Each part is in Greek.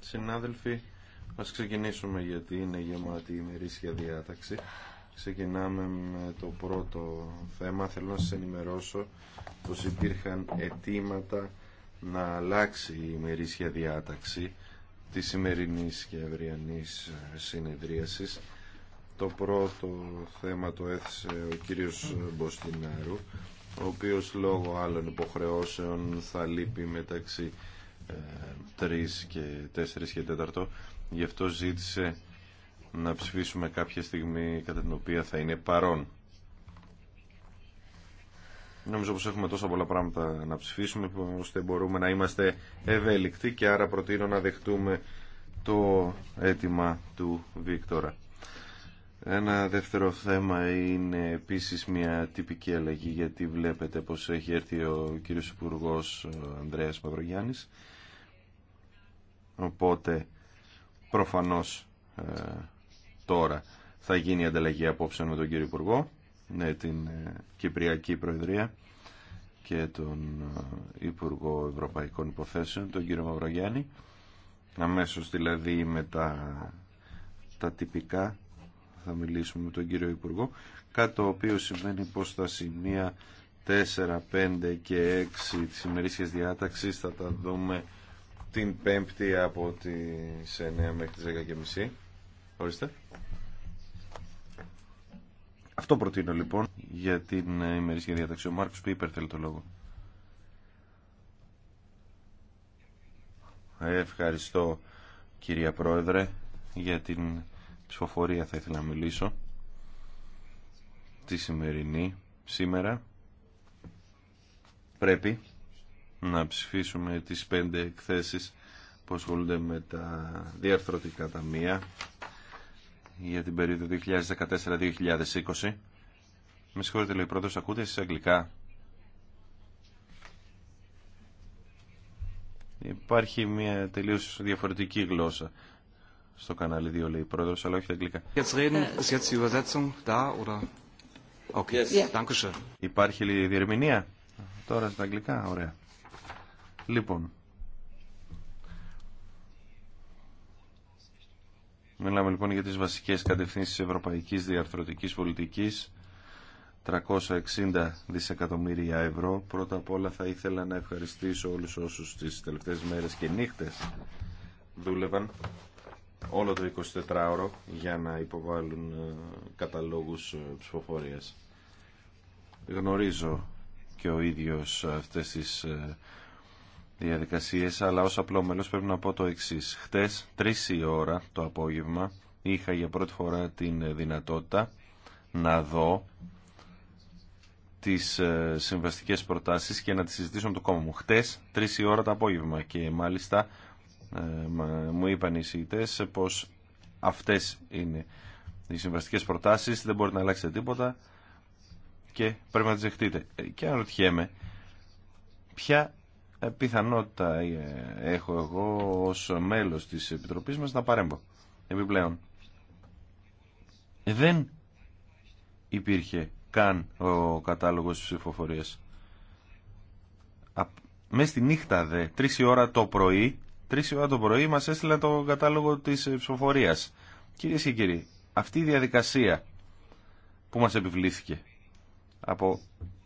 Συνάδελφοι, ας ξεκινήσουμε γιατί είναι γεμάτη η ημερήσια διάταξη. Ξεκινάμε με το πρώτο θέμα. Θέλω να σας ενημερώσω πως υπήρχαν αιτήματα να αλλάξει η ημερήσια διάταξη της σημερινής και αυριανής συνεδρίασης. Το πρώτο θέμα το έθεσε ο κύριος Μποστινάρου, ο οποίος λόγω άλλων υποχρεώσεων θα λείπει μεταξύ 3 ε, και 4 και 4. Γι' αυτό ζήτησε να ψηφίσουμε κάποια στιγμή κατά την οποία θα είναι παρόν. Νομίζω πως έχουμε τόσα πολλά πράγματα να ψηφίσουμε ώστε μπορούμε να είμαστε ευέλικτοι και άρα προτείνω να δεχτούμε το αίτημα του Βίκτορα. Ένα δεύτερο θέμα είναι επίσης μια τυπική αλλαγή γιατί βλέπετε πως έχει έρθει ο κύριος υπουργό Ανδρέας Παυρογιάννης οπότε προφανώς ε, τώρα θα γίνει η ανταλλαγή απόψε με τον κύριο Υπουργό ναι, την ε, Κυπριακή Προεδρία και τον ε, Υπουργό Ευρωπαϊκών Υποθέσεων, τον κύριο Μαυρογιάννη. Αμέσως δηλαδή με τα, τα τυπικά θα μιλήσουμε με τον κύριο Υπουργό, κάτι το οποίο σημαίνει πως τα σημεία 4, 5 και 6 της ημερήσιας διάταξης θα τα δούμε την Πέμπτη από τις 9 μέχρι τις 10.30. Ορίστε. Αυτό προτείνω λοιπόν για την ημερήσια διάταξη. Ο Μάρκος Πίπερ θέλει το λόγο. Ευχαριστώ κυρία Πρόεδρε για την ψηφοφορία θα ήθελα να μιλήσω τη σημερινή σήμερα πρέπει να ψηφίσουμε τις πέντε εκθέσεις που ασχολούνται με τα διαρθρωτικά ταμεία για την περίοδο 2014-2020. Με συγχωρείτε, λέει πρώτος, ακούτε εσείς αγγλικά. Υπάρχει μια τελείως διαφορετική γλώσσα στο κανάλι 2, λέει πρόεδρος, αλλά όχι τα αγγλικά. Υπάρχει διερμηνία τώρα στα αγγλικά, ωραία. Λοιπόν, Μιλάμε λοιπόν για τις βασικές κατευθύνσεις Ευρωπαϊκής Διαρθρωτικής Πολιτικής 360 δισεκατομμύρια ευρώ. Πρώτα απ' όλα θα ήθελα να ευχαριστήσω όλους όσους τις τελευταίες μέρες και νύχτες δούλευαν όλο το 24ωρο για να υποβάλουν ε, καταλόγους ε, ψηφοφορίας. Γνωρίζω και ο ίδιος αυτές τις ε, διαδικασίες, αλλά ως απλό μέλος πρέπει να πω το εξής. Χτες, 3 η ώρα το απόγευμα, είχα για πρώτη φορά την δυνατότητα να δω τις ε, συμβαστικές προτάσεις και να τις συζητήσω με το κόμμα μου. Χτες, 3 η ώρα το απόγευμα και μάλιστα ε, μου είπαν οι συγητές πως αυτές είναι οι συμβαστικές προτάσεις, δεν μπορείτε να αλλάξετε τίποτα και πρέπει να τις δεχτείτε. Ε, και αναρωτιέμαι, ποια πιθανότητα ε, έχω εγώ ως μέλος της Επιτροπής μας να παρέμβω επιπλέον. Δεν υπήρχε καν ο κατάλογος της ψηφοφορίας. Μέσα στη νύχτα δε, τρεις ώρα το πρωί, τρεις η ώρα το πρωί μας έστειλε το κατάλογο της ε, ψηφοφορίας. Κυρίε και κύριοι, αυτή η διαδικασία που μας επιβλήθηκε από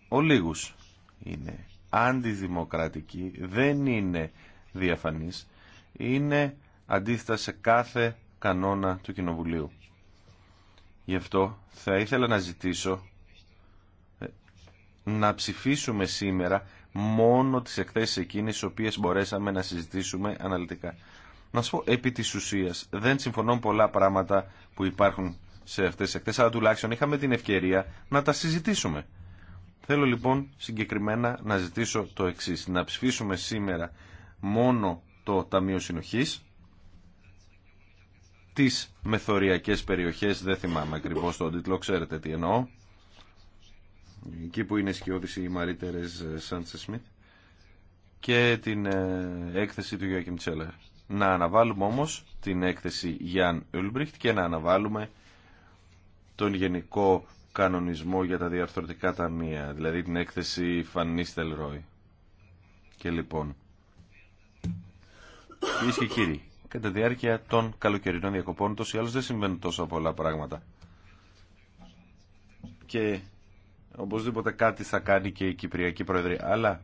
ολίγους είναι αντιδημοκρατική, δεν είναι διαφανής, είναι αντίθετα σε κάθε κανόνα του Κοινοβουλίου. Γι' αυτό θα ήθελα να ζητήσω ε, να ψηφίσουμε σήμερα μόνο τις εκθέσεις εκείνες τις οποίες μπορέσαμε να συζητήσουμε αναλυτικά. Να σου πω επί της ουσίας, δεν συμφωνώ πολλά πράγματα που υπάρχουν σε αυτές τις εκθέσεις, αλλά τουλάχιστον είχαμε την ευκαιρία να τα συζητήσουμε. Θέλω λοιπόν συγκεκριμένα να ζητήσω το εξή, να ψηφίσουμε σήμερα μόνο το Ταμείο Συνοχής, τι μεθοριακές περιοχέ, δεν θυμάμαι ακριβώ τον τίτλο, ξέρετε τι εννοώ, εκεί που είναι σκιώδηση η Μαρή Τερέζ ε, Σάντσε και την ε, έκθεση του Γιώργη Τσέλερ. Να αναβάλουμε όμως την έκθεση Γιάν Ουλμπριχτ και να αναβάλουμε τον Γενικό κανονισμό για τα διαρθρωτικά ταμεία, δηλαδή την έκθεση Φανίστελ Ρόι. Και λοιπόν, κυρίε και κύριοι, κατά τη διάρκεια των καλοκαιρινών διακοπών, τόσο ή άλλως δεν συμβαίνουν τόσο πολλά πράγματα. Και οπωσδήποτε κάτι θα κάνει και η Κυπριακή Προεδρία. Αλλά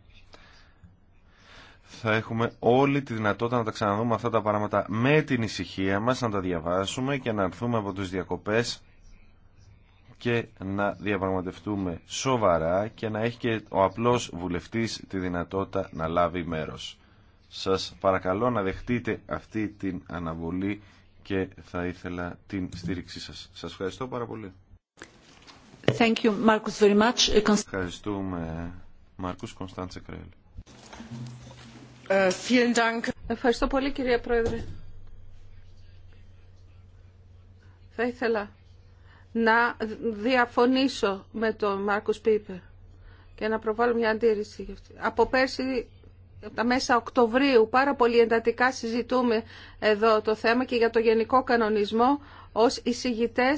θα έχουμε όλη τη δυνατότητα να τα ξαναδούμε αυτά τα πράγματα με την ησυχία μας, να τα διαβάσουμε και να έρθουμε από τις διακοπές και να διαπραγματευτούμε σοβαρά και να έχει και ο απλός βουλευτής τη δυνατότητα να λάβει μέρος. Σας παρακαλώ να δεχτείτε αυτή την αναβολή και θα ήθελα την στήριξή σας. Σας ευχαριστώ πάρα πολύ. Thank you, Marcus, very much. Ε, Ευχαριστούμε, Μάρκους Κωνσταντσε ε, Ευχαριστώ πολύ, κυρία Πρόεδρε. Θα ήθελα να διαφωνήσω με τον Μάρκους Πίπερ και να προβάλλω μια αντίρρηση. Από πέρσι, από τα μέσα Οκτωβρίου, πάρα πολύ εντατικά συζητούμε εδώ το θέμα και για το γενικό κανονισμό. Ως εισηγητέ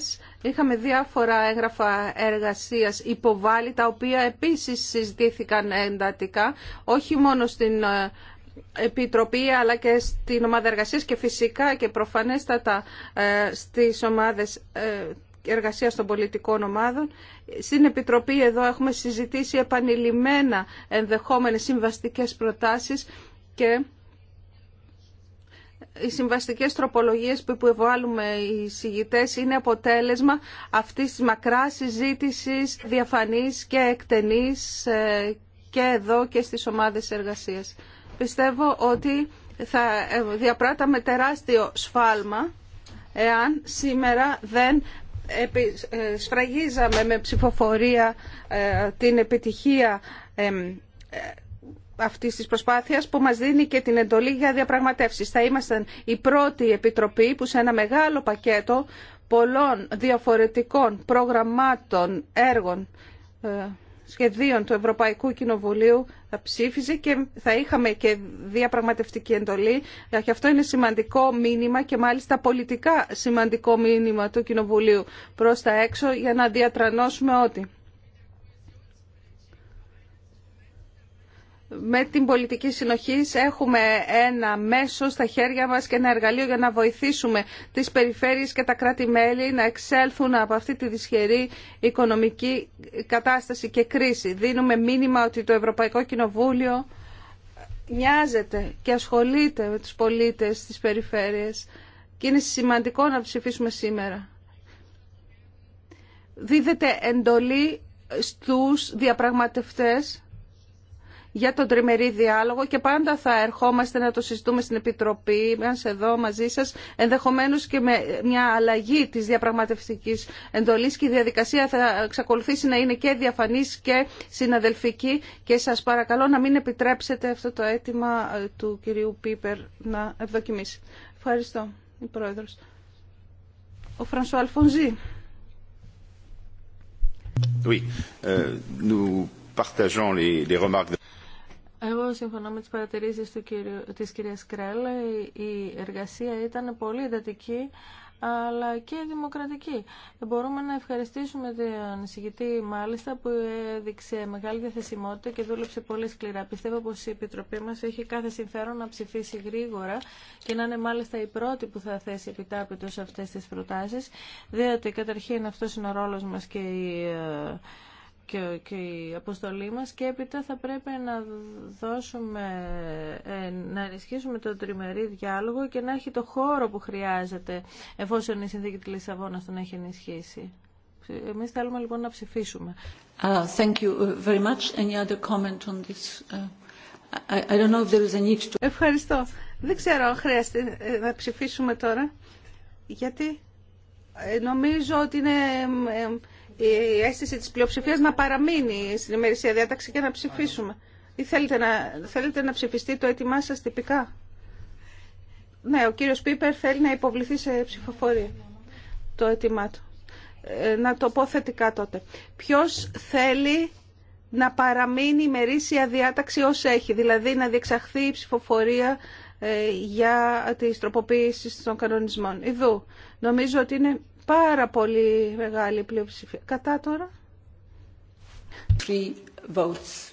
είχαμε διάφορα έγγραφα εργασίας υποβάλει, τα οποία επίσης συζητήθηκαν εντατικά, όχι μόνο στην ε, Επιτροπή αλλά και στην ομάδα εργασίας και φυσικά και προφανέστατα ε, στις ομάδες ε, εργασία των πολιτικών ομάδων. Στην Επιτροπή εδώ έχουμε συζητήσει επανειλημμένα ενδεχόμενες συμβαστικές προτάσεις και οι συμβαστικές τροπολογίες που υποβάλλουμε οι συγητές είναι αποτέλεσμα αυτής της μακράς συζήτησης διαφανής και εκτενής ε, και εδώ και στις ομάδες εργασίας. Πιστεύω ότι θα ε, διαπράταμε τεράστιο σφάλμα εάν σήμερα δεν ε, σφραγίζαμε με ψηφοφορία ε, την επιτυχία ε, αυτή τη προσπάθεια που μα δίνει και την εντολή για διαπραγματεύσει. Θα ήμασταν η πρώτη επιτροπή που σε ένα μεγάλο πακέτο πολλών διαφορετικών προγραμμάτων, έργων σχεδίων του Ευρωπαϊκού Κοινοβουλίου θα ψήφιζε και θα είχαμε και διαπραγματευτική εντολή. Γι' ε, αυτό είναι σημαντικό μήνυμα και μάλιστα πολιτικά σημαντικό μήνυμα του Κοινοβουλίου προς τα έξω για να διατρανώσουμε ότι με την πολιτική συνοχή έχουμε ένα μέσο στα χέρια μας και ένα εργαλείο για να βοηθήσουμε τις περιφέρειες και τα κράτη-μέλη να εξέλθουν από αυτή τη δυσχερή οικονομική κατάσταση και κρίση. Δίνουμε μήνυμα ότι το Ευρωπαϊκό Κοινοβούλιο νοιάζεται και ασχολείται με τους πολίτες της περιφέρειες. και είναι σημαντικό να ψηφίσουμε σήμερα. Δίδεται εντολή στους διαπραγματευτές για τον τριμερή διάλογο και πάντα θα ερχόμαστε να το συζητούμε στην Επιτροπή μας εδώ μαζί σας, ενδεχομένως και με μια αλλαγή της διαπραγματευτικής εντολής και η διαδικασία θα εξακολουθήσει να είναι και διαφανής και συναδελφική και σας παρακαλώ να μην επιτρέψετε αυτό το αίτημα ε, του κυρίου Πίπερ να ευδοκιμήσει. Ευχαριστώ, η Πρόεδρος. Ο Φρανσουά Αλφονζή. Oui, euh, nous partageons les, les remarques. Εγώ συμφωνώ με τις παρατηρήσεις του κυρίου, της κυρίας Κρέλ. Η εργασία ήταν πολύ εντατική αλλά και δημοκρατική. Μπορούμε να ευχαριστήσουμε τον συγκητή μάλιστα που έδειξε μεγάλη διαθεσιμότητα και δούλεψε πολύ σκληρά. Πιστεύω πως η Επιτροπή μας έχει κάθε συμφέρον να ψηφίσει γρήγορα και να είναι μάλιστα η πρώτη που θα θέσει σε αυτές τις προτάσεις, διότι καταρχήν αυτός είναι ο ρόλος μας και η ε, και, η αποστολή μας και έπειτα θα πρέπει να δώσουμε, ε, να ενισχύσουμε το τριμερή διάλογο και να έχει το χώρο που χρειάζεται εφόσον η συνθήκη της Λισαβόνας τον έχει ενισχύσει. Εμείς θέλουμε λοιπόν να ψηφίσουμε. Uh, thank you very much. Any other comment on this? Uh, I, don't know if there is a need to... Ευχαριστώ. Δεν ξέρω αν χρειάζεται ε, να ψηφίσουμε τώρα, γιατί ε, νομίζω ότι είναι η αίσθηση της πλειοψηφίας να παραμείνει στην ημερησία διάταξη και να ψηφίσουμε. Ή θέλετε να, θέλετε να ψηφιστεί το έτοιμά σας τυπικά. Ναι, ο κύριος Πίπερ θέλει να υποβληθεί σε ψηφοφορία το έτοιμά του. Ε, να το πω θετικά τότε. Ποιος θέλει να παραμείνει η μερίσια διάταξη ως έχει, δηλαδή να διεξαχθεί η ψηφοφορία ε, για τις τροποποίησεις των κανονισμών. Ιδού, νομίζω ότι είναι Πάρα πολύ μεγάλη πλειοψηφία. Κατά τώρα. Three votes.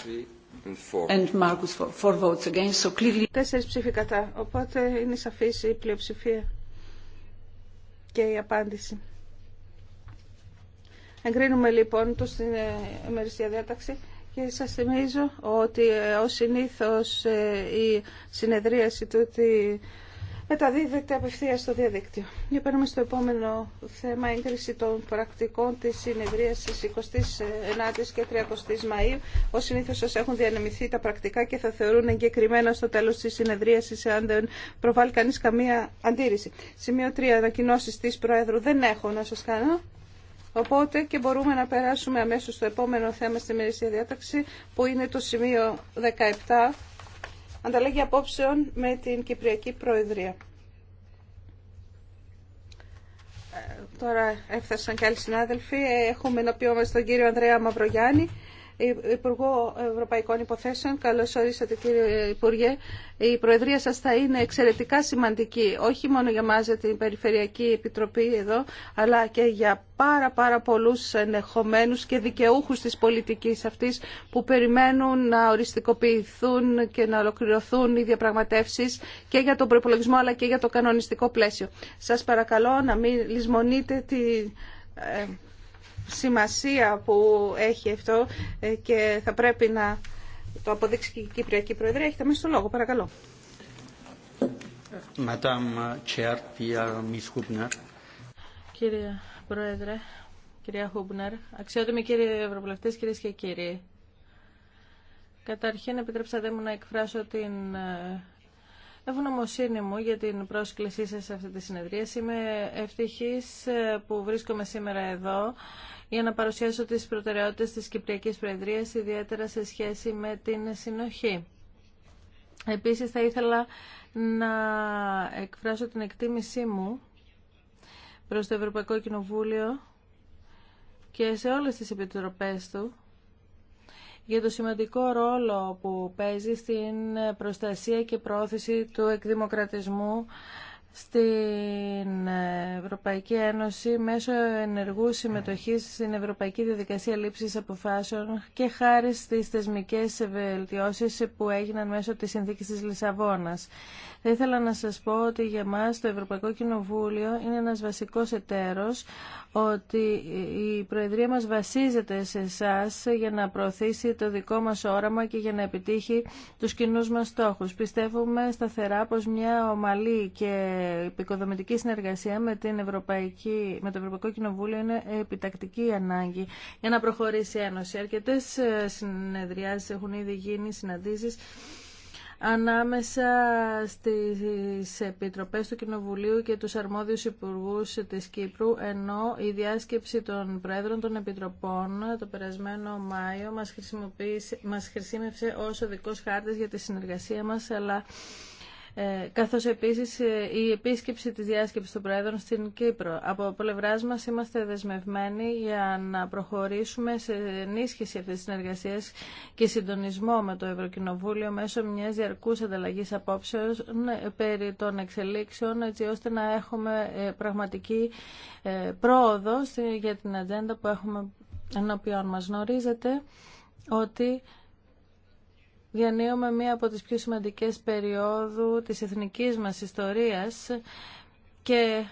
Τέσσερις ψήφοι κατά. Οπότε είναι σαφής η πλειοψηφία και η απάντηση. Εγκρίνουμε λοιπόν το στην ε, ημερησία διάταξη και σας θυμίζω ότι ε, ως συνήθως ε, η συνεδρίαση του μεταδίδεται απευθεία στο διαδίκτυο. Για παίρνουμε στο επόμενο θέμα, έγκριση των πρακτικών τη συνεδριασης 29 η και 30 η Μαου. Ω συνήθω σας έχουν διανεμηθεί τα πρακτικά και θα θεωρούν εγκεκριμένα στο τέλο τη συνεδρίασης αν δεν προβάλλει κανεί καμία αντίρρηση. Σημείο 3, ανακοινώσει τη Προέδρου δεν έχω να σα κάνω. Οπότε και μπορούμε να περάσουμε αμέσως στο επόμενο θέμα στη μερίσια διάταξη που είναι το σημείο 17 ανταλλαγή απόψεων με την Κυπριακή Προεδρία. Ε, τώρα έφτασαν και άλλοι συνάδελφοι. Ε, έχουμε μα τον κύριο Ανδρέα Μαυρογιάννη, Υπουργό Ευρωπαϊκών Υποθέσεων. Καλώς ορίσατε κύριε Υπουργέ. Η Προεδρία σας θα είναι εξαιρετικά σημαντική, όχι μόνο για για την Περιφερειακή Επιτροπή εδώ, αλλά και για πάρα πάρα πολλούς ενεχομένους και δικαιούχου της πολιτική αυτής που περιμένουν να οριστικοποιηθούν και να ολοκληρωθούν οι διαπραγματεύσει και για τον προπολογισμό αλλά και για το κανονιστικό πλαίσιο. Σα παρακαλώ να μην λησμονείτε τη ε, σημασία που έχει αυτό ε, και θα πρέπει να το αποδείξει και η Κυπριακή Προεδρία. Έχετε μέσα στο λόγο, παρακαλώ. Κύριε Πρόεδρε, κυρία Χούμπνερ, αξιότιμοι κύριοι Ευρωβουλευτέ, κύριε και κύριοι. Καταρχήν, επιτρέψατε μου να εκφράσω την ε, ευγνωμοσύνη μου για την πρόσκλησή σας σε αυτή τη συνεδρία. Είμαι ευτυχής ε, που βρίσκομαι σήμερα εδώ για να παρουσιάσω τις προτεραιότητες της Κυπριακής Προεδρίας, ιδιαίτερα σε σχέση με την συνοχή. Επίσης, θα ήθελα να εκφράσω την εκτίμησή μου προς το Ευρωπαϊκό Κοινοβούλιο και σε όλες τις επιτροπές του για το σημαντικό ρόλο που παίζει στην προστασία και πρόθεση του εκδημοκρατισμού στην Ευρωπαϊκή Ένωση μέσω ενεργού συμμετοχής στην Ευρωπαϊκή Διαδικασία Λήψης Αποφάσεων και χάρη στις θεσμικές βελτιώσεις που έγιναν μέσω της συνθήκης της Λισαβόνας. Θα ήθελα να σας πω ότι για μας το Ευρωπαϊκό Κοινοβούλιο είναι ένας βασικός εταίρος, ότι η Προεδρία μας βασίζεται σε εσά για να προωθήσει το δικό μας όραμα και για να επιτύχει τους κοινούς μας στόχους. Πιστεύουμε σταθερά πως μια ομαλή και επικοδομητική συνεργασία με, την Ευρωπαϊκή, με το Ευρωπαϊκό Κοινοβούλιο είναι επιτακτική ανάγκη για να προχωρήσει η Ένωση. Αρκετές ε, συνεδριάσεις έχουν ήδη γίνει, συναντήσεις ανάμεσα στις επιτροπές του Κοινοβουλίου και τους αρμόδιους υπουργούς της Κύπρου, ενώ η διάσκεψη των Προέδρων των Επιτροπών το περασμένο Μάιο μας, μας χρησιμεύσε ως οδικός χάρτης για τη συνεργασία μας, αλλά ε, καθώς επίσης ε, η επίσκεψη της διάσκεψης των Προέδρων στην Κύπρο. Από πλευρά μα είμαστε δεσμευμένοι για να προχωρήσουμε σε ενίσχυση αυτή τη συνεργασία και συντονισμό με το Ευρωκοινοβούλιο μέσω μιας διαρκούς ανταλλαγής απόψεων ε, περί των εξελίξεων έτσι ώστε να έχουμε πραγματική πρόοδο για την ατζέντα που έχουμε ενώπιόν μα Γνωρίζετε ότι διανύουμε μία από τις πιο σημαντικές περιόδου της εθνικής μας ιστορίας και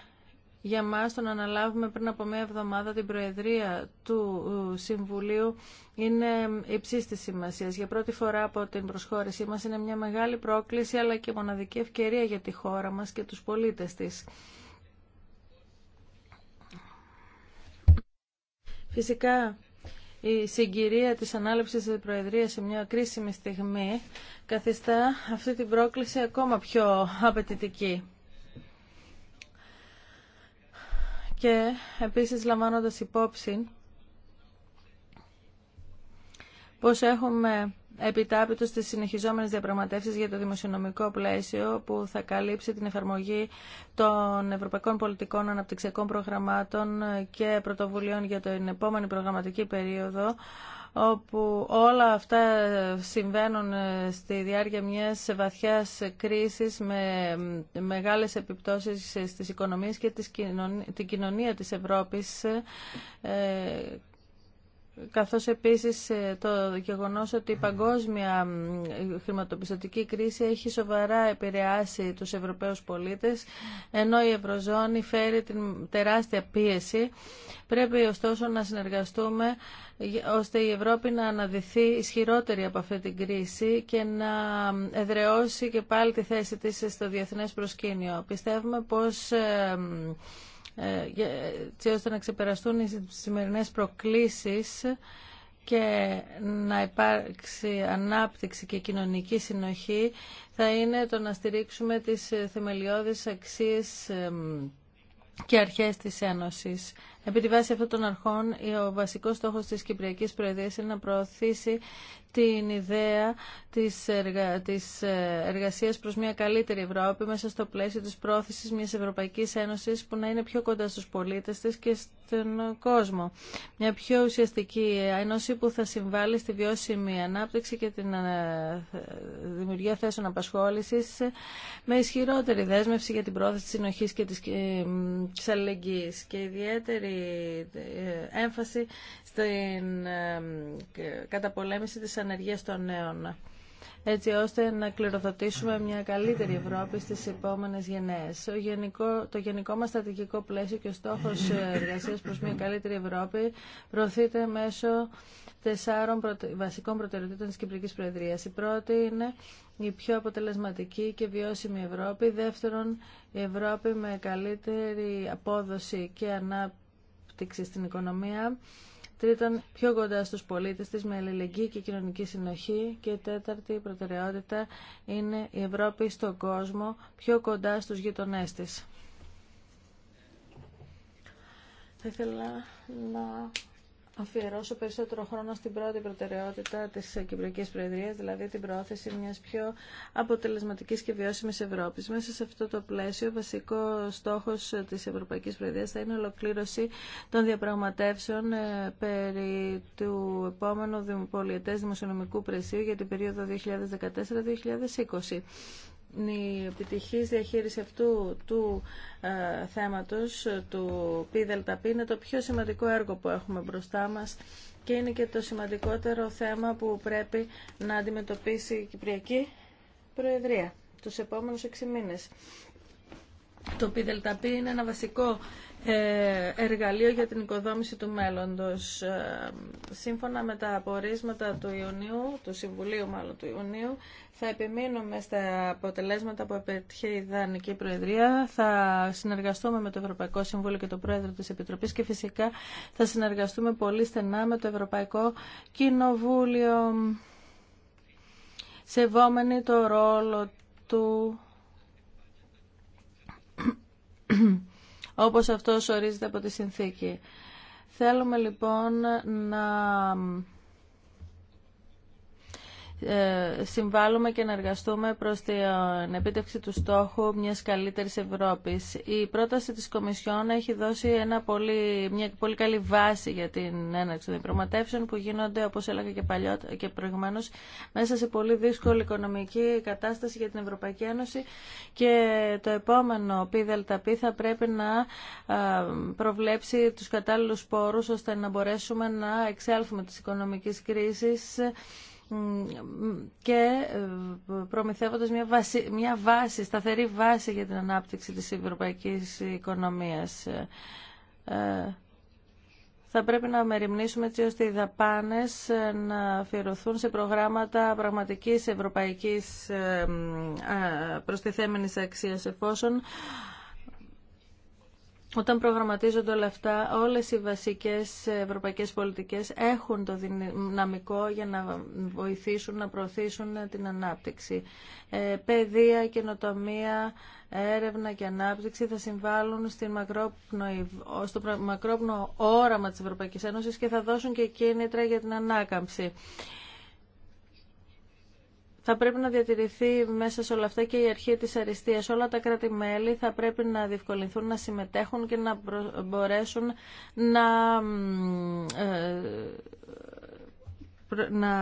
για μας τον αναλάβουμε πριν από μία εβδομάδα την Προεδρία του ε, Συμβουλίου είναι υψής της σημασίας. Για πρώτη φορά από την προσχώρησή μας είναι μια μεγάλη πρόκληση αλλά και μοναδική ευκαιρία για τη χώρα μας και τους πολίτες της. Φυσικά η συγκυρία της ανάληψης της Προεδρίας σε μια κρίσιμη στιγμή καθιστά αυτή την πρόκληση ακόμα πιο απαιτητική. Και επίσης λαμβάνοντας υπόψη πως έχουμε επιτάπητο στι συνεχιζόμενες διαπραγματεύσεις για το δημοσιονομικό πλαίσιο που θα καλύψει την εφαρμογή των Ευρωπαϊκών Πολιτικών Αναπτυξιακών Προγραμμάτων και Πρωτοβουλίων για την επόμενη προγραμματική περίοδο όπου όλα αυτά συμβαίνουν ε, στη διάρκεια μιας βαθιάς κρίσης με μεγάλες επιπτώσεις στις οικονομίες και την κοινωνία της Ευρώπης ε, καθώς επίσης ε, το γεγονός ότι η παγκόσμια χρηματοπιστωτική κρίση έχει σοβαρά επηρεάσει τους Ευρωπαίους πολίτες, ενώ η Ευρωζώνη φέρει την τεράστια πίεση. Πρέπει ωστόσο να συνεργαστούμε ώστε η Ευρώπη να αναδυθεί ισχυρότερη από αυτή την κρίση και να εδραιώσει και πάλι τη θέση της στο διεθνές προσκήνιο. Πιστεύουμε πως ε, ε, έτσι ώστε να ξεπεραστούν οι σημερινές προκλήσεις και να υπάρξει ανάπτυξη και κοινωνική συνοχή θα είναι το να στηρίξουμε τις θεμελιώδεις αξίες και αρχές της Ένωσης. Επί τη βάση αυτών των αρχών, ο βασικός στόχος της Κυπριακής Προεδρίας είναι να προωθήσει την ιδέα της, εργα... της ε, εργασίας προς μια καλύτερη Ευρώπη μέσα στο πλαίσιο της πρόθεσης μιας Ευρωπαϊκής Ένωσης που να είναι πιο κοντά στους πολίτες της και στον κόσμο. Μια πιο ουσιαστική ένωση που θα συμβάλλει στη βιώσιμη ανάπτυξη και την ε, δημιουργία θέσεων απασχόλησης με ισχυρότερη δέσμευση για την πρόθεση της συνοχής και της, ε, της και ιδιαίτερη ε, έμφαση στην ε, καταπολέμηση της ανεργίας των νέων έτσι ώστε να κληροδοτήσουμε μια καλύτερη Ευρώπη στις επόμενες γενναίες. Γενικό, το γενικό μας στρατηγικό πλαίσιο και ο στόχος ε, εργασίας προς μια καλύτερη Ευρώπη προωθείται μέσω τεσσάρων βασικών προτεραιοτήτων της Κυπρικής Προεδρίας. Η πρώτη είναι η πιο αποτελεσματική και βιώσιμη Ευρώπη. Δεύτερον, η Ευρώπη με καλύτερη απόδοση και ανάπτυξη ανάπτυξη στην οικονομία. Τρίτον, πιο κοντά στους πολίτες της με αλληλεγγύη και κοινωνική συνοχή. Και τέταρτη προτεραιότητα είναι η Ευρώπη στον κόσμο, πιο κοντά στους γειτονές της. Θα ήθελα να αφιερώσω περισσότερο χρόνο στην πρώτη προτεραιότητα της Κυπριακή Προεδρίας, δηλαδή την προώθηση μια πιο αποτελεσματικής και βιώσιμης Ευρώπης. Μέσα σε αυτό το πλαίσιο, βασικό στόχος της Ευρωπαϊκής Προεδρίας θα είναι η ολοκλήρωση των διαπραγματεύσεων ε, περί του επόμενου πολιετές δημοσιονομικού πλαισίου για την περίοδο 2014-2020 η επιτυχής διαχείριση αυτού του ε, θέματος του ΠΔΠ είναι το πιο σημαντικό έργο που έχουμε μπροστά μας και είναι και το σημαντικότερο θέμα που πρέπει να αντιμετωπίσει η Κυπριακή Προεδρία τους επόμενους 6 μήνες. Το ΠΔΠ είναι ένα βασικό ε, εργαλείο για την οικοδόμηση του μέλλοντος. Ε, σύμφωνα με τα απορίσματα του Ιουνίου, του Συμβουλίου μάλλον του Ιουνίου, θα επιμείνουμε στα αποτελέσματα που επέτυχε η Δανική Προεδρία. Θα συνεργαστούμε με το Ευρωπαϊκό Συμβούλιο και το Πρόεδρο της Επιτροπής και φυσικά θα συνεργαστούμε πολύ στενά με το Ευρωπαϊκό Κοινοβούλιο σεβόμενοι το ρόλο του όπως αυτός ορίζεται από τη συνθήκη. Θέλουμε λοιπόν να ε, συμβάλλουμε και να εργαστούμε προς την επίτευξη του στόχου μιας καλύτερης Ευρώπης. Η πρόταση της Κομισιόν έχει δώσει ένα μια πολύ καλή βάση για την έναρξη των προματεύσεων που γίνονται, όπως έλεγα και, παλιό, και προηγουμένως, μέσα σε πολύ δύσκολη οικονομική κατάσταση για την Ευρωπαϊκή Ένωση και το επόμενο ΠΔΠ θα πρέπει να ε, προβλέψει τους κατάλληλους πόρους ώστε να μπορέσουμε να εξέλθουμε της οικονομικής κρίσης και ε, προμηθεύοντας μια, βάση, μια βάση, σταθερή βάση για την ανάπτυξη της ευρωπαϊκής οικονομίας. Ε, ε, θα πρέπει να μεριμνήσουμε έτσι ώστε οι δαπάνες να αφιερωθούν σε προγράμματα πραγματικής ευρωπαϊκής προστιθέμενης αξίας εφόσον όταν προγραμματίζονται όλα αυτά, όλες οι βασικές ευρωπαϊκές πολιτικές έχουν το δυναμικό για να βοηθήσουν, να προωθήσουν την ανάπτυξη. Ε, παιδεία, καινοτομία, έρευνα και ανάπτυξη θα συμβάλλουν στην στο μακρόπνο όραμα της Ευρωπαϊκής Ένωσης και θα δώσουν και κίνητρα για την ανάκαμψη θα πρέπει να διατηρηθεί μέσα σε όλα αυτά και η αρχή της αριστείας. Όλα τα κράτη-μέλη θα πρέπει να διευκολυνθούν, να συμμετέχουν και να μπορέσουν να, ε, να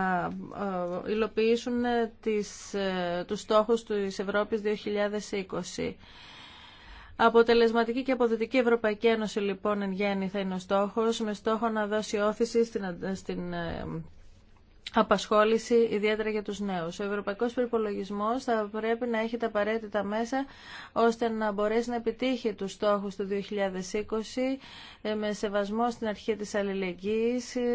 ε, υλοποιήσουν τις, ε, τους στόχους της Ευρώπης 2020. Αποτελεσματική και αποδοτική Ευρωπαϊκή Ένωση λοιπόν εν γέννη θα είναι ο στόχος, με στόχο να δώσει όθηση στην, στην απασχόληση ιδιαίτερα για τους νέους. Ο ευρωπαϊκός Προπολογισμό θα πρέπει να έχει τα απαραίτητα μέσα ώστε να μπορέσει να επιτύχει τους στόχους του 2020 ε, με σεβασμό στην αρχή της αλληλεγγύης ε,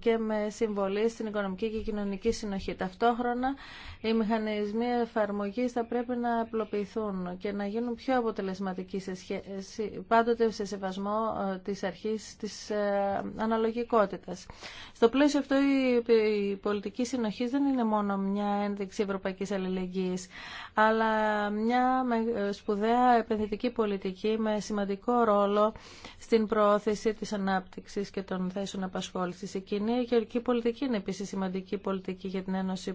και με συμβολή στην οικονομική και κοινωνική συνοχή. Ταυτόχρονα οι μηχανισμοί εφαρμογή θα πρέπει να απλοποιηθούν και να γίνουν πιο αποτελεσματικοί σε σχέση, πάντοτε σε σεβασμό ε, της αρχής της αναλογικότητας. Στο πλαίσιο αυτό η η πολιτική συνοχή δεν είναι μόνο μια ένδειξη ευρωπαϊκής αλληλεγγύης, αλλά μια ε, σπουδαία επενδυτική πολιτική με σημαντικό ρόλο στην προώθηση της ανάπτυξης και των θέσεων απασχόλησης. Η κοινή γεωργική πολιτική είναι επίσης σημαντική πολιτική για την Ένωση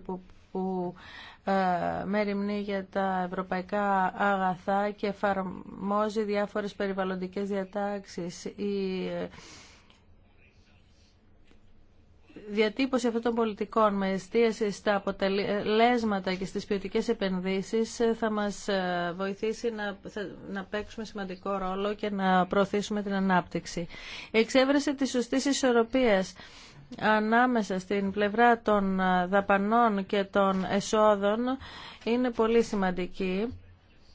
που ε, μεριμνεί για τα ευρωπαϊκά αγαθά και εφαρμόζει διάφορες περιβαλλοντικές διατάξεις. Η ε, διατύπωση αυτών των πολιτικών με εστίαση στα αποτελέσματα και στις ποιοτικέ επενδύσεις ε, θα μας ε, βοηθήσει να, να παίξουμε σημαντικό ρόλο και να προωθήσουμε την ανάπτυξη. Η εξέβρεση της σωστής ισορροπίας ανάμεσα στην πλευρά των ε, δαπανών και των εσόδων είναι πολύ σημαντική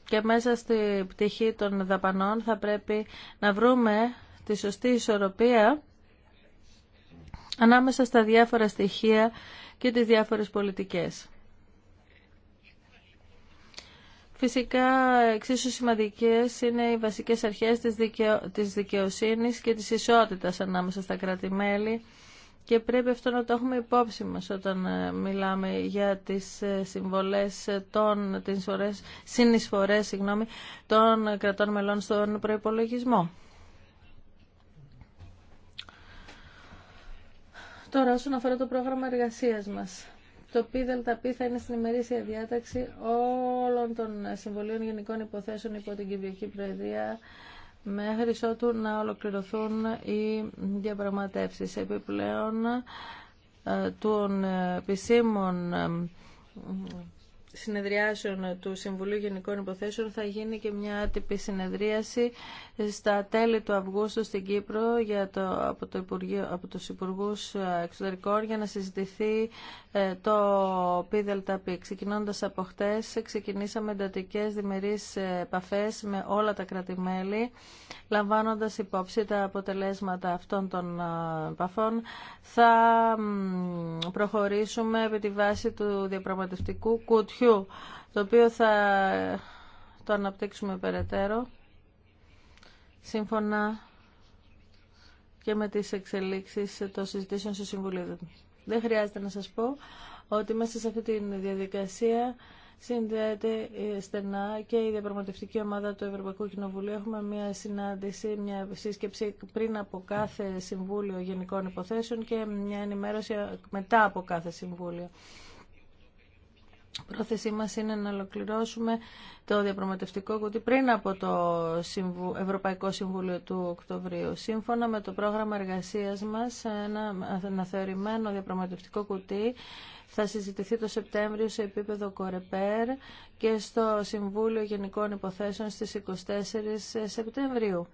και μέσα στη πτυχή των δαπανών θα πρέπει να βρούμε τη σωστή ισορροπία ανάμεσα στα διάφορα στοιχεία και τις διάφορες πολιτικές. Φυσικά, εξίσου σημαντικές είναι οι βασικές αρχές της, της δικαιοσύνης και της ισότητας ανάμεσα στα κρατη και πρέπει αυτό να το έχουμε υπόψη μας όταν ε, μιλάμε για τις ε, συμβολές των, τις φορές, συνεισφορές συγγνώμη, των κρατών μελών στον προϋπολογισμό. Τώρα, όσον αφορά το πρόγραμμα εργασία μας, το ΠΔΠ θα είναι στην ημερήσια διάταξη όλων των συμβολίων γενικών υποθέσεων υπό την Κυπριακή Προεδρία μέχρι ότου να ολοκληρωθούν οι διαπραγματεύσει Επιπλέον ε, των ε, επισήμων ε, συνεδριάσεων του Συμβουλίου Γενικών Υποθέσεων θα γίνει και μια άτυπη συνεδρίαση στα τέλη του Αυγούστου στην Κύπρο για το, από, το Υπουργείο, από τους Υπουργούς ε, Εξωτερικών για να συζητηθεί ε, το ΠΔΠ. Ξεκινώντας από χτες, ξεκινήσαμε εντατικέ διμερείς ε, επαφές με όλα τα κρατημέλη, λαμβάνοντας υπόψη τα αποτελέσματα αυτών των επαφών. Θα προχωρήσουμε επί τη βάση του διαπραγματευτικού κούτιου το οποίο θα το αναπτύξουμε περαιτέρω, σύμφωνα και με τις εξελίξεις των συζητήσεων στο Συμβουλίο. Δεν χρειάζεται να σας πω ότι μέσα σε αυτή τη διαδικασία συνδέεται ε, στενά και η διαπραγματευτική ομάδα του Ευρωπαϊκού Κοινοβουλίου. Έχουμε μια συνάντηση, μια σύσκεψη πριν από κάθε Συμβούλιο Γενικών Υποθέσεων και μια ενημέρωση μετά από κάθε Συμβούλιο. Πρόθεσή μας είναι να ολοκληρώσουμε το διαπραγματευτικό κουτί πριν από το Ευρωπαϊκό Συμβούλιο του Οκτωβρίου. Σύμφωνα με το πρόγραμμα εργασίας μας, ένα αναθεωρημένο διαπραγματευτικό κουτί θα συζητηθεί το Σεπτέμβριο σε επίπεδο Κορεπέρ και στο Συμβούλιο Γενικών Υποθέσεων στις 24 Σεπτεμβρίου.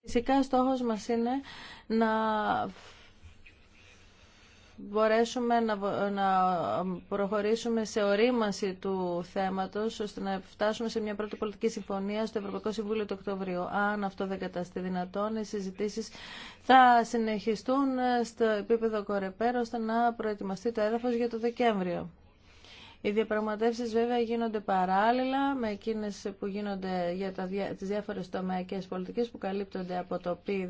Φυσικά στόχος μας είναι να μπορέσουμε να, να προχωρήσουμε σε ορίμανση του θέματος ώστε να φτάσουμε σε μια πρώτη πολιτική συμφωνία στο Ευρωπαϊκό Συμβούλιο το Οκτωβρίου. Αν αυτό δεν καταστεί δυνατόν, οι συζητήσεις θα συνεχιστούν στο επίπεδο κορεπέρα ώστε να προετοιμαστεί το έδαφος για το Δεκέμβριο. Οι διαπραγματεύσεις βέβαια γίνονται παράλληλα με εκείνες που γίνονται για τα, τις διάφορες τομεακές πολιτικές που καλύπτονται από το πί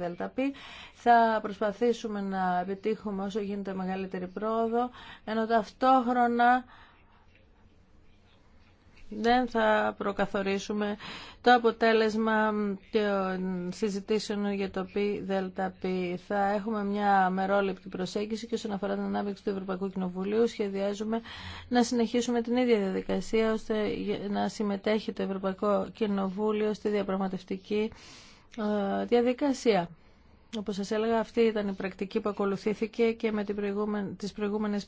Θα προσπαθήσουμε να επιτύχουμε όσο γίνεται μεγαλύτερη πρόοδο, ενώ ταυτόχρονα δεν θα προκαθορίσουμε το αποτέλεσμα των συζητήσεων για το πι δελτα πι. Θα έχουμε μια μερόληπτη προσέγγιση και όσον αφορά την ανάπτυξη του Ευρωπαϊκού Κοινοβουλίου σχεδιάζουμε να συνεχίσουμε την ίδια διαδικασία ώστε να συμμετέχει το Ευρωπαϊκό Κοινοβούλιο στη διαπραγματευτική ε, διαδικασία. Όπως σας έλεγα, αυτή ήταν η πρακτική που ακολουθήθηκε και με την προηγούμενε τις προηγούμενες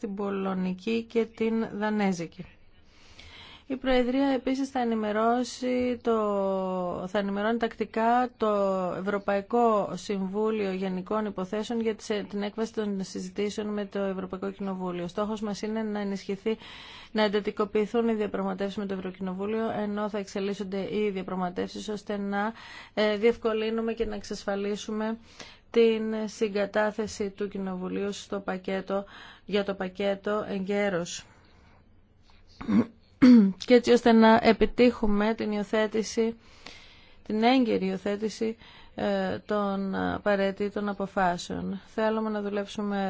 την Πολωνική και την Δανέζικη. Η Προεδρία επίσης θα ενημερώσει το, θα ενημερώνει τακτικά το Ευρωπαϊκό Συμβούλιο Γενικών Υποθέσεων για την έκβαση των συζητήσεων με το Ευρωπαϊκό Κοινοβούλιο. Ο στόχος μας είναι να ενισχυθεί, να εντατικοποιηθούν οι διαπραγματεύσεις με το Ευρωκοινοβούλιο, ενώ θα εξελίσσονται οι διαπραγματεύσεις ώστε να ε, διευκολύνουμε και να εξασφαλίσουμε την συγκατάθεση του Κοινοβουλίου στο πακέτο, για το πακέτο εγκαίρως και έτσι ώστε να επιτύχουμε την υιοθέτηση, την έγκαιρη υιοθέτηση ε, των απαραίτητων αποφάσεων. Θέλουμε να δουλέψουμε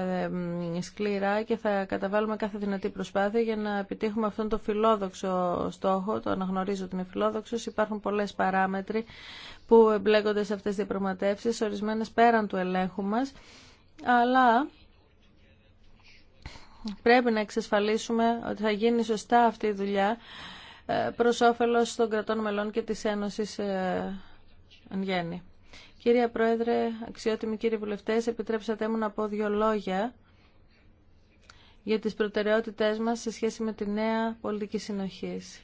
σκληρά και θα καταβάλουμε κάθε δυνατή προσπάθεια για να επιτύχουμε αυτόν τον φιλόδοξο στόχο. Το αναγνωρίζω ότι είναι φιλόδοξο. Υπάρχουν πολλέ παράμετροι που εμπλέκονται σε αυτέ τι διαπραγματεύσει, ορισμένε πέραν του ελέγχου μα. Αλλά πρέπει να εξασφαλίσουμε ότι θα γίνει σωστά αυτή η δουλειά ε, προ όφελο των κρατών μελών και της Ένωσης ε, εν γέννη. Κύριε Πρόεδρε, αξιότιμοι κύριοι βουλευτέ, επιτρέψατε μου να πω δύο λόγια για τις προτεραιότητές μας σε σχέση με τη νέα πολιτική συνοχής.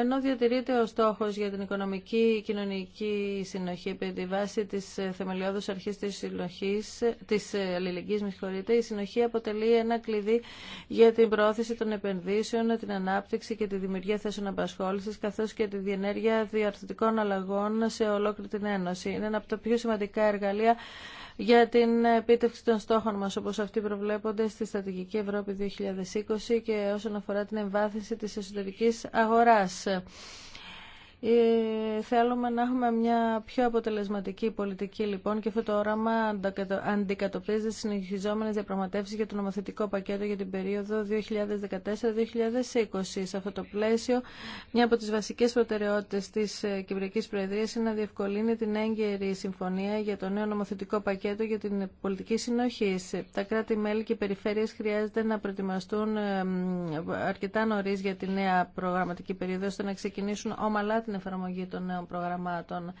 ενώ διατηρείται ο στόχο για την οικονομική και κοινωνική συνοχή επί τη βάση τη θεμελιώδου αρχή της, συνοχής, αλληλεγγύης, η συνοχή αποτελεί ένα κλειδί για την προώθηση των επενδύσεων, την ανάπτυξη και τη δημιουργία θέσεων απασχόληση, καθώς και τη διενέργεια διαρθρωτικών αλλαγών σε ολόκληρη την Ένωση. Είναι ένα από τα πιο σημαντικά εργαλεία για την επίτευξη των στόχων μας, όπως αυτοί προβλέπονται στη στρατηγική Ευρώπη 2020 και όσον αφορά την εμβάθυνση της εσωτερικής αγοράς. Ε, θέλουμε να έχουμε μια πιο αποτελεσματική πολιτική λοιπόν και αυτό το όραμα αντικατοπτρίζει τις συνεχιζόμενες διαπραγματεύσεις για το νομοθετικό πακέτο για την περίοδο 2014-2020. Σε αυτό το πλαίσιο, μια από τις βασικές προτεραιότητες της ε, Κυπριακής Προεδρίας είναι να διευκολύνει την έγκαιρη συμφωνία για το νέο νομοθετικό πακέτο για την πολιτική συνοχή. Τα κράτη-μέλη και οι περιφέρειες χρειάζεται να προετοιμαστούν αρκετά νωρί για τη νέα προγραμματική περίοδο ώστε να ξεκινήσουν ομαλά την εφαρμογή των νέων προγραμμάτων.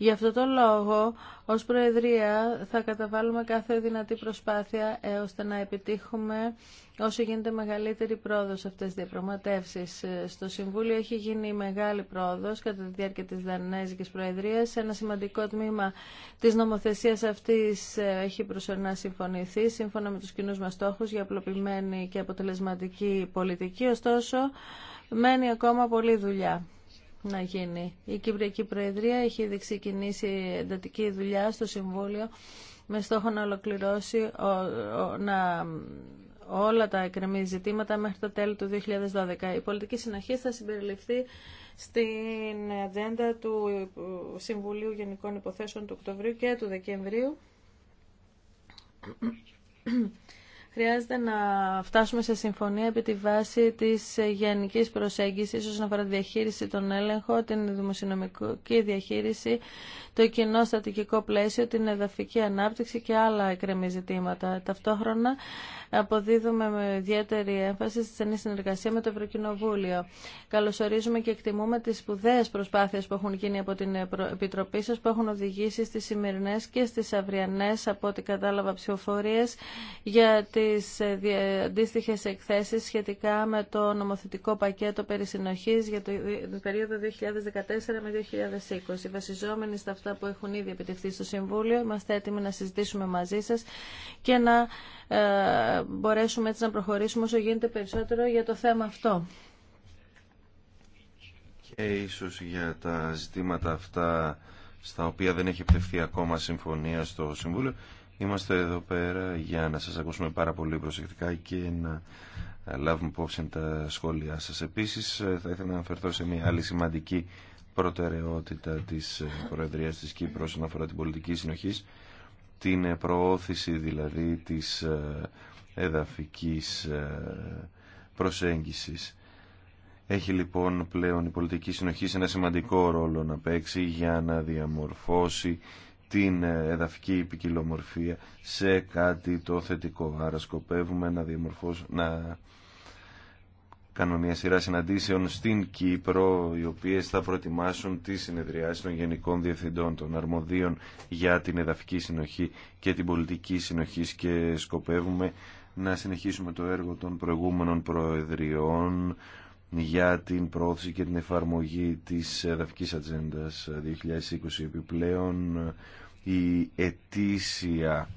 Γι' αυτό το λόγο, ως Προεδρία, θα καταβάλουμε κάθε δυνατή προσπάθεια ε, ώστε να επιτύχουμε όσο γίνεται μεγαλύτερη πρόοδο σε αυτές τις διαπραγματεύσεις. Ε, στο Συμβούλιο έχει γίνει μεγάλη πρόοδος κατά τη διάρκεια της Δανέζικης Προεδρίας. Ένα σημαντικό τμήμα της νομοθεσίας αυτής ε, έχει προσωρινά συμφωνηθεί σύμφωνα με τους κοινού μας στόχους για απλοποιημένη και αποτελεσματική πολιτική. Ωστόσο, μένει ακόμα πολλή δουλειά να γίνει. Η Κυπριακή Προεδρία έχει ήδη ξεκινήσει εντατική δουλειά στο Συμβούλιο με στόχο να ολοκληρώσει να όλα τα εκκρεμή ζητήματα μέχρι το τέλος του 2012. Η πολιτική συνοχή θα συμπεριληφθεί στην ατζέντα του Συμβουλίου Γενικών Υποθέσεων του Οκτωβρίου και του Δεκεμβρίου χρειάζεται να φτάσουμε σε συμφωνία επί τη βάση της γενικής προσέγγισης όσον αφορά τη διαχείριση των έλεγχων, την δημοσιονομική διαχείριση, το κοινό στατικικό πλαίσιο, την εδαφική ανάπτυξη και άλλα εκκρεμή ζητήματα. Ταυτόχρονα αποδίδουμε με ιδιαίτερη έμφαση στη στενή συνεργασία με το Ευρωκοινοβούλιο. Καλωσορίζουμε και εκτιμούμε τις σπουδαίες προσπάθειες που έχουν γίνει από την Επιτροπή σας που έχουν οδηγήσει στις σημερινέ και στις αυριανές από ό,τι κατάλαβα ψηφοφορίες για τις ε, ε, αντίστοιχε εκθέσεις σχετικά με το νομοθετικό πακέτο περί για ε, την περίοδο 2014 με 2020. Βασιζόμενοι στα αυτά που έχουν ήδη επιτευχθεί στο Συμβούλιο, είμαστε έτοιμοι να συζητήσουμε μαζί σας και να μπορέσουμε έτσι να προχωρήσουμε όσο γίνεται περισσότερο για το θέμα αυτό. Και ίσως για τα ζητήματα αυτά στα οποία δεν έχει επιτευχθεί ακόμα συμφωνία στο Συμβούλιο, Είμαστε εδώ πέρα για να σας ακούσουμε πάρα πολύ προσεκτικά και να λάβουμε υπόψη τα σχόλιά σας. Επίσης ε, θα ήθελα να αναφερθώ σε μια άλλη σημαντική προτεραιότητα της ε, Προεδρίας της Κύπρου όσον αφορά την πολιτική συνοχή, την προώθηση δηλαδή της ε, εδαφικής προσέγγισης. Έχει λοιπόν πλέον η πολιτική συνοχή ένα σημαντικό ρόλο να παίξει για να διαμορφώσει την ε, εδαφική ποικιλομορφία σε κάτι το θετικό. Άρα σκοπεύουμε να να κάνουμε μια σειρά συναντήσεων στην Κύπρο, οι οποίες θα προετοιμάσουν τις συνεδριάσεις των Γενικών Διευθυντών, των Αρμοδίων για την Εδαφική Συνοχή και την Πολιτική Συνοχή και σκοπεύουμε να συνεχίσουμε το έργο των προηγούμενων προεδριών για την πρόθεση και την εφαρμογή της εδαφικής ατζέντα 2020. Επιπλέον η ετήσια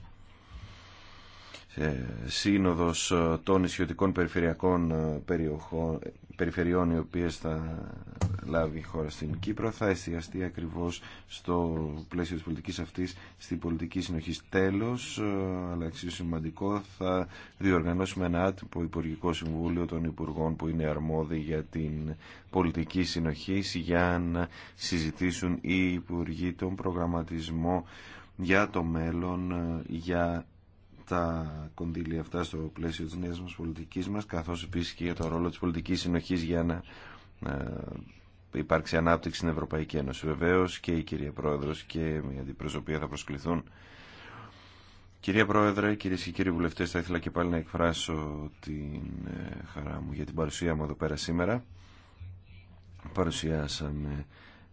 ε, σύνοδος των ισιωτικών περιφερειακών περιοχών περιφερειών οι οποίες θα λάβει η χώρα στην Κύπρο θα εστιαστεί ακριβώς στο πλαίσιο της πολιτικής αυτής στην πολιτική συνοχή τέλος ε, αλλά εξίσου σημαντικό θα διοργανώσουμε ένα άτυπο Υπουργικό Συμβούλιο των Υπουργών που είναι αρμόδιοι για την πολιτική συνοχή για να συζητήσουν οι Υπουργοί τον προγραμματισμό για το μέλλον ε, για τα κονδύλια αυτά στο πλαίσιο της νέας μας πολιτικής μας καθώς επίσης και για τον ρόλο της πολιτικής συνοχής για να ε, υπάρξει ανάπτυξη στην Ευρωπαϊκή Ένωση. Βεβαίως και η κυρία Πρόεδρος και η αντιπροσωπεία θα προσκληθούν. Κυρία Πρόεδρε, κυρίε και κύριοι βουλευτέ, θα ήθελα και πάλι να εκφράσω την ε, χαρά μου για την παρουσία μου εδώ πέρα σήμερα. Παρουσιάσαμε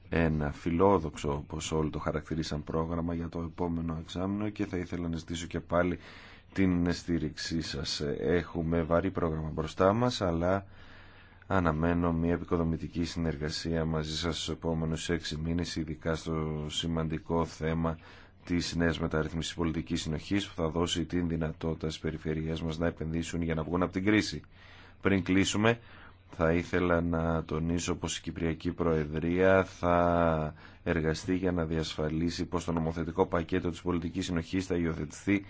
ένα φιλόδοξο, όπω όλοι το χαρακτηρίσαν, πρόγραμμα για το επόμενο εξάμεινο και θα ήθελα να ζητήσω και πάλι την στήριξή σας. Έχουμε βαρύ πρόγραμμα μπροστά μας, αλλά αναμένω μια επικοδομητική συνεργασία μαζί σας στους επόμενους έξι μήνες, ειδικά στο σημαντικό θέμα της νέας μεταρρύθμισης πολιτικής συνοχής που θα δώσει την δυνατότητα στις περιφερειές μας να επενδύσουν για να βγουν από την κρίση. Πριν κλείσουμε, θα ήθελα να τονίσω πως η Κυπριακή Προεδρία θα εργαστεί για να διασφαλίσει πως το νομοθετικό πακέτο της πολιτικής συνοχής θα υιοθετηθεί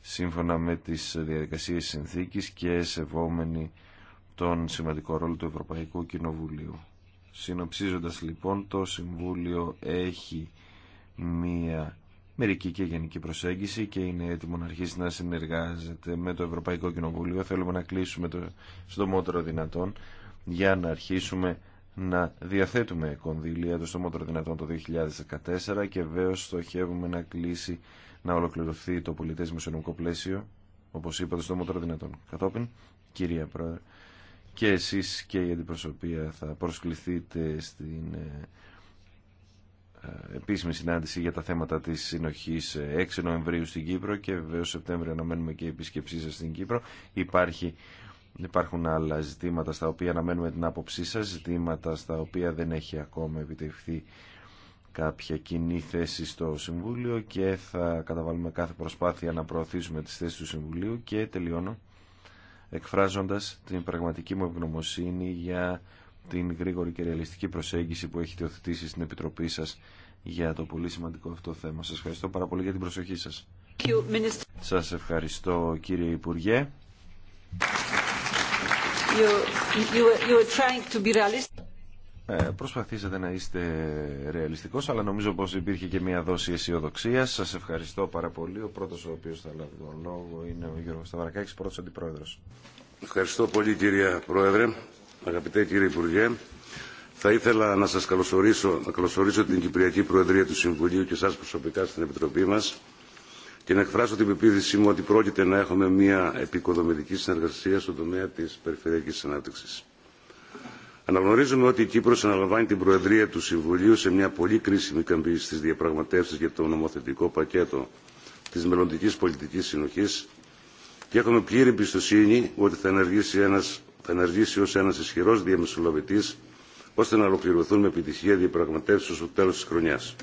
σύμφωνα με τις διαδικασίες συνθήκης και σεβόμενοι τον σημαντικό ρόλο του Ευρωπαϊκού Κοινοβουλίου. Συνοψίζοντας λοιπόν, το Συμβούλιο έχει μία μερική και γενική προσέγγιση και είναι έτοιμο να αρχίσει να συνεργάζεται με το Ευρωπαϊκό Κοινοβούλιο. Θέλουμε να κλείσουμε το στομότερο δυνατόν για να αρχίσουμε να διαθέτουμε κονδύλια το στομότερο δυνατόν το 2014 και βέβαια στοχεύουμε να κλείσει να ολοκληρωθεί το πολιτές μεσονομικό πλαίσιο, όπως είπατε στο στόμο δυνατόν. Κατόπιν, κυρία Πρόεδρε, και εσείς και η αντιπροσωπεία θα προσκληθείτε στην ε, ε, επίσημη συνάντηση για τα θέματα της συνοχής 6 ε, Νοεμβρίου στην Κύπρο και βεβαίω Σεπτέμβριο αναμένουμε και η επίσκεψή σας στην Κύπρο. Υπάρχει, υπάρχουν άλλα ζητήματα στα οποία αναμένουμε την άποψή σας, ζητήματα στα οποία δεν έχει ακόμα επιτευχθεί κάποια κοινή θέση στο Συμβούλιο και θα καταβάλουμε κάθε προσπάθεια να προωθήσουμε τις θέσεις του Συμβουλίου και τελειώνω εκφράζοντας την πραγματική μου ευγνωμοσύνη για την γρήγορη και ρεαλιστική προσέγγιση που έχετε οθετήσει στην Επιτροπή σας για το πολύ σημαντικό αυτό θέμα. Σας ευχαριστώ πάρα πολύ για την προσοχή σας. Σας ευχαριστώ κύριε Υπουργέ. You, you, you ε, προσπαθήσατε να είστε ρεαλιστικός, αλλά νομίζω πως υπήρχε και μια δόση αισιοδοξία. Σας ευχαριστώ πάρα πολύ. Ο πρώτος ο οποίος θα λάβει τον λόγο είναι ο Γιώργος Σταυρακάκης, πρώτος αντιπρόεδρος. Ευχαριστώ πολύ κύριε Πρόεδρε, αγαπητέ κύριε Υπουργέ. Θα ήθελα να σας καλωσορίσω, να καλωσορίσω την Κυπριακή Προεδρία του Συμβουλίου και σας προσωπικά στην Επιτροπή μας και να εκφράσω την πεποίθησή μου ότι πρόκειται να έχουμε μια επικοδομητική συνεργασία στον τομέα της περιφερειακής ανάπτυξης Αναγνωρίζουμε ότι η Κύπρος αναλαμβάνει την Προεδρία του Συμβουλίου σε μια πολύ κρίσιμη καμπή στις διαπραγματεύσεις για το νομοθετικό πακέτο της μελλοντικής πολιτικής συνοχής και έχουμε πλήρη εμπιστοσύνη ότι θα ενεργήσει, ένας, θα ενεργήσει ως ένας ισχυρός διαμεσολαβητής ώστε να ολοκληρωθούν με επιτυχία διαπραγματεύσεις στο τέλος της χρονιάς.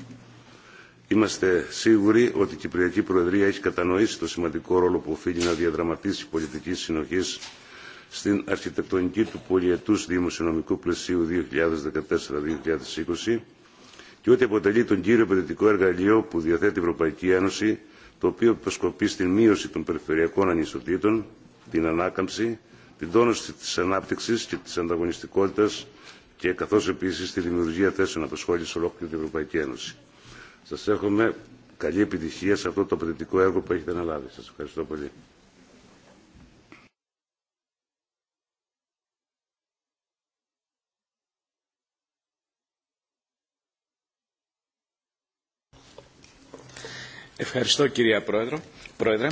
Είμαστε σίγουροι ότι η Κυπριακή Προεδρία έχει κατανοήσει το σημαντικό ρόλο που οφείλει να διαδραματίσει η πολιτική συνοχή στην αρχιτεκτονική του πολιετούς δημοσιονομικού πλαισίου 2014-2020 και ότι αποτελεί τον κύριο επενδυτικό εργαλείο που διαθέτει η Ευρωπαϊκή Ένωση, το οποίο προσκοπεί στην μείωση των περιφερειακών ανισοτήτων, την ανάκαμψη, την τόνωση της ανάπτυξης και της ανταγωνιστικότητας και καθώς επίσης τη δημιουργία θέσεων απασχόλησης ολόκληρη την Ευρωπαϊκή Ένωση. Σας εύχομαι καλή επιτυχία σε αυτό το απαιτητικό έργο που έχετε αναλάβει. Σας ευχαριστώ πολύ. Ευχαριστώ κυρία Πρόεδρο. Πρόεδρε.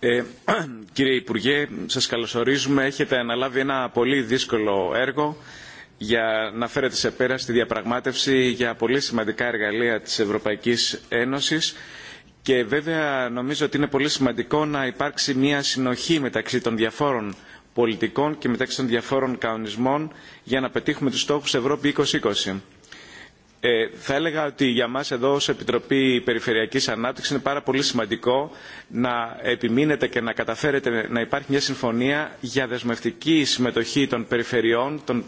Ε, κύριε Υπουργέ, σας καλωσορίζουμε. Έχετε αναλάβει ένα πολύ δύσκολο έργο για να φέρετε σε πέρα στη διαπραγμάτευση για πολύ σημαντικά εργαλεία της Ευρωπαϊκής Ένωσης και βέβαια νομίζω ότι είναι πολύ σημαντικό να υπάρξει μια συνοχή μεταξύ των διαφόρων πολιτικών και μεταξύ των διαφόρων καονισμών για να πετύχουμε τους στόχους Ευρώπη 2020 ε, θα έλεγα ότι για μας εδώ ως Επιτροπή Περιφερειακής Ανάπτυξης είναι πάρα πολύ σημαντικό να επιμείνετε και να καταφέρετε να υπάρχει μια συμφωνία για δεσμευτική συμμετοχή των περιφερειών, των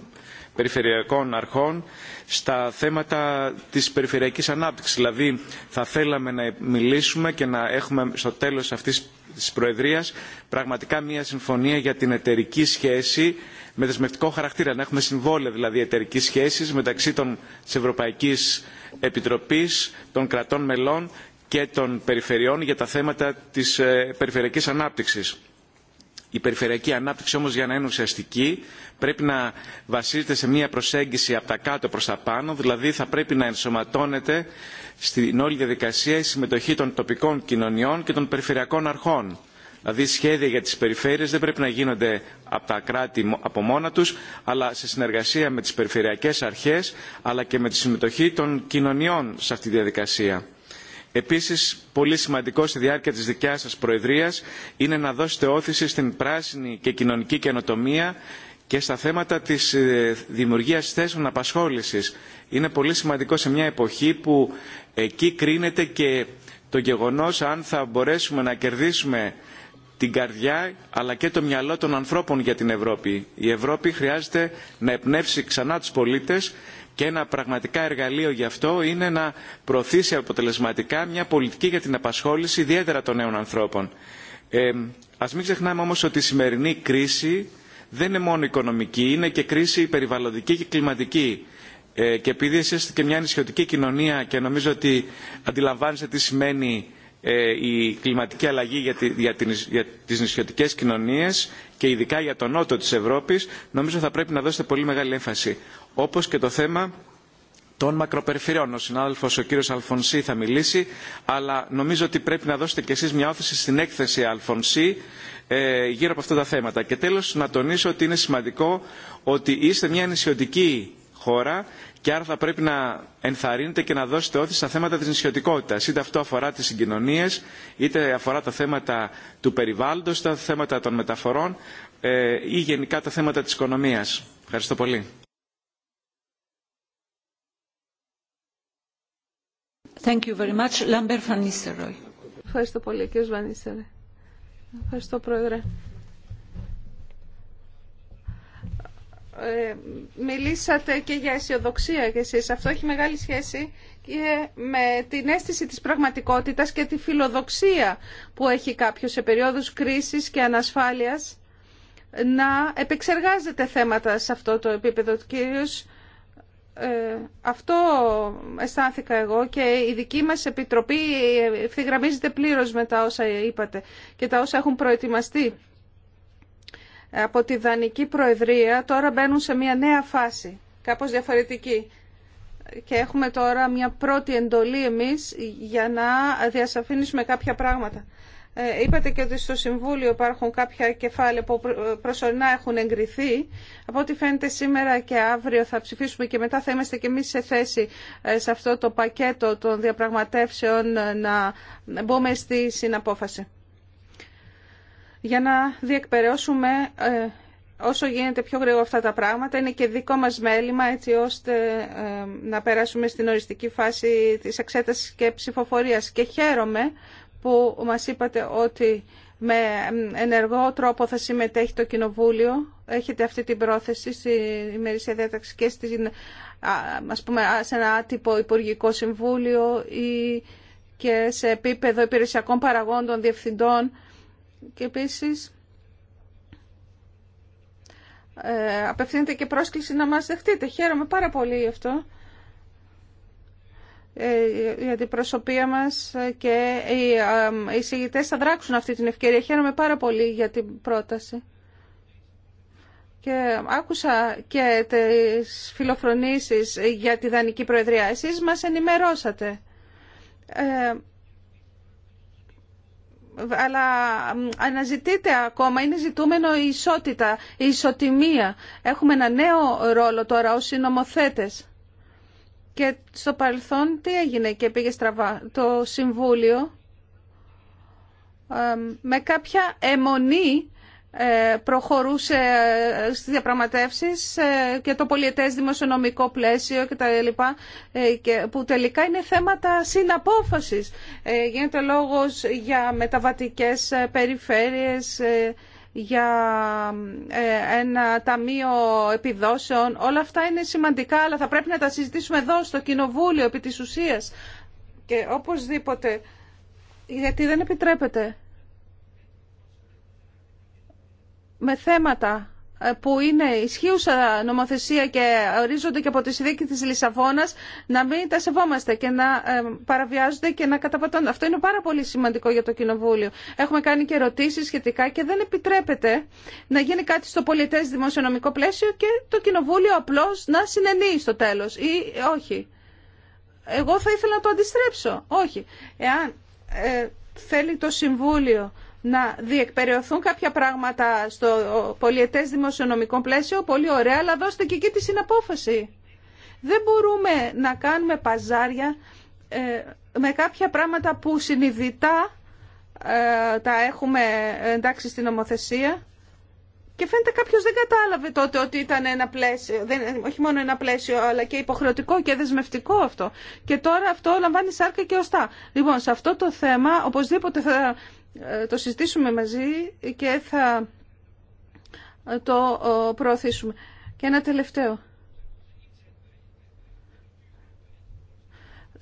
περιφερειακών αρχών στα θέματα της περιφερειακής ανάπτυξης. Δηλαδή θα θέλαμε να μιλήσουμε και να έχουμε στο τέλος αυτής της Προεδρίας πραγματικά μια συμφωνία για την εταιρική σχέση με δεσμευτικό χαρακτήρα, να έχουμε συμβόλαια δηλαδή εταιρικής σχέσης μεταξύ των, της Ευρωπαϊκής Επιτροπής, των κρατών μελών και των περιφερειών για τα θέματα της ε, περιφερειακής ανάπτυξης. Η περιφερειακή ανάπτυξη όμως για να είναι ουσιαστική πρέπει να βασίζεται σε μια προσέγγιση από τα κάτω προς τα πάνω, δηλαδή θα πρέπει να ενσωματώνεται στην όλη διαδικασία η συμμετοχή των τοπικών κοινωνιών και των περιφερειακών αρχών Δηλαδή σχέδια για τις περιφέρειες δεν πρέπει να γίνονται από τα κράτη από μόνα τους, αλλά σε συνεργασία με τις περιφερειακές αρχές, αλλά και με τη συμμετοχή των κοινωνιών σε αυτή τη διαδικασία. Επίσης, πολύ σημαντικό στη διάρκεια της δικιάς σας Προεδρίας είναι να δώσετε όθηση στην πράσινη και κοινωνική καινοτομία και στα θέματα της ε, δημιουργίας θέσεων απασχόλησης. Είναι πολύ σημαντικό σε μια εποχή που εκεί κρίνεται και το γεγονός αν θα μπορέσουμε να κερδίσουμε την καρδιά αλλά και το μυαλό των ανθρώπων για την Ευρώπη. Η Ευρώπη χρειάζεται να εμπνεύσει ξανά τους πολίτες και ένα πραγματικά εργαλείο γι' αυτό είναι να προωθήσει αποτελεσματικά μια πολιτική για την απασχόληση ιδιαίτερα των νέων ανθρώπων. Ε, ας μην ξεχνάμε όμως ότι η σημερινή κρίση δεν είναι μόνο οικονομική, είναι και κρίση περιβαλλοντική και κλιματική. Ε, και επειδή εσείς είστε και μια νησιωτική κοινωνία και νομίζω ότι αντιλαμβάνεστε τι σημαίνει ε, η κλιματική αλλαγή για, για, τις νησιωτικές κοινωνίες και ειδικά για τον νότο της Ευρώπης νομίζω θα πρέπει να δώσετε πολύ μεγάλη έμφαση. Όπως και το θέμα των μακροπεριφερειών. Ο συνάδελφος ο κύριος Αλφονσί θα μιλήσει, αλλά νομίζω ότι πρέπει να δώσετε κι εσείς μια όθηση στην έκθεση Αλφονσί ε, γύρω από αυτά τα θέματα. Και τέλος να τονίσω ότι είναι σημαντικό ότι είστε μια νησιωτική χώρα και άρα θα πρέπει να ενθαρρύνετε και να δώσετε όθηση στα θέματα της νησιωτικότητας. Είτε αυτό αφορά τις συγκοινωνίες, είτε αφορά τα θέματα του περιβάλλοντος, τα θέματα των μεταφορών ε, ή γενικά τα θέματα της οικονομίας. Ευχαριστώ πολύ. Ευχαριστώ πολύ, κύριε Βανίστεροι. Ευχαριστώ, Πρόεδρε. Ε, μιλήσατε και για αισιοδοξία και εσείς. Αυτό έχει μεγάλη σχέση και με την αίσθηση της πραγματικότητας και τη φιλοδοξία που έχει κάποιο σε περίοδους κρίσης και ανασφάλειας να επεξεργάζεται θέματα σε αυτό το επίπεδο. Κυρίως ε, αυτό αισθάνθηκα εγώ και η δική μας Επιτροπή ευθυγραμμίζεται πλήρως με τα όσα είπατε και τα όσα έχουν προετοιμαστεί από τη Δανική Προεδρία τώρα μπαίνουν σε μια νέα φάση, κάπως διαφορετική. Και έχουμε τώρα μια πρώτη εντολή εμείς για να διασαφήνισουμε κάποια πράγματα. Ε, είπατε και ότι στο Συμβούλιο υπάρχουν κάποια κεφάλαια που προσωρινά έχουν εγκριθεί. Από ό,τι φαίνεται σήμερα και αύριο θα ψηφίσουμε και μετά θα είμαστε και εμείς σε θέση ε, σε αυτό το πακέτο των διαπραγματεύσεων να μπούμε στη συναπόφαση για να διεκπαιρεώσουμε ε, όσο γίνεται πιο γρήγορα αυτά τα πράγματα. Είναι και δικό μας μέλημα έτσι ώστε ε, να περάσουμε στην οριστική φάση της εξέτασης και ψηφοφορίας. Και χαίρομαι που μας είπατε ότι με ενεργό τρόπο θα συμμετέχει το Κοινοβούλιο. Έχετε αυτή την πρόθεση στη ημερήσια διάταξη και πούμε, σε ένα άτυπο Υπουργικό Συμβούλιο ή και σε επίπεδο υπηρεσιακών παραγόντων διευθυντών και επίσης ε, απευθύνεται και πρόσκληση να μας δεχτείτε. Χαίρομαι πάρα πολύ γι' αυτό. Ε, την προσωπία μας και οι ε, θα δράξουν αυτή την ευκαιρία. Χαίρομαι πάρα πολύ για την πρόταση. Και άκουσα και τις φιλοφρονήσεις για τη Δανική Προεδρία. Εσείς μας ενημερώσατε. Ε, αλλά αναζητείται ακόμα, είναι ζητούμενο η ισότητα, η ισοτιμία. Έχουμε ένα νέο ρόλο τώρα ως συνομοθέτες. Και στο παρελθόν τι έγινε και πήγε στραβά. Το Συμβούλιο με κάποια αιμονή ε, προχωρούσε ε, στις διαπραγματεύσεις ε, και το πολιετές δημοσιονομικό πλαίσιο και τα λοιπά, που τελικά είναι θέματα συναπόφασης. Γίνεται λόγος για μεταβατικές περιφέρειες, για ένα ταμείο επιδόσεων. Όλα αυτά είναι σημαντικά, αλλά θα πρέπει να τα συζητήσουμε εδώ στο Κοινοβούλιο επί της ουσίας. Και οπωσδήποτε, γιατί δεν επιτρέπεται με θέματα ε, που είναι ισχύουσα νομοθεσία και ορίζονται και από τη συνδίκη της Λισαβόνας να μην τα σεβόμαστε και να ε, παραβιάζονται και να καταπατώνουν. Αυτό είναι πάρα πολύ σημαντικό για το Κοινοβούλιο. Έχουμε κάνει και ερωτήσεις σχετικά και δεν επιτρέπεται να γίνει κάτι στο πολιτές δημοσιονομικό πλαίσιο και το Κοινοβούλιο απλώς να συνενεί στο τέλος ή όχι. Εγώ θα ήθελα να το αντιστρέψω. Όχι. Εάν ε, θέλει το Συμβούλιο να διεκπεραιωθούν κάποια πράγματα στο πολιετές δημοσιονομικό πλαίσιο, πολύ ωραία, αλλά δώστε και εκεί τη συναπόφαση. Δεν μπορούμε να κάνουμε παζάρια ε, με κάποια πράγματα που συνειδητά ε, τα έχουμε εντάξει στην νομοθεσία και φαίνεται κάποιο δεν κατάλαβε τότε ότι ήταν ένα πλαίσιο, δεν, όχι μόνο ένα πλαίσιο, αλλά και υποχρεωτικό και δεσμευτικό αυτό. Και τώρα αυτό λαμβάνει σάρκα και οστά. Λοιπόν, σε αυτό το θέμα οπωσδήποτε θα ε, το συζητήσουμε μαζί και θα ε, το ε, προωθήσουμε. Και ένα τελευταίο.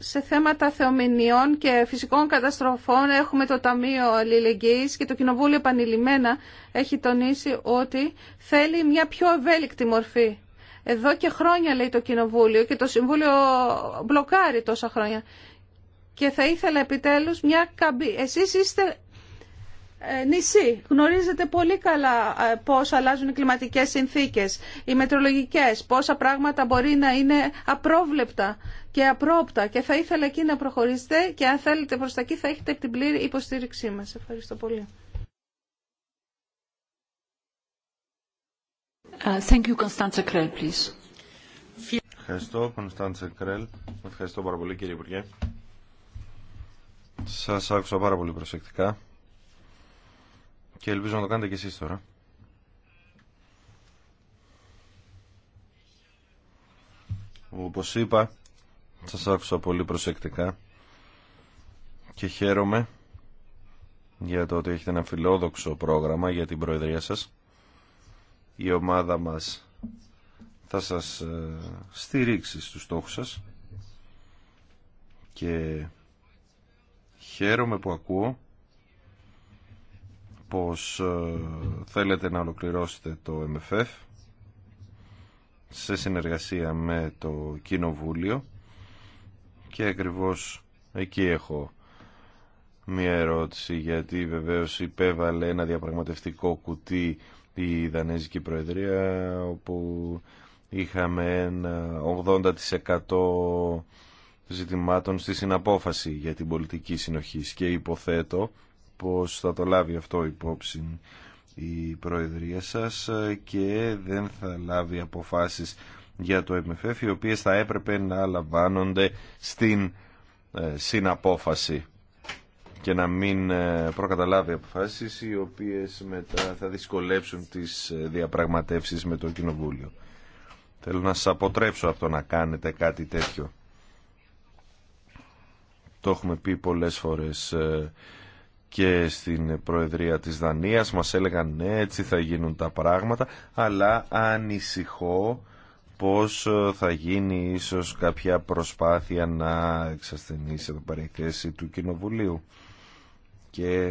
σε θέματα θεομηνιών και φυσικών καταστροφών έχουμε το Ταμείο Αλληλεγγύης και το Κοινοβούλιο επανειλημμένα έχει τονίσει ότι θέλει μια πιο ευέλικτη μορφή. Εδώ και χρόνια λέει το Κοινοβούλιο και το Συμβούλιο μπλοκάρει τόσα χρόνια. Και θα ήθελα επιτέλους μια καμπή. Εσείς είστε ε, νησί. Γνωρίζετε πολύ καλά ε, πώς αλλάζουν οι κλιματικές συνθήκες, οι μετρολογικές, πόσα πράγματα μπορεί να είναι απρόβλεπτα και απρόπτα και θα ήθελα εκεί να προχωρήσετε και αν θέλετε προς τα εκεί θα έχετε την πλήρη υποστήριξή μας. Ευχαριστώ πολύ. Ε, Ευχαριστώ, Κωνσταντσα Κρέλ. Ευχαριστώ πάρα πολύ, κύριε Υπουργέ. Σας άκουσα πάρα πολύ προσεκτικά και ελπίζω να το κάνετε και εσείς τώρα. Όπως είπα, σας άκουσα πολύ προσεκτικά και χαίρομαι για το ότι έχετε ένα φιλόδοξο πρόγραμμα για την Προεδρία σας. Η ομάδα μας θα σας ε, στηρίξει στους στόχους σας και χαίρομαι που ακούω πως ε, θέλετε να ολοκληρώσετε το MFF σε συνεργασία με το Κοινοβούλιο και ακριβώς εκεί έχω μία ερώτηση γιατί βεβαίως υπέβαλε ένα διαπραγματευτικό κουτί η Δανέζικη Προεδρία όπου είχαμε ένα 80% ζητημάτων στη συναπόφαση για την πολιτική συνοχή και υποθέτω πως θα το λάβει αυτό υπόψη η Προεδρία σας και δεν θα λάβει αποφάσεις για το MFF οι οποίες θα έπρεπε να λαμβάνονται στην ε, συναπόφαση και να μην ε, προκαταλάβει αποφάσεις οι οποίες μετά θα δυσκολέψουν τις ε, διαπραγματεύσεις με το Κοινοβούλιο. Θέλω να σας αποτρέψω αυτό να κάνετε κάτι τέτοιο. Το έχουμε πει πολλές φορές και στην Προεδρία της Δανίας μας έλεγαν ναι έτσι θα γίνουν τα πράγματα αλλά ανησυχώ πως ε, θα γίνει ίσως κάποια προσπάθεια να εξασθενήσει εδώ πέρα του Κοινοβουλίου και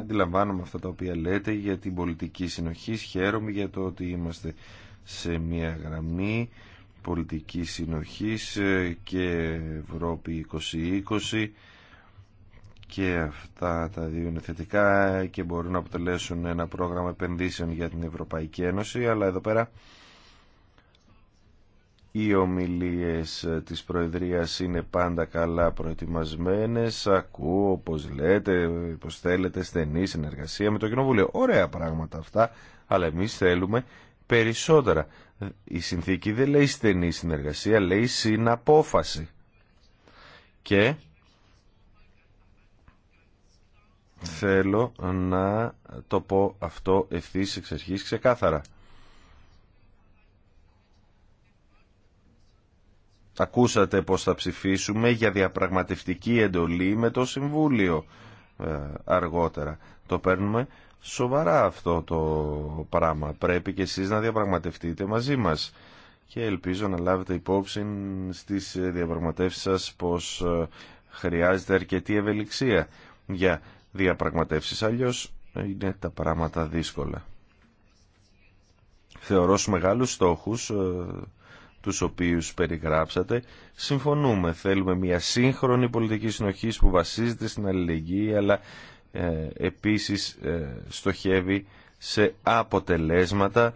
αντιλαμβάνομαι αυτά τα οποία λέτε για την πολιτική συνοχή χαίρομαι για το ότι είμαστε σε μια γραμμή πολιτική συνοχής ε, και Ευρώπη 2020 και αυτά τα δύο είναι θετικά και μπορούν να αποτελέσουν ένα πρόγραμμα επενδύσεων για την Ευρωπαϊκή Ένωση αλλά εδώ πέρα οι ομιλίες της Προεδρίας είναι πάντα καλά προετοιμασμένες ακούω όπως λέτε πως θέλετε στενή συνεργασία με το Κοινοβούλιο ωραία πράγματα αυτά αλλά εμείς θέλουμε περισσότερα η συνθήκη δεν λέει στενή συνεργασία λέει συναπόφαση και Θέλω να το πω αυτό ευθύς εξ αρχής ξεκάθαρα. Ακούσατε πως θα ψηφίσουμε για διαπραγματευτική εντολή με το Συμβούλιο ε, αργότερα. Το παίρνουμε σοβαρά αυτό το πράγμα. Πρέπει και εσείς να διαπραγματευτείτε μαζί μας. Και ελπίζω να λάβετε υπόψη στις διαπραγματεύσεις σας πως ε, χρειάζεται αρκετή ευελιξία για διαπραγματεύσεις. Αλλιώς είναι τα πράγματα δύσκολα. Θεωρώ μεγάλους στόχους ε, τους οποίους περιγράψατε, συμφωνούμε. Θέλουμε μια σύγχρονη πολιτική συνοχή που βασίζεται στην αλληλεγγύη, αλλά ε, επίσης ε, στοχεύει σε αποτελέσματα,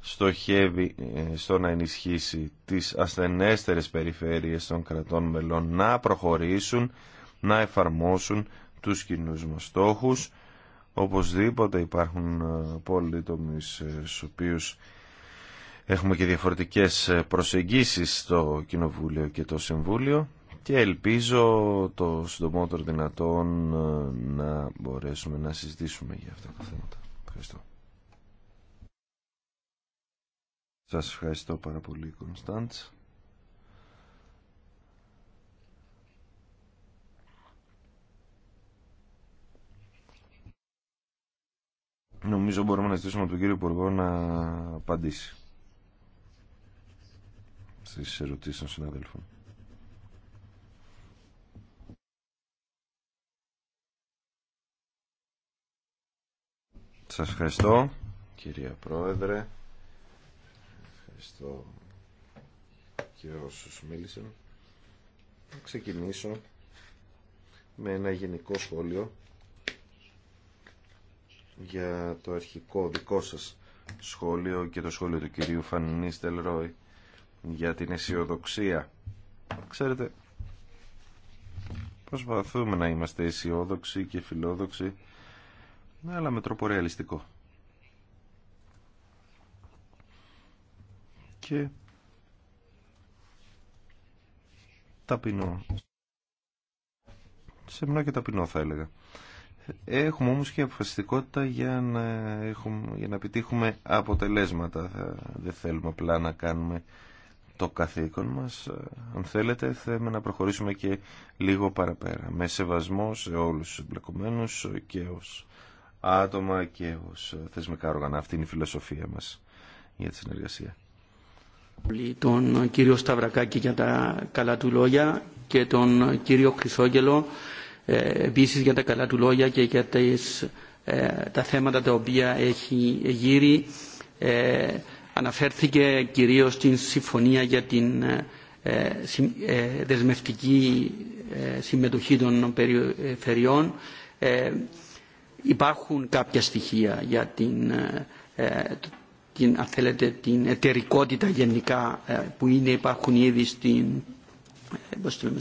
στοχεύει ε, στο να ενισχύσει τις ασθενέστερες περιφέρειες των κρατών μελών να προχωρήσουν, να εφαρμόσουν τους κοινούς μας στόχους. Οπωσδήποτε υπάρχουν ε, πολλοί τομείς ε, στους οποίους έχουμε και διαφορετικές ε, προσεγγίσεις στο Κοινοβούλιο και το Συμβούλιο και ελπίζω το συντομότερο δυνατόν να μπορέσουμε να συζητήσουμε για αυτά τα θέματα. Ευχαριστώ. Σας ευχαριστώ πάρα πολύ Κωνσταντς. Νομίζω μπορούμε να ζητήσουμε από τον κύριο Υπουργό να απαντήσει στις ερωτήσεις των συναδέλφων. Σας ευχαριστώ, κυρία Πρόεδρε. Ευχαριστώ και όσους μίλησαν. Θα ξεκινήσω με ένα γενικό σχόλιο για το αρχικό δικό σας σχόλιο και το σχόλιο του κυρίου Φανινής για την αισιοδοξία. Ξέρετε, προσπαθούμε να είμαστε αισιόδοξοι και φιλόδοξοι, αλλά με τρόπο ρεαλιστικό. Και ταπεινό. Σεμνό και ταπεινό θα έλεγα. Έχουμε όμως και αποφασιστικότητα για να, έχουμε, για να επιτύχουμε αποτελέσματα. Δεν θέλουμε απλά να κάνουμε το καθήκον μας. Αν θέλετε, θέλουμε να προχωρήσουμε και λίγο παραπέρα. Με σεβασμό σε όλους τους εμπλεκομένους και ως άτομα και ως θεσμικά όργανα. Αυτή είναι η φιλοσοφία μας για τη συνεργασία. Τον κύριο Σταυρακάκη για τα καλά του λόγια και τον κύριο Χρυσόγελο επίσης για τα καλά του λόγια και για ε, τα θέματα τα οποία έχει γύρει. Ε, αναφέρθηκε κυρίως στην συμφωνία για την ε, δεσμευτική συμμετοχή των περιφερειών. Υπάρχουν κάποια στοιχεία για την, την, την εταιρικότητα γενικά που είναι, υπάρχουν ήδη στην, στην,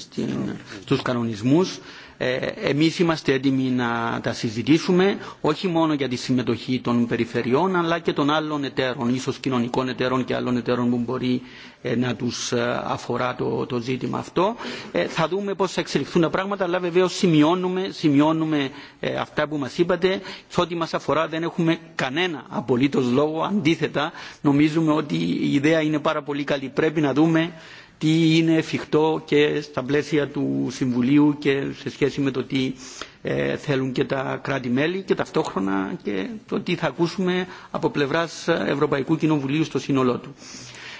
στους κανονισμούς. Ε, εμείς είμαστε έτοιμοι να τα συζητήσουμε όχι μόνο για τη συμμετοχή των περιφερειών αλλά και των άλλων εταίρων, ίσως κοινωνικών εταίρων και άλλων εταίρων που μπορεί ε, να τους ε, αφορά το, το ζήτημα αυτό. θα δούμε πώς θα εξελιχθούν τα πράγματα αλλά βεβαίως σημειώνουμε, σημειώνουμε αυτά που μας είπατε και ό,τι μας αφορά δεν έχουμε κανένα απολύτως λόγο. Αντίθετα νομίζουμε ότι η ιδέα είναι πάρα πολύ καλή. Πρέπει να δούμε τι είναι εφικτό και στα πλαίσια του Συμβουλίου και σε σχέση με το τι ε, θέλουν και τα κράτη-μέλη και ταυτόχρονα και το τι θα ακούσουμε από πλευράς Ευρωπαϊκού Κοινοβουλίου στο σύνολό του.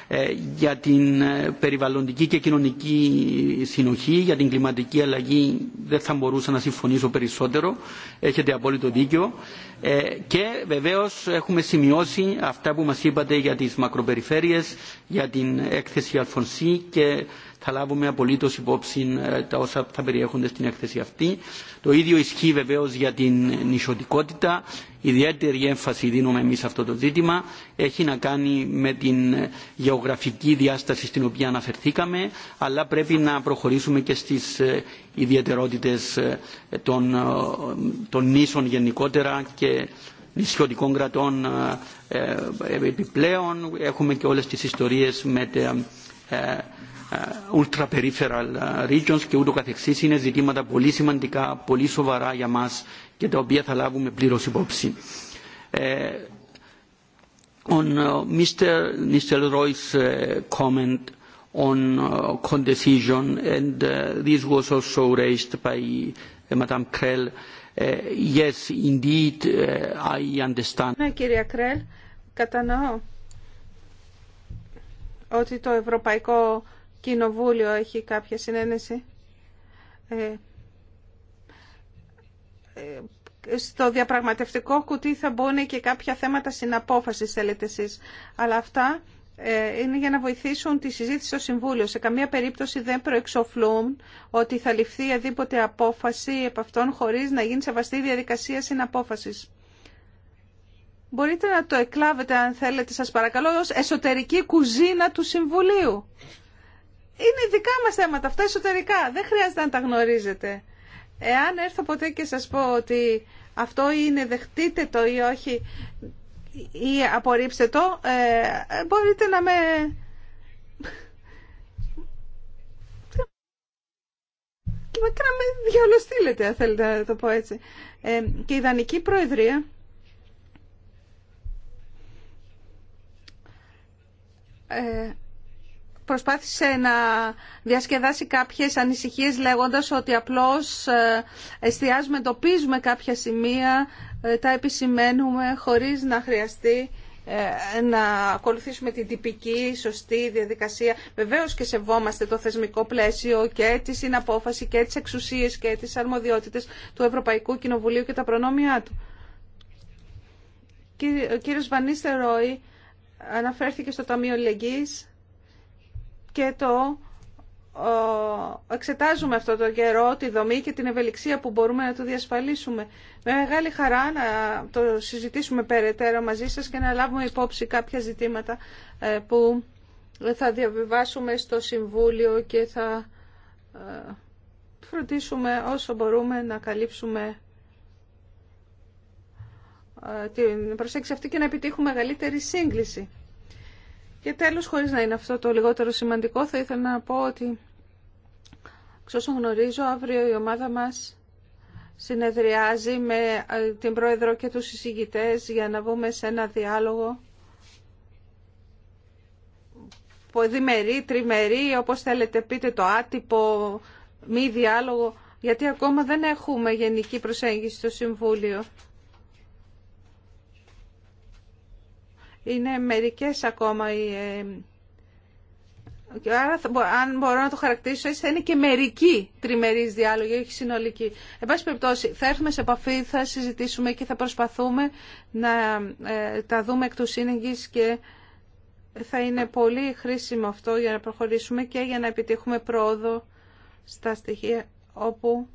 Ε, για την ε, περιβαλλοντική και κοινωνική συνοχή, για την κλιματική αλλαγή δεν θα μπορούσα να συμφωνήσω περισσότερο. Έχετε απόλυτο δίκιο. Ε, και βεβαίως έχουμε σημειώσει αυτά που μας είπατε για τις μακροπεριφέρειες, για την έκθεση αλφονσή και θα λάβουμε απολύτω υπόψη ε, τα όσα θα περιέχονται στην έκθεση αυτή. Το ίδιο ισχύει βεβαίω για την νησιωτικότητα. Ιδιαίτερη έμφαση δίνουμε εμεί σε αυτό το ζήτημα. Έχει να κάνει με την ε, γεωγραφική διάσταση στην οποία αναφερθήκαμε, αλλά πρέπει να προχωρήσουμε και στι ε, ιδιαιτερότητε των, των νήσων γενικότερα και νησιωτικών κρατών επιπλέον. Έχουμε και όλες τι ιστορίε με ε, ultra-peripheral ε, regions και ούτω καθεξής είναι ζητήματα πολύ σημαντικά, πολύ σοβαρά για μας και τα οποία θα λάβουμε πλήρως υπόψη. Ε, on Mr. Nistelrooy's comment on co-decision, and this was also raised by Madam Krell, yes, indeed, I understand. Ναι, κυρία Κρέλ, κατανοώ ότι το Ευρωπαϊκό κοινοβούλιο έχει κάποια συνένεση. Ε, ε, στο διαπραγματευτικό κουτί θα μπουν και κάποια θέματα συναπόφασης θέλετε εσείς. Αλλά αυτά ε, είναι για να βοηθήσουν τη συζήτηση στο Συμβούλιο. Σε καμία περίπτωση δεν προεξοφλούν ότι θα ληφθεί οδήποτε απόφαση από αυτόν χωρίς να γίνει σεβαστή διαδικασία συναπόφασης. Μπορείτε να το εκλάβετε αν θέλετε σας παρακαλώ ως εσωτερική κουζίνα του Συμβουλίου είναι δικά μα θέματα, αυτά εσωτερικά, δεν χρειάζεται να τα γνωρίζετε. Εάν έρθω ποτέ και σας πω ότι αυτό είναι δεχτείτε το ή όχι ή απορρίψτε το, ε, μπορείτε να με... και να με διαολοστείλετε, αν θέλετε να το πω έτσι. Ε, και η Δανική Προεδρία... Ε, προσπάθησε να διασκεδάσει κάποιες ανησυχίες λέγοντας ότι απλώς ε, εστιάζουμε, εντοπίζουμε κάποια σημεία, ε, τα επισημαίνουμε χωρίς να χρειαστεί ε, να ακολουθήσουμε την τυπική, σωστή διαδικασία. Βεβαίως και σεβόμαστε το θεσμικό πλαίσιο και τη συναπόφαση και τις εξουσίες και τις αρμοδιότητες του Ευρωπαϊκού Κοινοβουλίου και τα προνόμια του. Ο κύριος Ρόι αναφέρθηκε στο Ταμείο Λεγγύης και το εξετάζουμε αυτό το καιρό, τη δομή και την ευελιξία που μπορούμε να το διασφαλίσουμε. Με μεγάλη χαρά να το συζητήσουμε περαιτέρω μαζί σας και να λάβουμε υπόψη κάποια ζητήματα ε, που θα διαβιβάσουμε στο Συμβούλιο και θα ε, φροντίσουμε όσο μπορούμε να καλύψουμε ε, την προσέγγιση αυτή και να επιτύχουμε μεγαλύτερη σύγκληση. Και τέλος, χωρίς να είναι αυτό το λιγότερο σημαντικό, θα ήθελα να πω ότι, εξ γνωρίζω, αύριο η ομάδα μας συνεδριάζει με ε, την Πρόεδρο και τους συζητητές για να βγούμε σε ένα διάλογο διμερή, τριμερή, όπως θέλετε πείτε το άτυπο, μη διάλογο, γιατί ακόμα δεν έχουμε γενική προσέγγιση στο Συμβούλιο. είναι μερικές ακόμα οι... Ε, άρα, αν μπορώ να το χαρακτηρίσω, έτσι θα είναι και μερική τριμερής διάλογη, όχι συνολική. Εν πάση περιπτώσει, θα έρθουμε σε επαφή, θα συζητήσουμε και θα προσπαθούμε να ε, τα δούμε εκ του και θα είναι πολύ χρήσιμο αυτό για να προχωρήσουμε και για να επιτύχουμε πρόοδο στα στοιχεία όπου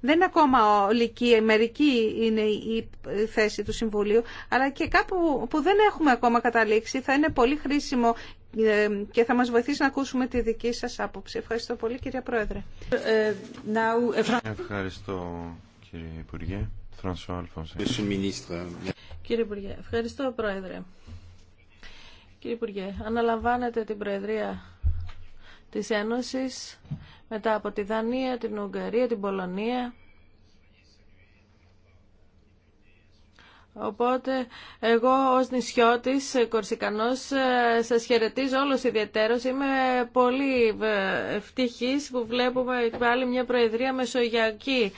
δεν είναι ακόμα ολική, μερική είναι η θέση του Συμβουλίου, αλλά και κάπου που δεν έχουμε ακόμα καταλήξει θα είναι πολύ χρήσιμο ε, και θα μας βοηθήσει να ακούσουμε τη δική σας άποψη. Ευχαριστώ πολύ κυρία Πρόεδρε. Ευχαριστώ κύριε Υπουργέ. Κύριε Υπουργέ, ευχαριστώ Πρόεδρε. Κύριε Υπουργέ, αναλαμβάνετε την Προεδρία της Ένωσης μετά από τη Δανία, την Ουγγαρία, την Πολωνία Οπότε εγώ ως νησιώτης ε, Κορσικανός ε, σας χαιρετίζω όλος ιδιαιτέρως. Είμαι πολύ ε, ευτυχής που βλέπουμε πάλι μια προεδρία μεσογειακή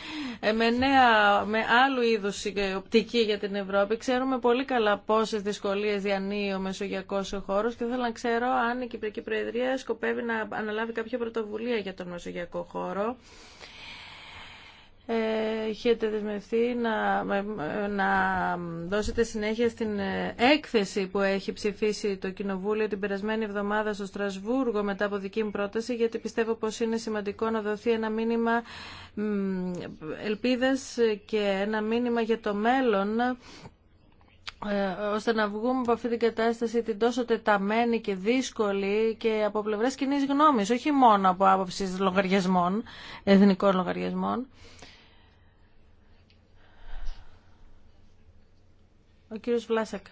με, νέα, με άλλου είδους οπτική για την Ευρώπη. Ξέρουμε πολύ καλά πόσες δυσκολίες διανύει ο μεσογειακός χώρος και θέλω να ξέρω αν η Κυπριακή Προεδρία σκοπεύει να αναλάβει κάποια πρωτοβουλία για τον μεσογειακό χώρο έχετε δεσμευτεί να, να δώσετε συνέχεια στην έκθεση που έχει ψηφίσει το Κοινοβούλιο την περασμένη εβδομάδα στο Στρασβούργο μετά από δική μου πρόταση γιατί πιστεύω πως είναι σημαντικό να δοθεί ένα μήνυμα ελπίδας και ένα μήνυμα για το μέλλον ε, ώστε να βγούμε από αυτή την κατάσταση την τόσο τεταμένη και δύσκολη και από πλευρές κοινή γνώμης, όχι μόνο από άποψη λογαριασμών, εθνικών λογαριασμών. Ο κύριος Βλάσακ.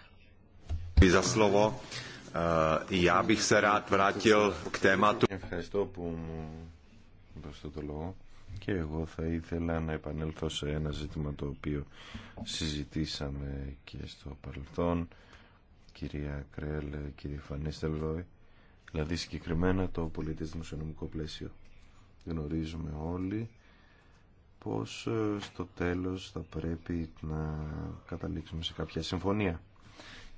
E, Ευχαριστώ που μου δώσετε το λόγο. Και εγώ θα ήθελα να επανέλθω σε ένα ζήτημα το οποίο συζητήσαμε και στο παρελθόν, κυρία Κρέλ, κύριε Φανίστελβοη, δηλαδή συγκεκριμένα το νομικό πλαίσιο. Γνωρίζουμε όλοι πως ε, στο τέλος θα πρέπει να καταλήξουμε σε κάποια συμφωνία.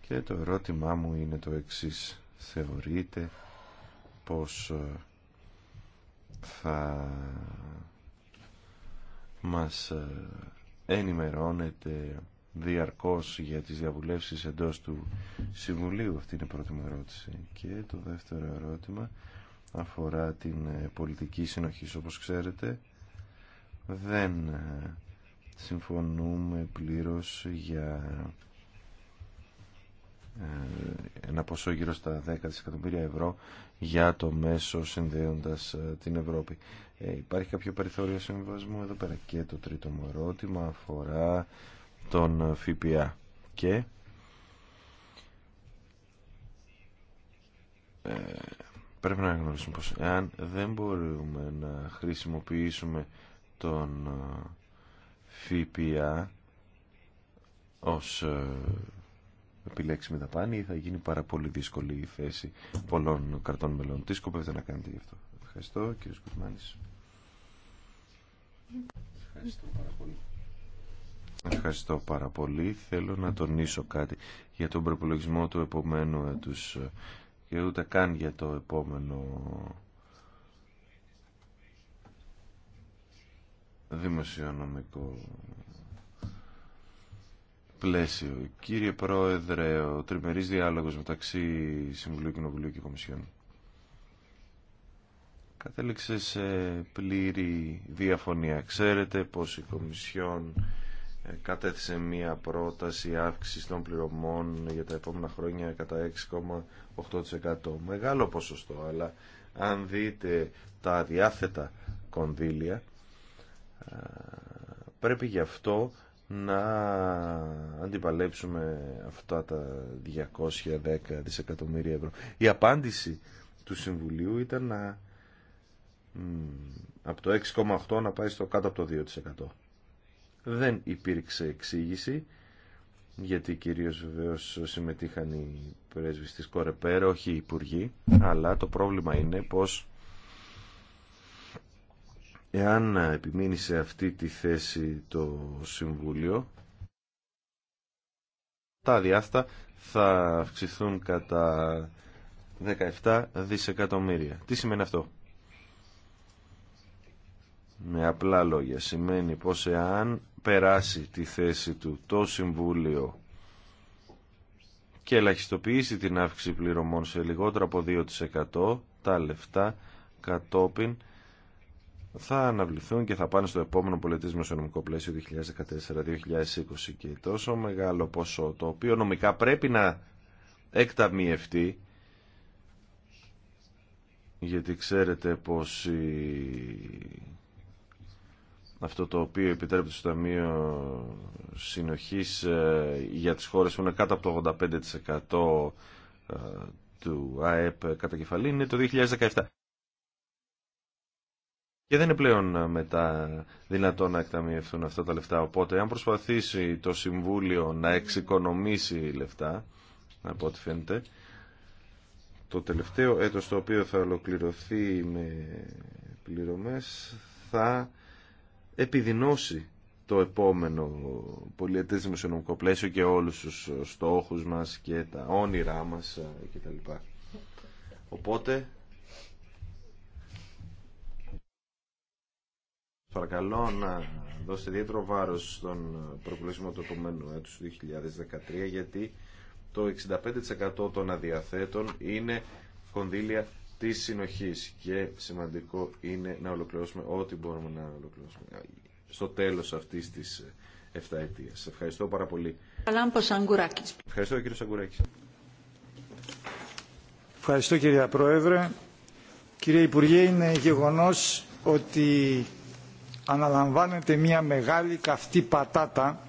Και το ερώτημά μου είναι το εξής. Θεωρείτε πως ε, θα μας ε, ενημερώνετε διαρκώς για τις διαβουλεύσεις εντός του Συμβουλίου. Αυτή είναι η πρώτη μου ερώτηση. Και το δεύτερο ερώτημα αφορά την πολιτική συνοχή. Όπως ξέρετε, δεν ε, συμφωνούμε πλήρως για ε, ένα ποσό γύρω στα 10 δισεκατομμύρια ευρώ για το μέσο συνδέοντας ε, την Ευρώπη. υπάρχει κάποιο περιθώριο συμβιβασμού εδώ πέρα και το τρίτο μου ερώτημα αφορά τον ΦΠΑ και ε, πρέπει να γνωρίσουμε πως εάν δεν μπορούμε να χρησιμοποιήσουμε τον ε, ΦΠΑ ως ε, επιλέξιμη δαπάνη ή θα γίνει πάρα πολύ δύσκολη θέση πολλών κρατών μελών. Τι σκοπεύετε να κάνετε γι' αυτό. Ευχαριστώ κύριε Σκουσμάνης. Ευχαριστώ πάρα πολύ. Ευχαριστώ πάρα πολύ. Θέλω να τονίσω κάτι για τον προπολογισμό του επομένου έτους ε, και ούτε καν για το επόμενο δημοσιονομικό πλαίσιο. Κύριε Πρόεδρε, ο τριμερής διάλογος μεταξύ Συμβουλίου Κοινοβουλίου και Κομισιόν κατέληξε σε πλήρη διαφωνία. Ξέρετε πως η Κομισιόν ε, κατέθεσε μία πρόταση αύξηση των πληρωμών για τα επόμενα χρόνια κατά 6,8%. Μεγάλο ποσοστό, αλλά αν δείτε τα διάθετα κονδύλια Πρέπει γι' αυτό να αντιπαλέψουμε αυτά τα 210 δισεκατομμύρια ευρώ. Η απάντηση του Συμβουλίου ήταν να από το 6,8 να πάει στο κάτω από το 2%. Δεν υπήρξε εξήγηση γιατί κυρίως βεβαίω συμμετείχαν οι πρέσβεις της Κορεπέρα, όχι οι υπουργοί, αλλά το πρόβλημα είναι πως εάν επιμείνει σε αυτή τη θέση το Συμβούλιο, τα αδιάστα θα αυξηθούν κατά 17 δισεκατομμύρια. Τι σημαίνει αυτό? Με απλά λόγια σημαίνει πως εάν περάσει τη θέση του το Συμβούλιο και ελαχιστοποιήσει την αύξηση πληρωμών σε λιγότερο από 2% τα λεφτά κατόπιν θα αναβληθούν και θα πάνε στο επόμενο πολιτισμό μεσονομικό πλαίσιο 2014-2020 και τόσο μεγάλο ποσό το οποίο νομικά πρέπει να εκταμιευτεί γιατί ξέρετε πως αυτό το οποίο επιτρέπεται στο Ταμείο Συνοχής ε, για τις χώρες που είναι κάτω από το 85% ε, του ΑΕΠ κατά κεφαλή είναι το 2017. Και δεν είναι πλέον ε, μετά δυνατόν να εκταμιευθούν αυτά τα λεφτά. Οπότε, αν προσπαθήσει το Συμβούλιο να εξοικονομήσει λεφτά, από ό,τι φαίνεται, το τελευταίο έτος το οποίο θα ολοκληρωθεί με πληρωμές θα επιδεινώσει το επόμενο πολιετές δημοσιονομικό πλαίσιο και όλους τους στόχους μας και τα όνειρά μας ε, κτλ. Οπότε Παρακαλώ να δώσετε ιδιαίτερο βάρο στον προκλήσιμο του επόμενου έτου 2013 γιατί το 65% των αδιαθέτων είναι κονδύλια τη συνοχή και σημαντικό είναι να ολοκληρώσουμε ό,τι μπορούμε να ολοκληρώσουμε στο τέλος αυτή τη 7 Ευχαριστώ πάρα πολύ. Ευχαριστώ κύριε Σαγκουράκη. Ευχαριστώ κύριε Πρόεδρε. Κύριε Υπουργέ, είναι γεγονό ότι αναλαμβάνετε μια μεγάλη καυτή πατάτα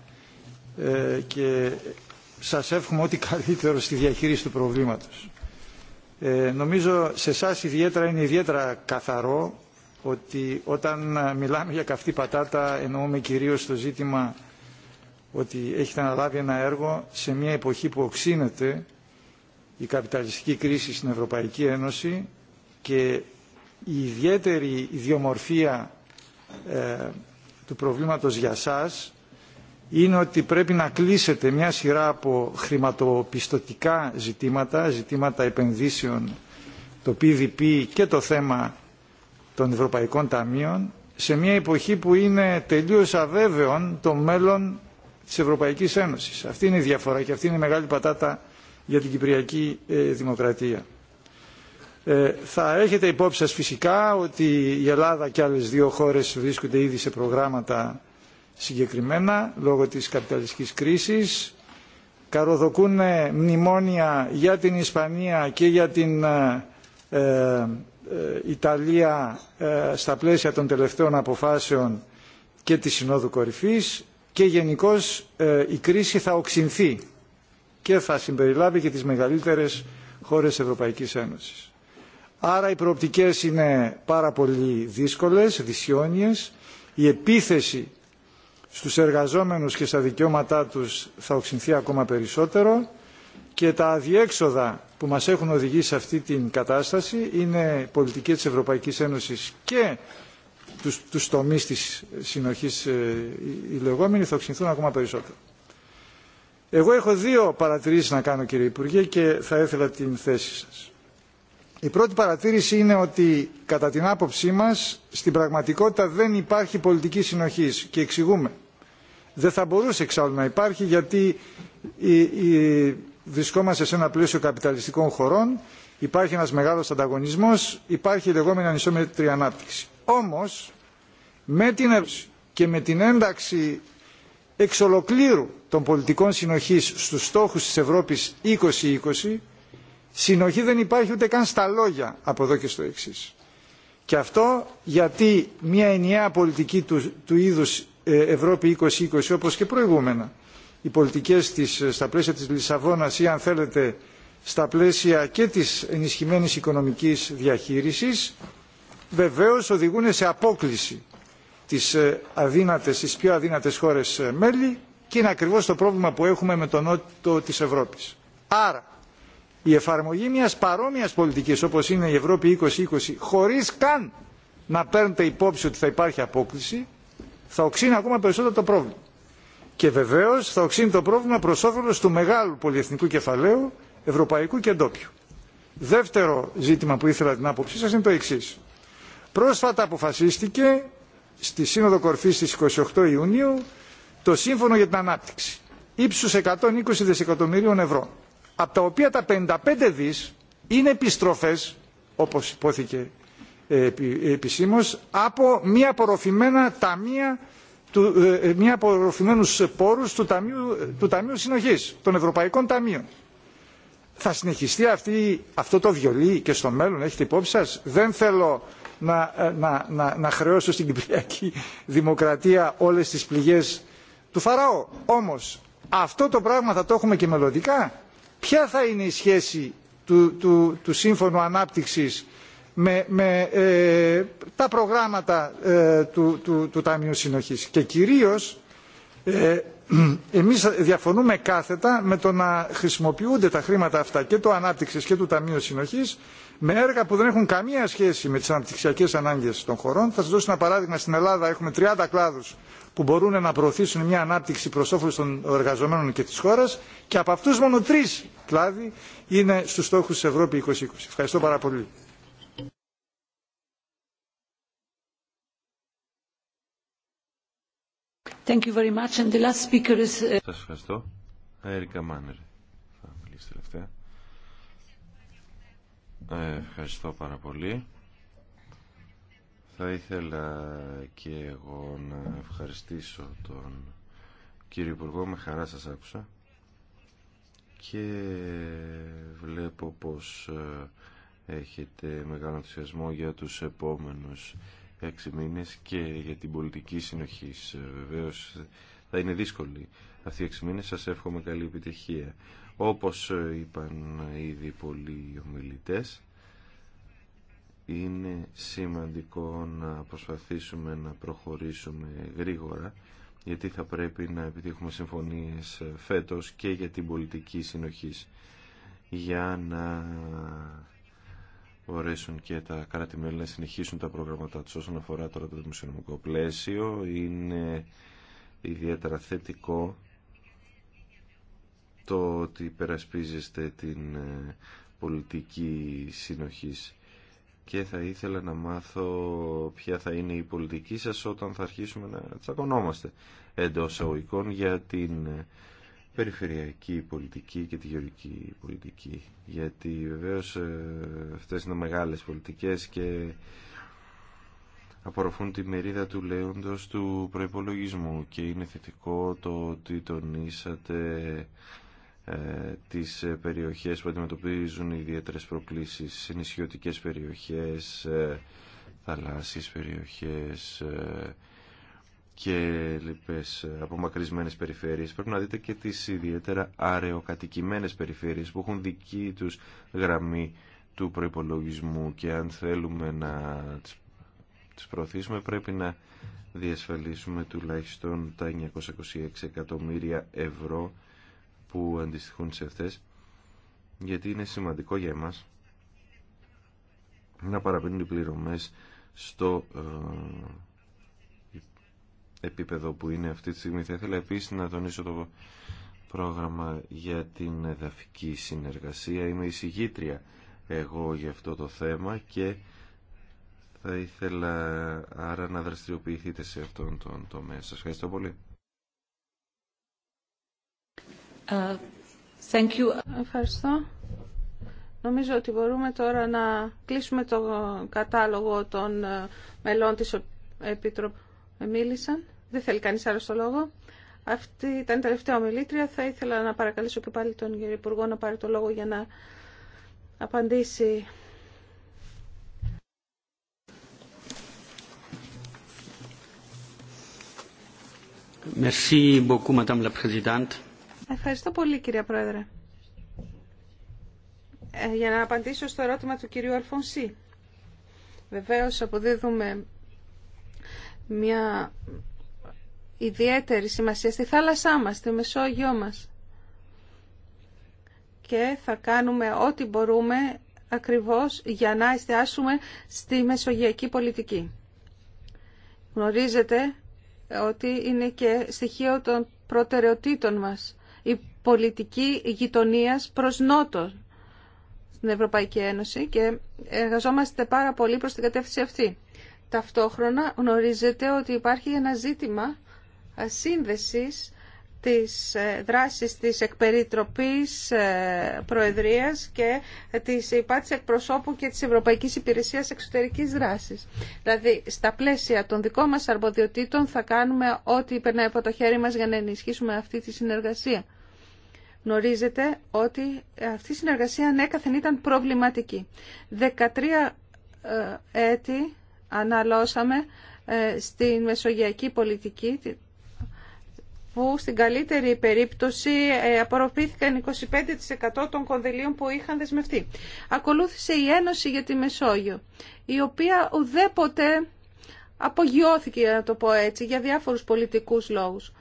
ε, και σας εύχομαι ό,τι καλύτερο στη διαχείριση του προβλήματος. Ε, νομίζω σε εσά ιδιαίτερα είναι ιδιαίτερα καθαρό ότι όταν μιλάμε για καυτή πατάτα εννοούμε κυρίως το ζήτημα ότι έχετε αναλάβει ένα έργο σε μια εποχή που οξύνεται η καπιταλιστική κρίση στην Ευρωπαϊκή Ένωση και η ιδιαίτερη ιδιομορφία ε, του προβλήματος για σας είναι ότι πρέπει να κλείσετε μια σειρά από χρηματοπιστωτικά ζητήματα, ζητήματα επενδύσεων, το PDP και το θέμα των Ευρωπαϊκών Ταμείων, σε μια εποχή που είναι τελείως αβέβαιον το μέλλον της Ευρωπαϊκής Ένωσης. Αυτή είναι η διαφορά και αυτή είναι η μεγάλη πατάτα για την Κυπριακή ε, Δημοκρατία. Ε, θα έχετε υπόψη σας φυσικά ότι η Ελλάδα και άλλες δύο χώρες βρίσκονται ήδη σε προγράμματα συγκεκριμένα λόγω της καπιταλιστικής κρίσης. Καροδοκούν ε, μνημόνια για την Ισπανία και για την ε, Ιταλία στα πλαίσια των τελευταίων αποφάσεων και της Συνόδου Κορυφής και γενικώ η κρίση θα οξυνθεί και θα συμπεριλάβει και τις μεγαλύτερες χώρες Ευρωπαϊκής Ένωσης. Άρα οι προοπτικές είναι πάρα πολύ δύσκολες, δυσιόνιες. Η επίθεση στους εργαζόμενους και στα δικαιώματά τους θα οξυνθεί ακόμα περισσότερο και τα αδιέξοδα που μας έχουν οδηγήσει σε αυτή την κατάσταση είναι πολιτική της Ευρωπαϊκής Ένωσης και τους, τους τομείς της συνοχής ε, οι λεγόμενοι θα οξυνθούν ακόμα περισσότερο. Εγώ έχω δύο παρατηρήσεις να κάνω κύριε Υπουργέ και θα ήθελα την θέση σας. Η πρώτη παρατήρηση είναι ότι κατά την άποψή μας στην πραγματικότητα δεν υπάρχει πολιτική συνοχής και εξηγούμε. Δεν θα μπορούσε εξάλλου να υπάρχει γιατί η, η, βρισκόμαστε σε ένα πλαίσιο καπιταλιστικών χωρών, υπάρχει ένας μεγάλος ανταγωνισμός, υπάρχει η λεγόμενη ανισόμετρη ανάπτυξη. Όμως με την και με την ένταξη εξ ολοκλήρου των πολιτικών συνοχής στους στόχους της Ευρώπης 2020 Συνοχή δεν υπάρχει ούτε καν στα λόγια από εδώ και στο εξή. Και αυτό γιατί μια ενιαία πολιτική του, του είδους ε, Ευρώπη 2020 όπως και προηγούμενα οι πολιτικές της, ε, στα πλαίσια της Λισαβόνας ή αν θέλετε στα πλαίσια και της ενισχυμένης οικονομικής διαχείρισης βεβαίως οδηγούν σε απόκληση ε, τις, αδύνατες, πιο αδύνατες χώρες μέλη και είναι ακριβώς το πρόβλημα που έχουμε με τον νότο της Ευρώπης. Άρα η εφαρμογή μιας παρόμοιας πολιτικής όπως είναι η Ευρώπη 2020 χωρίς καν να παίρνετε υπόψη ότι θα υπάρχει απόκληση θα οξύνει ακόμα περισσότερο το πρόβλημα. Και βεβαίως θα οξύνει το πρόβλημα προς όφελος του μεγάλου πολυεθνικού κεφαλαίου, ευρωπαϊκού και ντόπιου. Δεύτερο ζήτημα που ήθελα την άποψή σας είναι το εξής. Πρόσφατα αποφασίστηκε στη Σύνοδο Κορφής στις 28 Ιουνίου το Σύμφωνο για την Ανάπτυξη ύψους 120 δισεκατομμυρίων ευρώ από τα οποία τα 55 δις είναι επιστροφές, όπως υπόθηκε ε, επισήμως, από μία απορροφημένα ταμεία του, ε, ε, μια απορροφημένους πόρους του ταμείου, του ταμείου Συνοχής, των Ευρωπαϊκών Ταμείων. Θα συνεχιστεί αυτή, αυτό το βιολί και στο μέλλον, έχετε υπόψη σας. Δεν θέλω να, να, χρεώσω στην Κυπριακή Δημοκρατία όλες τις πληγές του Φαραώ. Όμως αυτό το πράγμα θα το έχουμε και μελλοντικά ποια θα είναι η σχέση του, του, Σύμφωνου Ανάπτυξης με, ε, τα προγράμματα ε, του, Ταμείου Συνοχής. Και κυρίως εμεί εμείς διαφωνούμε κάθετα με το να χρησιμοποιούνται τα χρήματα αυτά και του Ανάπτυξης και του Ταμείου Συνοχής με έργα που δεν έχουν καμία σχέση με τις αναπτυξιακές ανάγκες των χωρών. Θα σας δώσω ένα παράδειγμα. Στην Ελλάδα έχουμε 30 κλάδους που μπορούν να προωθήσουν μια ανάπτυξη προς όφελο των εργαζομένων και τη χώρα. και από αυτούς μόνο τρεις κλάδοι είναι στου στόχου τη Ευρώπη 2020. Ευχαριστώ πάρα πολύ. Thank you very much. And the last speaker is... Uh, ευχαριστώ. Έρικα Μάνερ θα ε, ευχαριστώ πάρα πολύ. Θα ήθελα και εγώ να ευχαριστήσω τον κύριο Υπουργό, με χαρά σας άκουσα και βλέπω πως ε, έχετε μεγάλο ενθουσιασμό για τους επόμενους έξι μήνες και για την πολιτική συνοχή. Ε, βεβαίως θα είναι δύσκολη αυτοί οι έξι μήνες. Σας εύχομαι καλή επιτυχία. Όπως ε, είπαν ήδη πολλοί ομιλητές, είναι σημαντικό να προσπαθήσουμε να προχωρήσουμε γρήγορα γιατί θα πρέπει να επιτύχουμε συμφωνίες φέτος και για την πολιτική συνοχής για να μπορέσουν και τα κράτη-μέλη να συνεχίσουν τα προγραμματά τους όσον αφορά τώρα το δημοσιονομικό πλαίσιο είναι ιδιαίτερα θετικό το ότι υπερασπίζεστε την ε, πολιτική συνοχής και θα ήθελα να μάθω ποια θα είναι η πολιτική σας όταν θα αρχίσουμε να τσακωνόμαστε εντός αγωγικών για την περιφερειακή πολιτική και τη γεωργική πολιτική γιατί βεβαίως ε, αυτές είναι μεγάλες πολιτικές και απορροφούν τη μερίδα του λέοντος του προϋπολογισμού και είναι θετικό το ότι τονίσατε ε, τις ε, περιοχές που αντιμετωπίζουν ιδιαίτερες προκλήσεις, νησιωτικές περιοχές, ε, θαλάσσιες περιοχές και λοιπές απομακρυσμένες περιφέρειες. Πρέπει να δείτε και τις ιδιαίτερα αρεοκατοικημένες περιφέρειες που έχουν δική τους γραμμή του προϋπολογισμού και αν θέλουμε να τις προωθήσουμε πρέπει να διασφαλίσουμε τουλάχιστον τα 926 εκατομμύρια ευρώ που αντιστοιχούν σε αυτές γιατί είναι σημαντικό για εμάς να παραπίνουν οι πληρωμές στο ε, επίπεδο που είναι αυτή τη στιγμή. Θα ήθελα επίσης να τονίσω το πρόγραμμα για την εδαφική συνεργασία. Είμαι εισηγήτρια εγώ για αυτό το θέμα και θα ήθελα άρα να δραστηριοποιηθείτε σε αυτόν τον τομέα. Σας ευχαριστώ πολύ. Uh, Ευχαριστώ. Νομίζω ότι μπορούμε τώρα να κλείσουμε το κατάλογο των ε, μελών της Επίτροπης. Μίλησαν. Δεν θέλει κανείς άλλο το λόγο. Αυτή ήταν η τελευταία ομιλήτρια. Θα ήθελα να παρακαλέσω και πάλι τον κύριο Υπουργό να πάρει το λόγο για να απαντήσει. Merci beaucoup, Madame la Présidente. Ευχαριστώ πολύ κυρία Πρόεδρε. Ε, για να απαντήσω στο ερώτημα του κυρίου Αλφονσί. Βεβαίως αποδίδουμε μια ιδιαίτερη σημασία στη θάλασσά μας, στη Μεσόγειό μας. Και θα κάνουμε ό,τι μπορούμε ακριβώς για να εστιάσουμε στη μεσογειακή πολιτική. Γνωρίζετε ότι είναι και στοιχείο των προτεραιοτήτων μας πολιτική γειτονίας προς νότο στην Ευρωπαϊκή Ένωση και εργαζόμαστε πάρα πολύ προς την κατεύθυνση αυτή. Ταυτόχρονα γνωρίζετε ότι υπάρχει ένα ζήτημα σύνδεσης της ε, δράσης της εκπεριτροπής ε, προεδρίας και της υπάτης εκπροσώπου και της Ευρωπαϊκής Υπηρεσίας Εξωτερικής Δράσης. Δηλαδή, στα πλαίσια των δικών μας αρμοδιοτήτων θα κάνουμε ό,τι περνάει από το χέρι μας για να ενισχύσουμε αυτή τη συνεργασία γνωρίζετε ότι αυτή η συνεργασία ανέκαθεν ήταν προβληματική. 13 ε, έτη αναλώσαμε ε, στην μεσογειακή πολιτική που στην καλύτερη περίπτωση ε, απορροφήθηκαν 25% των κονδυλίων που είχαν δεσμευτεί. Ακολούθησε η Ένωση για τη Μεσόγειο, η οποία ουδέποτε απογειώθηκε, να το πω έτσι, για διάφορους πολιτικούς λόγους.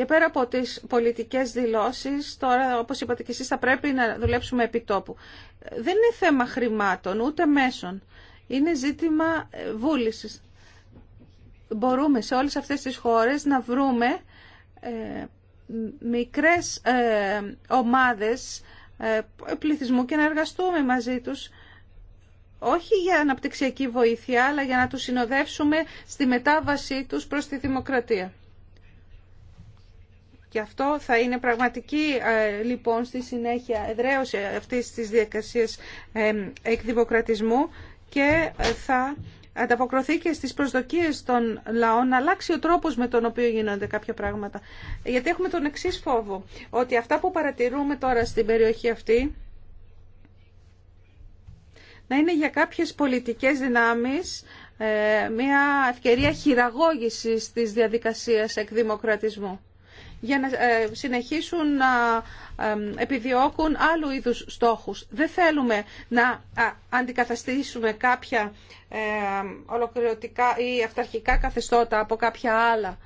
Και πέρα από τις πολιτικές δηλώσεις, τώρα όπως είπατε και εσείς θα πρέπει να δουλέψουμε επί τόπου. Δεν είναι θέμα χρημάτων ούτε μέσων. Είναι ζήτημα ε, βούλησης. Μπορούμε σε όλες αυτές τις χώρες να βρούμε ε, μικρές ε, ομάδες ε, πληθυσμού και να εργαστούμε μαζί τους όχι για αναπτυξιακή βοήθεια, αλλά για να τους συνοδεύσουμε στη μετάβασή τους προς τη δημοκρατία. Και αυτό θα είναι πραγματική ε, λοιπόν στη συνέχεια εδραίωση αυτής της διακασίας ε, εκδημοκρατισμού και ε, θα ανταποκροθεί και στις προσδοκίες των λαών, να αλλάξει ο τρόπος με τον οποίο γίνονται κάποια πράγματα. Γιατί έχουμε τον εξή φόβο, ότι αυτά που παρατηρούμε τώρα στην περιοχή αυτή, να είναι για κάποιες πολιτικές δυνάμεις μια ευκαιρία χειραγώγησης της διαδικασίας εκδημοκρατισμού για να ε, συνεχίσουν να ε, επιδιώκουν άλλου είδους στόχους. Δεν θέλουμε να αντικαταστήσουμε κάποια ε, ολοκληρωτικά ή αυταρχικά καθεστώτα από κάποια άλλα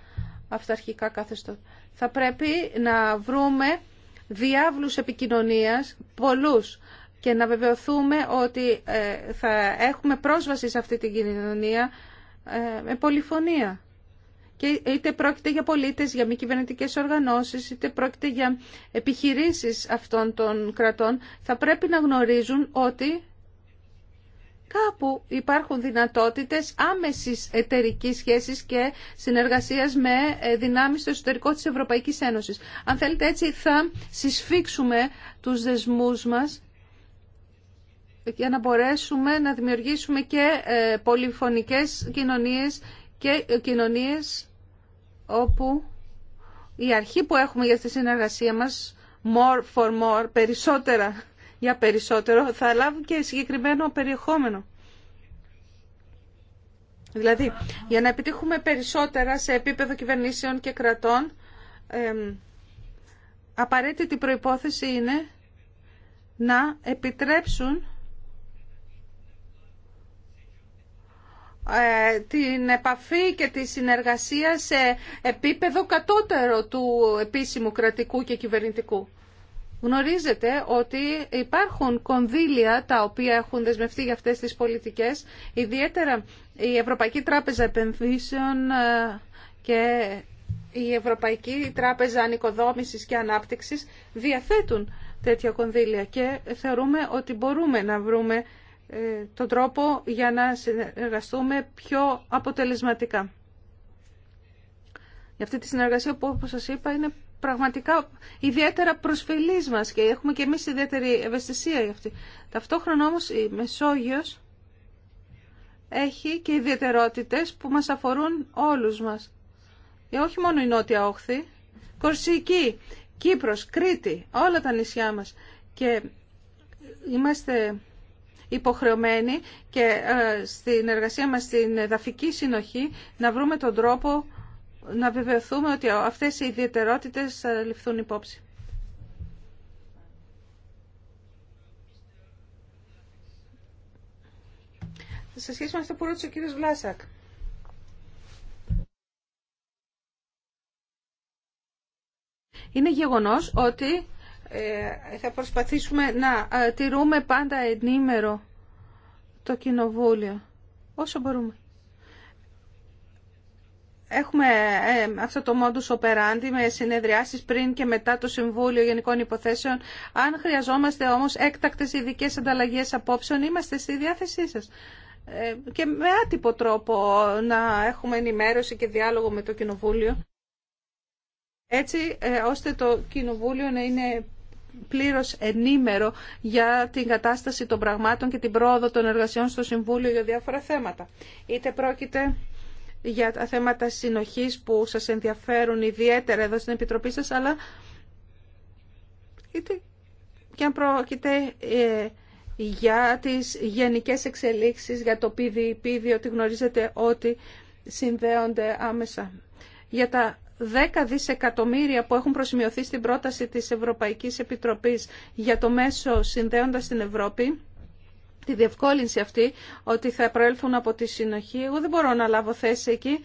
αυταρχικά καθεστώτα. Θα πρέπει να βρούμε διάβλους επικοινωνίας, πολλούς, και να βεβαιωθούμε ότι θα έχουμε πρόσβαση σε αυτή την κοινωνία με πολυφωνία. Και είτε πρόκειται για πολίτες, για μη κυβερνητικέ οργανώσεις, είτε πρόκειται για επιχειρήσεις αυτών των κρατών, θα πρέπει να γνωρίζουν ότι κάπου υπάρχουν δυνατότητες άμεσης εταιρική σχέσης και συνεργασίας με ε, δυνάμεις στο εσωτερικό της Ευρωπαϊκής Ένωσης. Αν θέλετε έτσι θα συσφίξουμε τους δεσμούς μας για να μπορέσουμε να δημιουργήσουμε και ε, πολυφωνικές κοινωνίες και κοινωνίες όπου η αρχή που έχουμε για τη συνεργασία μας more for more, περισσότερα για περισσότερο, θα λάβουν και συγκεκριμένο περιεχόμενο. Δηλαδή, για να επιτύχουμε περισσότερα σε επίπεδο κυβερνήσεων και κρατών, εμ, απαραίτητη προϋπόθεση είναι να επιτρέψουν Ε, την επαφή και τη συνεργασία σε επίπεδο κατώτερο του επίσημου κρατικού και κυβερνητικού. Γνωρίζετε ότι υπάρχουν κονδύλια τα οποία έχουν δεσμευτεί για αυτές τις πολιτικές, ιδιαίτερα η Ευρωπαϊκή Τράπεζα Επενδύσεων ε, και η Ευρωπαϊκή Τράπεζα Ανοικοδόμησης και Ανάπτυξης διαθέτουν τέτοια κονδύλια και θεωρούμε ότι μπορούμε να βρούμε ε, τον τρόπο για να συνεργαστούμε πιο αποτελεσματικά. Για αυτή τη συνεργασία που όπως σας είπα είναι πραγματικά ιδιαίτερα προσφυλής μας και έχουμε και εμείς ιδιαίτερη ευαισθησία για αυτή. Ταυτόχρονα όμως η Μεσόγειος έχει και ιδιαιτερότητες που μας αφορούν όλους μας. Ε, όχι μόνο η Νότια Όχθη, Κορσική, Κύπρος, Κρήτη, όλα τα νησιά μας. Και είμαστε υποχρεωμένοι και ε, στην εργασία μας στην εδαφική συνοχή να βρούμε τον τρόπο να βεβαιωθούμε ότι αυτές οι ιδιαιτερότητες θα ε, ληφθούν υπόψη. Σε σχέση με αυτό που ρώτησε ο κύριος Βλάσακ. Είναι γεγονός ότι ε, θα προσπαθήσουμε να ε, τηρούμε πάντα ενήμερο το κοινοβούλιο όσο μπορούμε. Έχουμε ε, αυτό το modus operandi με συνεδριάσεις πριν και μετά το Συμβούλιο Γενικών Υποθέσεων. Αν χρειαζόμαστε όμως έκτακτες ειδικέ ανταλλαγές απόψεων, είμαστε στη διάθεσή σας. και με άτυπο τρόπο να έχουμε ενημέρωση και διάλογο με το Κοινοβούλιο. Έτσι ώστε το Κοινοβούλιο να είναι πλήρως ενήμερο για την κατάσταση των πραγμάτων και την πρόοδο των εργασιών στο Συμβούλιο για διάφορα θέματα. Είτε πρόκειται για τα θέματα συνοχής που σας ενδιαφέρουν ιδιαίτερα εδώ στην Επιτροπή σας, αλλά είτε και αν πρόκειται ε, για τις γενικές εξελίξεις, για το PDP, διότι γνωρίζετε ότι συνδέονται άμεσα. Για τα 10 δισεκατομμύρια που έχουν προσημειωθεί στην πρόταση της Ευρωπαϊκής Επιτροπής για το μέσο συνδέοντας την Ευρώπη, τη διευκόλυνση αυτή ότι θα προέλθουν από τη συνοχή. Εγώ δεν μπορώ να λάβω θέση εκεί.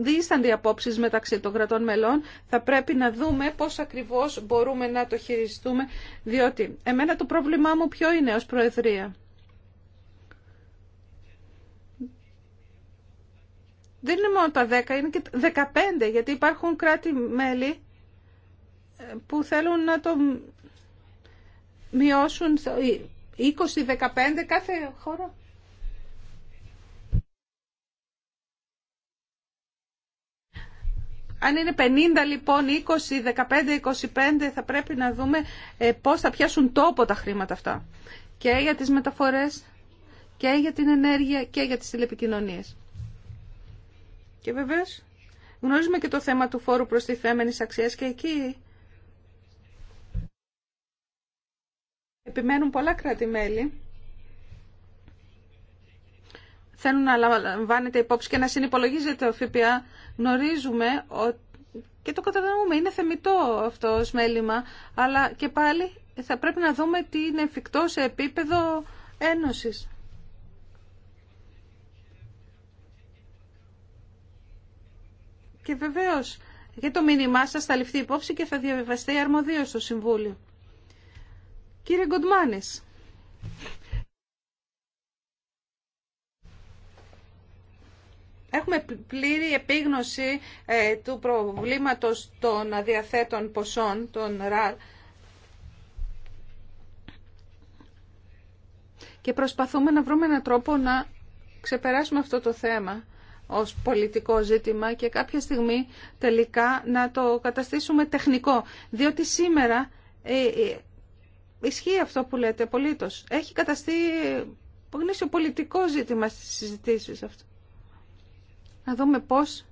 δίστανται οι απόψεις μεταξύ των κρατών μελών. Θα πρέπει να δούμε πώς ακριβώς μπορούμε να το χειριστούμε, διότι εμένα το πρόβλημά μου ποιο είναι ως Προεδρία. δεν είναι μόνο τα 10, είναι και 15, γιατί υπάρχουν κράτη-μέλη ε, που θέλουν να το μειώσουν 20-15 κάθε χώρο. Αν είναι 50 λοιπόν, 20, 15, 25 θα πρέπει να δούμε ε, πώς θα πιάσουν τόπο τα χρήματα αυτά. Και για τις μεταφορές, και για την ενέργεια, και για τις τηλεπικοινωνίες. Και βεβαίω, γνωρίζουμε και το θέμα του φόρου τη προστιθέμενης αξίας και εκεί επιμένουν πολλά κράτη-μέλη. Θέλουν να λαμβάνεται υπόψη και να συνυπολογίζεται ο ΦΠΑ. Γνωρίζουμε ότι και το κατανοούμε, είναι θεμητό αυτό ως μέλημα, αλλά και πάλι θα πρέπει να δούμε τι είναι εφικτό σε επίπεδο ένωσης. Και βεβαίως και το μήνυμά σα θα ληφθεί υπόψη και θα διαβεβαστεί αρμοδίω στο Συμβούλιο. Κύριε Γκοντμάνη. Έχουμε πλήρη επίγνωση ε, του προβλήματος των αδιαθέτων ποσών, των ραλ. και προσπαθούμε να βρούμε έναν τρόπο να ξεπεράσουμε αυτό το θέμα ως πολιτικό ζήτημα και κάποια στιγμή τελικά να το καταστήσουμε τεχνικό. Διότι σήμερα ε, ε ισχύει αυτό που λέτε πολίτος. Έχει καταστεί γνήσιο πολιτικό ζήτημα στις συζητήσεις αυτό. Να δούμε πώς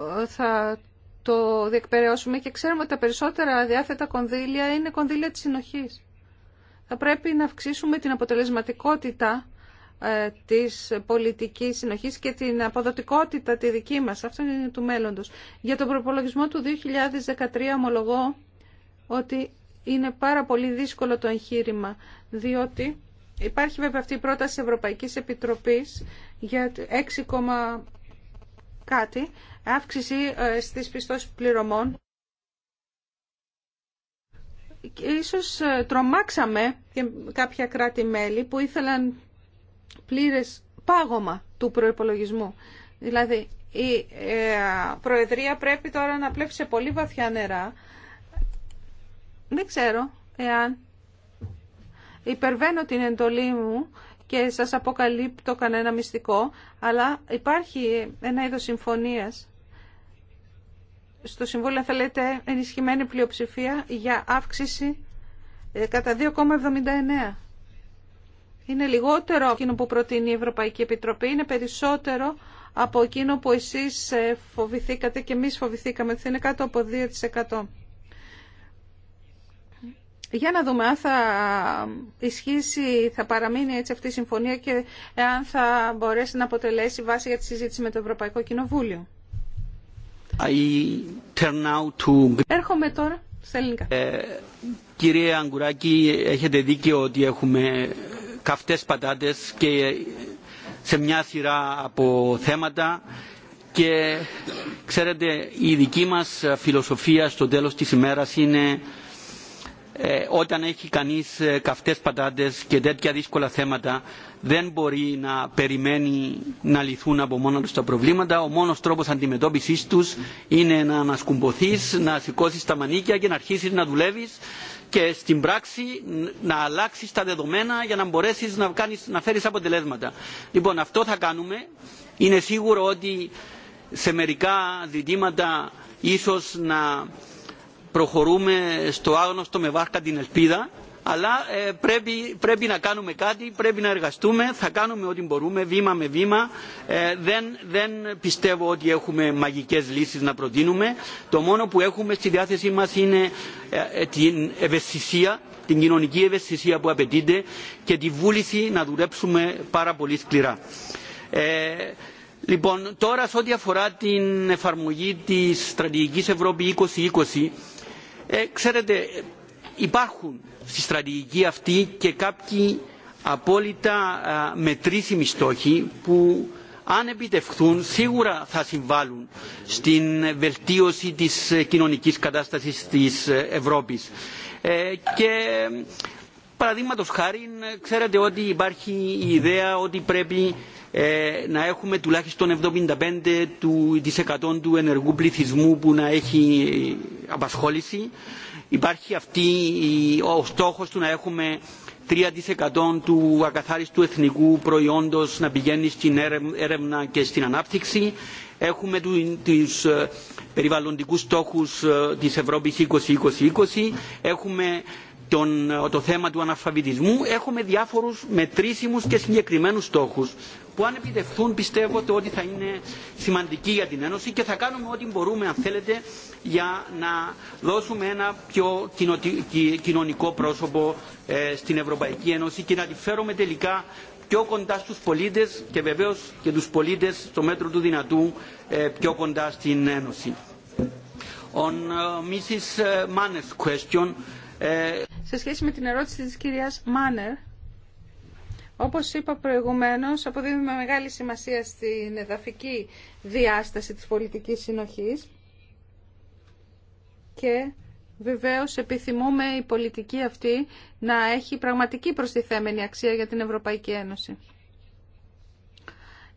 ε, θα το διεκπαιρεώσουμε και ξέρουμε ότι τα περισσότερα διάθετα κονδύλια είναι κονδύλια της συνοχής. Θα πρέπει να αυξήσουμε την αποτελεσματικότητα ε, της πολιτικής συνοχής και την αποδοτικότητα τη δική μας. Αυτό είναι του μέλλοντος. Για τον προπολογισμό του 2013 ομολογώ ότι είναι πάρα πολύ δύσκολο το εγχείρημα, διότι υπάρχει βέβαια αυτή η πρόταση Ευρωπαϊκής Επιτροπής για 6, κάτι αύξηση ε, στις πιστώσεις πληρωμών. Ίσως ε, τρομάξαμε και κάποια κράτη-μέλη που ήθελαν πλήρες πάγωμα του προϋπολογισμού. Δηλαδή η ε, Προεδρία πρέπει τώρα να πλέψει σε πολύ βαθιά νερά. Δεν ξέρω εάν υπερβαίνω την εντολή μου και σας αποκαλύπτω κανένα μυστικό, αλλά υπάρχει ένα είδος συμφωνίας στο Συμβούλιο, θέλετε λέτε, ενισχυμένη πλειοψηφία για αύξηση ε, κατά 2,79 είναι λιγότερο από εκείνο που προτείνει η Ευρωπαϊκή Επιτροπή, είναι περισσότερο από εκείνο που εσείς ε, φοβηθήκατε και εμείς φοβηθήκαμε, ότι είναι κάτω από 2%. Για να δούμε αν θα ισχύσει, θα παραμείνει έτσι αυτή η συμφωνία και αν θα μπορέσει να αποτελέσει βάση για τη συζήτηση με το Ευρωπαϊκό Κοινοβούλιο. I to... Έρχομαι τώρα στα ελληνικά. Ε, κύριε Αγκουράκη, έχετε δίκιο ότι έχουμε καυτές πατάτες και σε μια σειρά από θέματα και ξέρετε η δική μας φιλοσοφία στο τέλος της ημέρας είναι ε, όταν έχει κανείς ε, καυτές πατάτες και τέτοια δύσκολα θέματα δεν μπορεί να περιμένει να λυθούν από μόνο τους τα προβλήματα. Ο μόνος τρόπος αντιμετώπισης τους είναι να ανασκουμποθείς, να σηκώσει τα μανίκια και να αρχίσεις να δουλεύεις και στην πράξη να αλλάξει τα δεδομένα για να μπορέσει να, κάνεις, να φέρεις αποτελέσματα. Λοιπόν, αυτό θα κάνουμε. Είναι σίγουρο ότι σε μερικά ζητήματα ίσως να προχωρούμε στο άγνωστο με βάρκα την ελπίδα αλλά ε, πρέπει, πρέπει να κάνουμε κάτι πρέπει να εργαστούμε θα κάνουμε ό,τι μπορούμε βήμα με βήμα ε, δεν, δεν πιστεύω ότι έχουμε μαγικές λύσεις να προτείνουμε το μόνο που έχουμε στη διάθεσή μας είναι ε, την ευαισθησία την κοινωνική ευαισθησία που απαιτείται και τη βούληση να δουλέψουμε πάρα πολύ σκληρά. λοιπόν, τώρα σε ό,τι αφορά την εφαρμογή της στρατηγικής Ευρώπη 2020, ξέρετε, υπάρχουν στη στρατηγική αυτή και κάποιοι απόλυτα μετρήσιμοι στόχοι που αν επιτευχθούν σίγουρα θα συμβάλλουν στην βελτίωση της κοινωνικής κατάστασης της Ευρώπης. Ε, και παραδείγματος χάρη ξέρετε ότι υπάρχει η ιδέα ότι πρέπει ε, να έχουμε τουλάχιστον 75% του ενεργού πληθυσμού που να έχει απασχόληση υπάρχει αυτή, ο στόχος του να έχουμε 3% του ακαθάριστου εθνικού προϊόντος να πηγαίνει στην έρευνα και στην ανάπτυξη. Έχουμε τους ε, περιβαλλοντικούς στόχους ε, της Ευρώπης Έχουμε τον, ε, το θέμα του αναλφαβητισμού. Έχουμε διάφορους μετρήσιμους και συγκεκριμένους στόχους που αν επιτευχθούν πιστεύω ότι θα είναι σημαντικοί για την Ένωση και θα κάνουμε ό,τι μπορούμε αν θέλετε για να δώσουμε ένα πιο κοινωνικό πρόσωπο ε, στην Ευρωπαϊκή Ένωση και να τη φέρουμε τελικά πιο κοντά στους πολίτες και βεβαίως και τους πολίτες στο μέτρο του δυνατού ε, πιο κοντά στην Ένωση. On ε, Mrs. Manner's question, σε σχέση με την ερώτηση της κυρίας Μάνερ, όπως είπα προηγουμένως, αποδίδουμε μεγάλη σημασία στην εδαφική διάσταση της πολιτικής συνοχής και βεβαίως επιθυμούμε η πολιτική αυτή να έχει πραγματική προστιθέμενη αξία για την Ευρωπαϊκή Ένωση.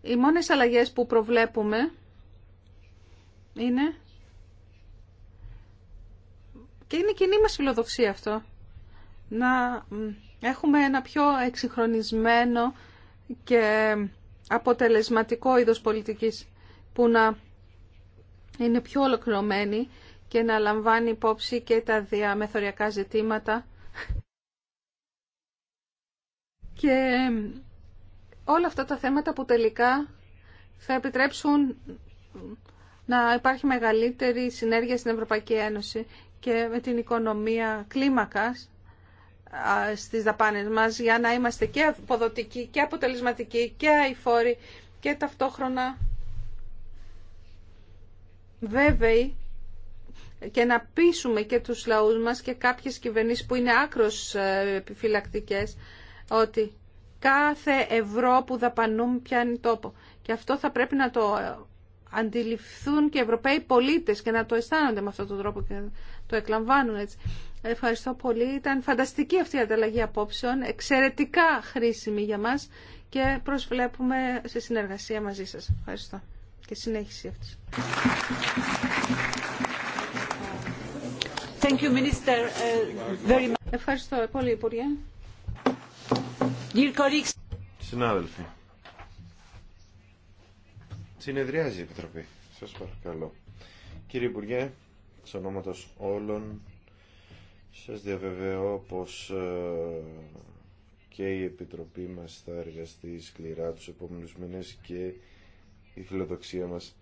Οι μόνες αλλαγές που προβλέπουμε είναι και είναι κοινή μας φιλοδοξία αυτό να έχουμε ένα πιο εξυγχρονισμένο και αποτελεσματικό είδος πολιτικής που να είναι πιο ολοκληρωμένη και να λαμβάνει υπόψη και τα διαμεθοριακά ζητήματα και όλα αυτά τα θέματα που τελικά θα επιτρέψουν να υπάρχει μεγαλύτερη συνέργεια στην Ευρωπαϊκή Ένωση και με την οικονομία κλίμακας στις δαπάνες μας για να είμαστε και αποδοτικοί και αποτελεσματικοί και αηφόροι και ταυτόχρονα βέβαιοι και να πείσουμε και τους λαούς μας και κάποιες κυβερνήσεις που είναι άκρος ε, επιφυλακτικές ότι κάθε ευρώ που δαπανούμε πιάνει τόπο. Και αυτό θα πρέπει να το αντιληφθούν και οι Ευρωπαίοι πολίτες και να το αισθάνονται με αυτόν τον τρόπο και να το εκλαμβάνουν έτσι. Ευχαριστώ πολύ. Ήταν φανταστική αυτή η ανταλλαγή απόψεων, εξαιρετικά χρήσιμη για μας και προσβλέπουμε σε συνεργασία μαζί σας. Ευχαριστώ. Και συνέχιση αυτής. Thank you, Minister. Uh, very much. Ευχαριστώ πολύ, Υπουργέ. Dear colleagues. Συνάδελφοι, συνεδριάζει η Επιτροπή. Σας παρακαλώ. Κύριε Υπουργέ, σε ονόματος όλων σας διαβεβαιώ πως ε, και η Επιτροπή μας θα εργαστεί σκληρά τους επόμενους μήνες και η φιλοδοξία μας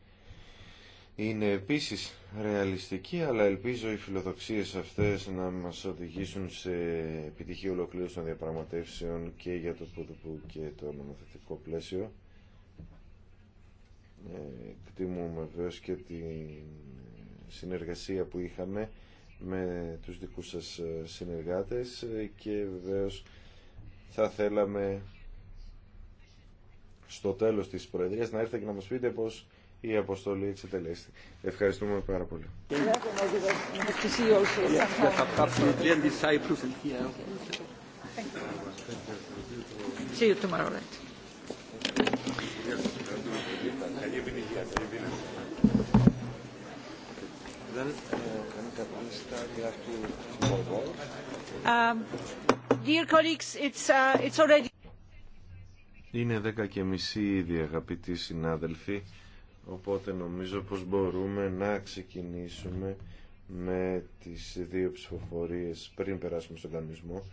είναι επίσης ρεαλιστική, αλλά ελπίζω οι φιλοδοξίες αυτές να μας οδηγήσουν σε επιτυχή ολοκλήρωση των διαπραγματεύσεων και για το ΠΟΔΟΠΟΥ και το νομοθετικό πλαίσιο. Ε, εκτιμούμε βεβαίως και την συνεργασία που είχαμε με τους δικούς σας ε, συνεργάτες ε, και βεβαίως θα θέλαμε στο τέλος της Προεδρίας να έρθετε και να μας πείτε πως η αποστολή εξετελέστη. Ευχαριστούμε πάρα πολύ. Ε, um, uh, Είναι δέκα και μισή ήδη αγαπητοί συνάδελφοι, οπότε νομίζω πως μπορούμε να ξεκινήσουμε με τις δύο ψηφοφορίες πριν περάσουμε στον κανονισμό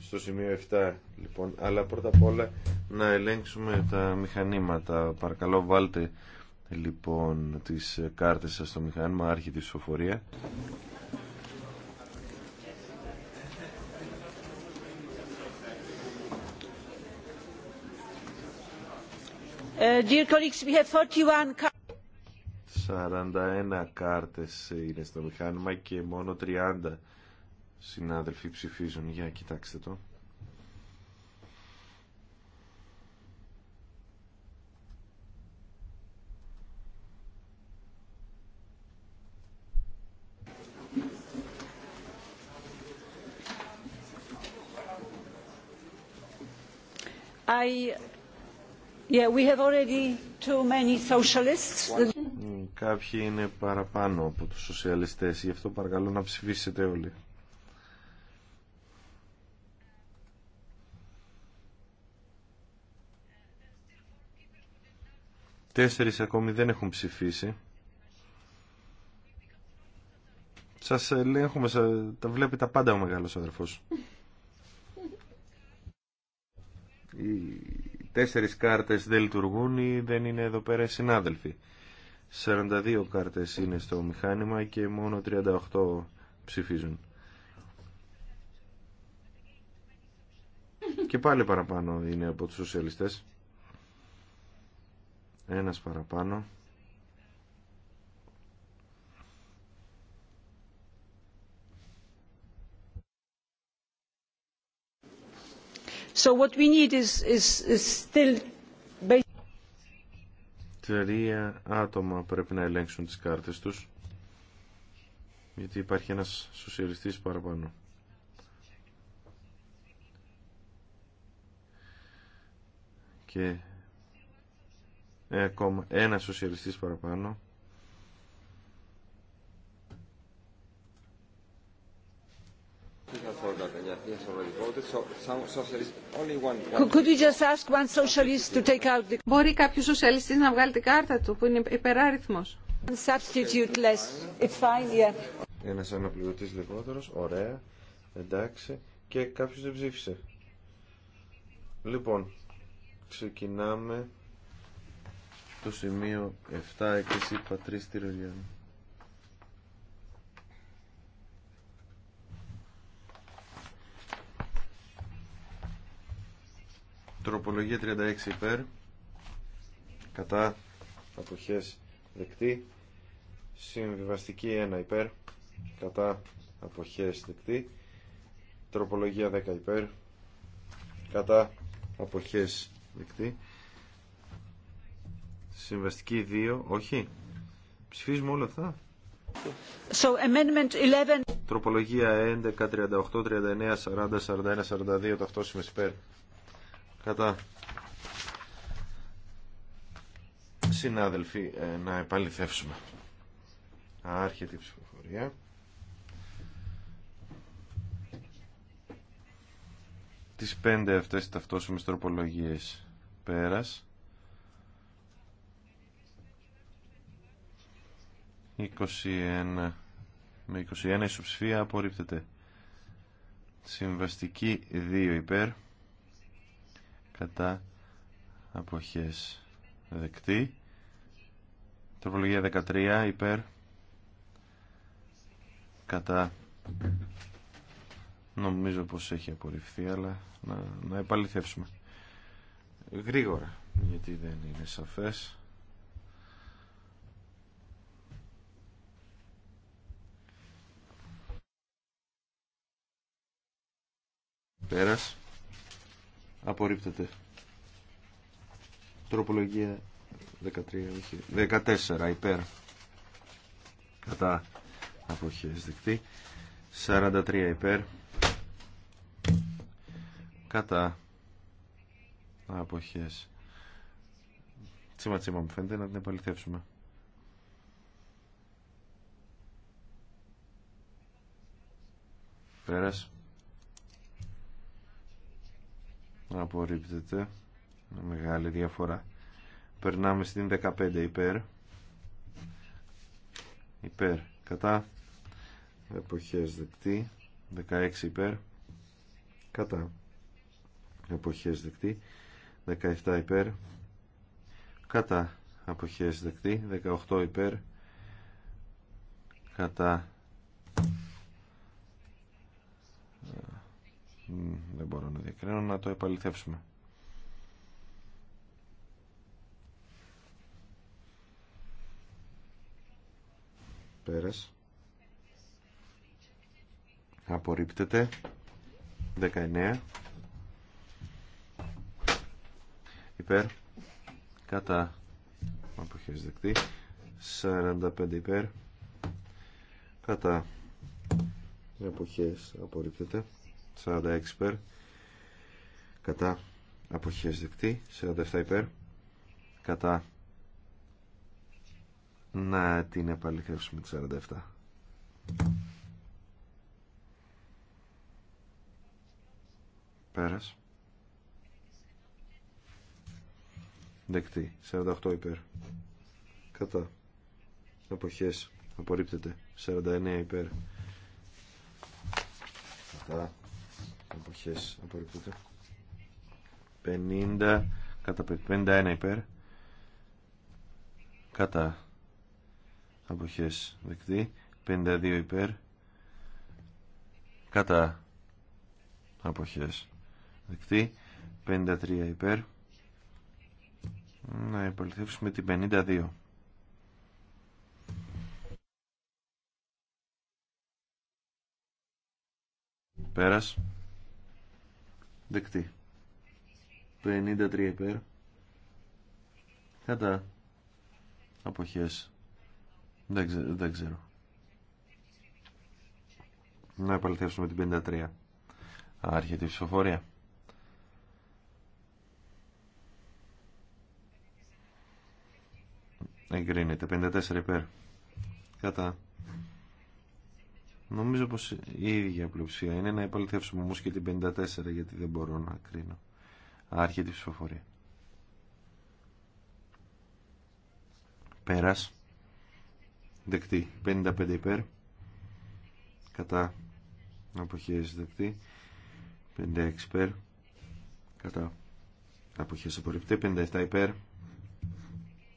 στο σημείο 7 λοιπόν αλλά πρώτα απ' όλα να ελέγξουμε τα μηχανήματα παρακαλώ βάλτε λοιπόν τις κάρτες σας στο μηχάνημα άρχιτη ψηφοφορία ε, Dear colleagues, we have 41 41 κάρτες είναι στο μηχάνημα και μόνο 30 συνάδελφοι ψηφίζουν. Για κοιτάξτε το. Mm, κάποιοι είναι παραπάνω από τους σοσιαλιστές, γι' αυτό παρακαλώ να ψηφίσετε όλοι. Τέσσερις ακόμη δεν έχουν ψηφίσει. Σας ελέγχουμε, τα βλέπει τα πάντα ο μεγάλος αδερφός οι τέσσερις κάρτες δεν λειτουργούν ή δεν είναι εδώ πέρα συνάδελφοι. 42 κάρτες είναι στο μηχάνημα και μόνο 38 ψηφίζουν. Και πάλι παραπάνω είναι από τους σοσιαλιστές. Ένας παραπάνω. So what we need Τρία άτομα πρέπει να ελέγξουν τις κάρτες τους γιατί υπάρχει ένας σοσιαλιστής παραπάνω. Και ε, ακόμα ένας σοσιαλιστής παραπάνω. Μπορεί κάποιος σοσιαλιστής να βγάλει την κάρτα του που είναι υπεράριθμος. Substitute less. It's Ένας αναπληρωτής λιγότερος, ωραία, εντάξει, και κάποιος δεν ψήφισε. Λοιπόν, ξεκινάμε το σημείο 7, έκθεση στη Τυρολιάνου. Τροπολογία 36 υπέρ. Κατά αποχές δεκτή. Συμβιβαστική 1 υπέρ. Κατά αποχές δεκτή. Τροπολογία 10 υπέρ. Κατά αποχές δεκτή. συμβιβαστική 2, όχι. Ψηφίζουμε όλα αυτά. So, amendment 11. Τροπολογία 11, 38, 39, 40, 41, 42 ταυτόσιμες υπέρ κατά συνάδελφοι ε, να επαληθεύσουμε άρχεται η ψηφοφορία τις πέντε αυτές ταυτόσιμες τροπολογίες πέρας 21 με 21 ισοψηφία απορρίπτεται συμβαστική 2 υπέρ κατά αποχές δεκτή τροπολογία 13 υπέρ κατά νομίζω πως έχει απορριφθεί αλλά να, να επαληθεύσουμε γρήγορα γιατί δεν είναι σαφές πέρας Απορρίπτεται. Τροπολογία 13, 14 υπέρ. Κατά αποχές δεκτή. 43 υπέρ. Κατά αποχές. Τσίμα τσίμα μου φαίνεται να την επαληθεύσουμε. Πέρασε. απορρίπτεται μεγάλη διαφορά περνάμε στην 15 υπέρ υπέρ κατά εποχές δεκτή 16 υπέρ κατά εποχές δεκτή 17 υπέρ κατά εποχές δεκτή 18 υπέρ κατά δεν μπορώ να διακρίνω να το επαληθεύσουμε πέρας απορρίπτεται 19 υπέρ κατά αποχές δεκτή 45 υπέρ κατά εποχές απορρίπτεται 46 υπέρ κατά αποχές δεκτή 47 υπέρ κατά να την επαληθεύσουμε τη 47 πέρας δεκτή 48 υπέρ κατά αποχές απορρίπτεται 49 υπέρ κατά αποχές απορριπτούνται 50 κατά 51 υπέρ κατά αποχές δεκτή 52 υπέρ κατά αποχές δεκτή 53 υπέρ να υποληθεύσουμε την 52 πέρας Δεκτή. 53 υπέρ. Κατά. Αποχές. Δεν, ξε, δεν ξέρω. Να επαληθεύσουμε την 53. Άρχεται η ψηφοφορία. Εγκρίνεται. 54 υπέρ. Κατά. Νομίζω πως η ίδια πλειοψηφία είναι να επαληθεύσουμε όμως και την 54 γιατί δεν μπορώ να κρίνω. Άρχεται τη ψηφοφορία. Πέρας. Δεκτή. 55 υπέρ. Κατά. Αποχές δεκτή. 56 υπέρ. Κατά. Αποχές απορριπτεί. 57 υπέρ.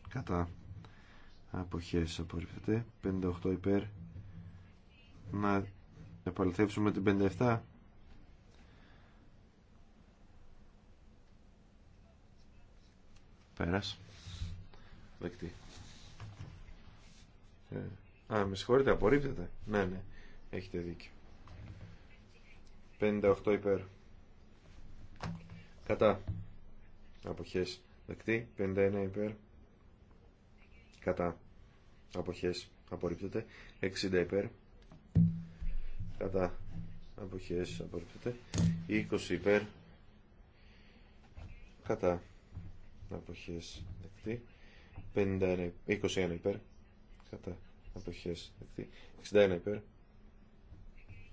Κατά. Αποχές απορριπτεί. 58 υπέρ να επαληθεύσουμε την 57 πέρας δεκτή ε, α με συγχωρείτε απορρίπτεται ναι ναι έχετε δίκιο 58 υπέρ κατά αποχές δεκτή 51 υπέρ κατά αποχές απορρίπτεται 60 υπέρ κατά αποχές απορρίπτεται 20 υπέρ κατά αποχές δεκτή 21 υπέρ κατά αποχές δεκτή 61 υπέρ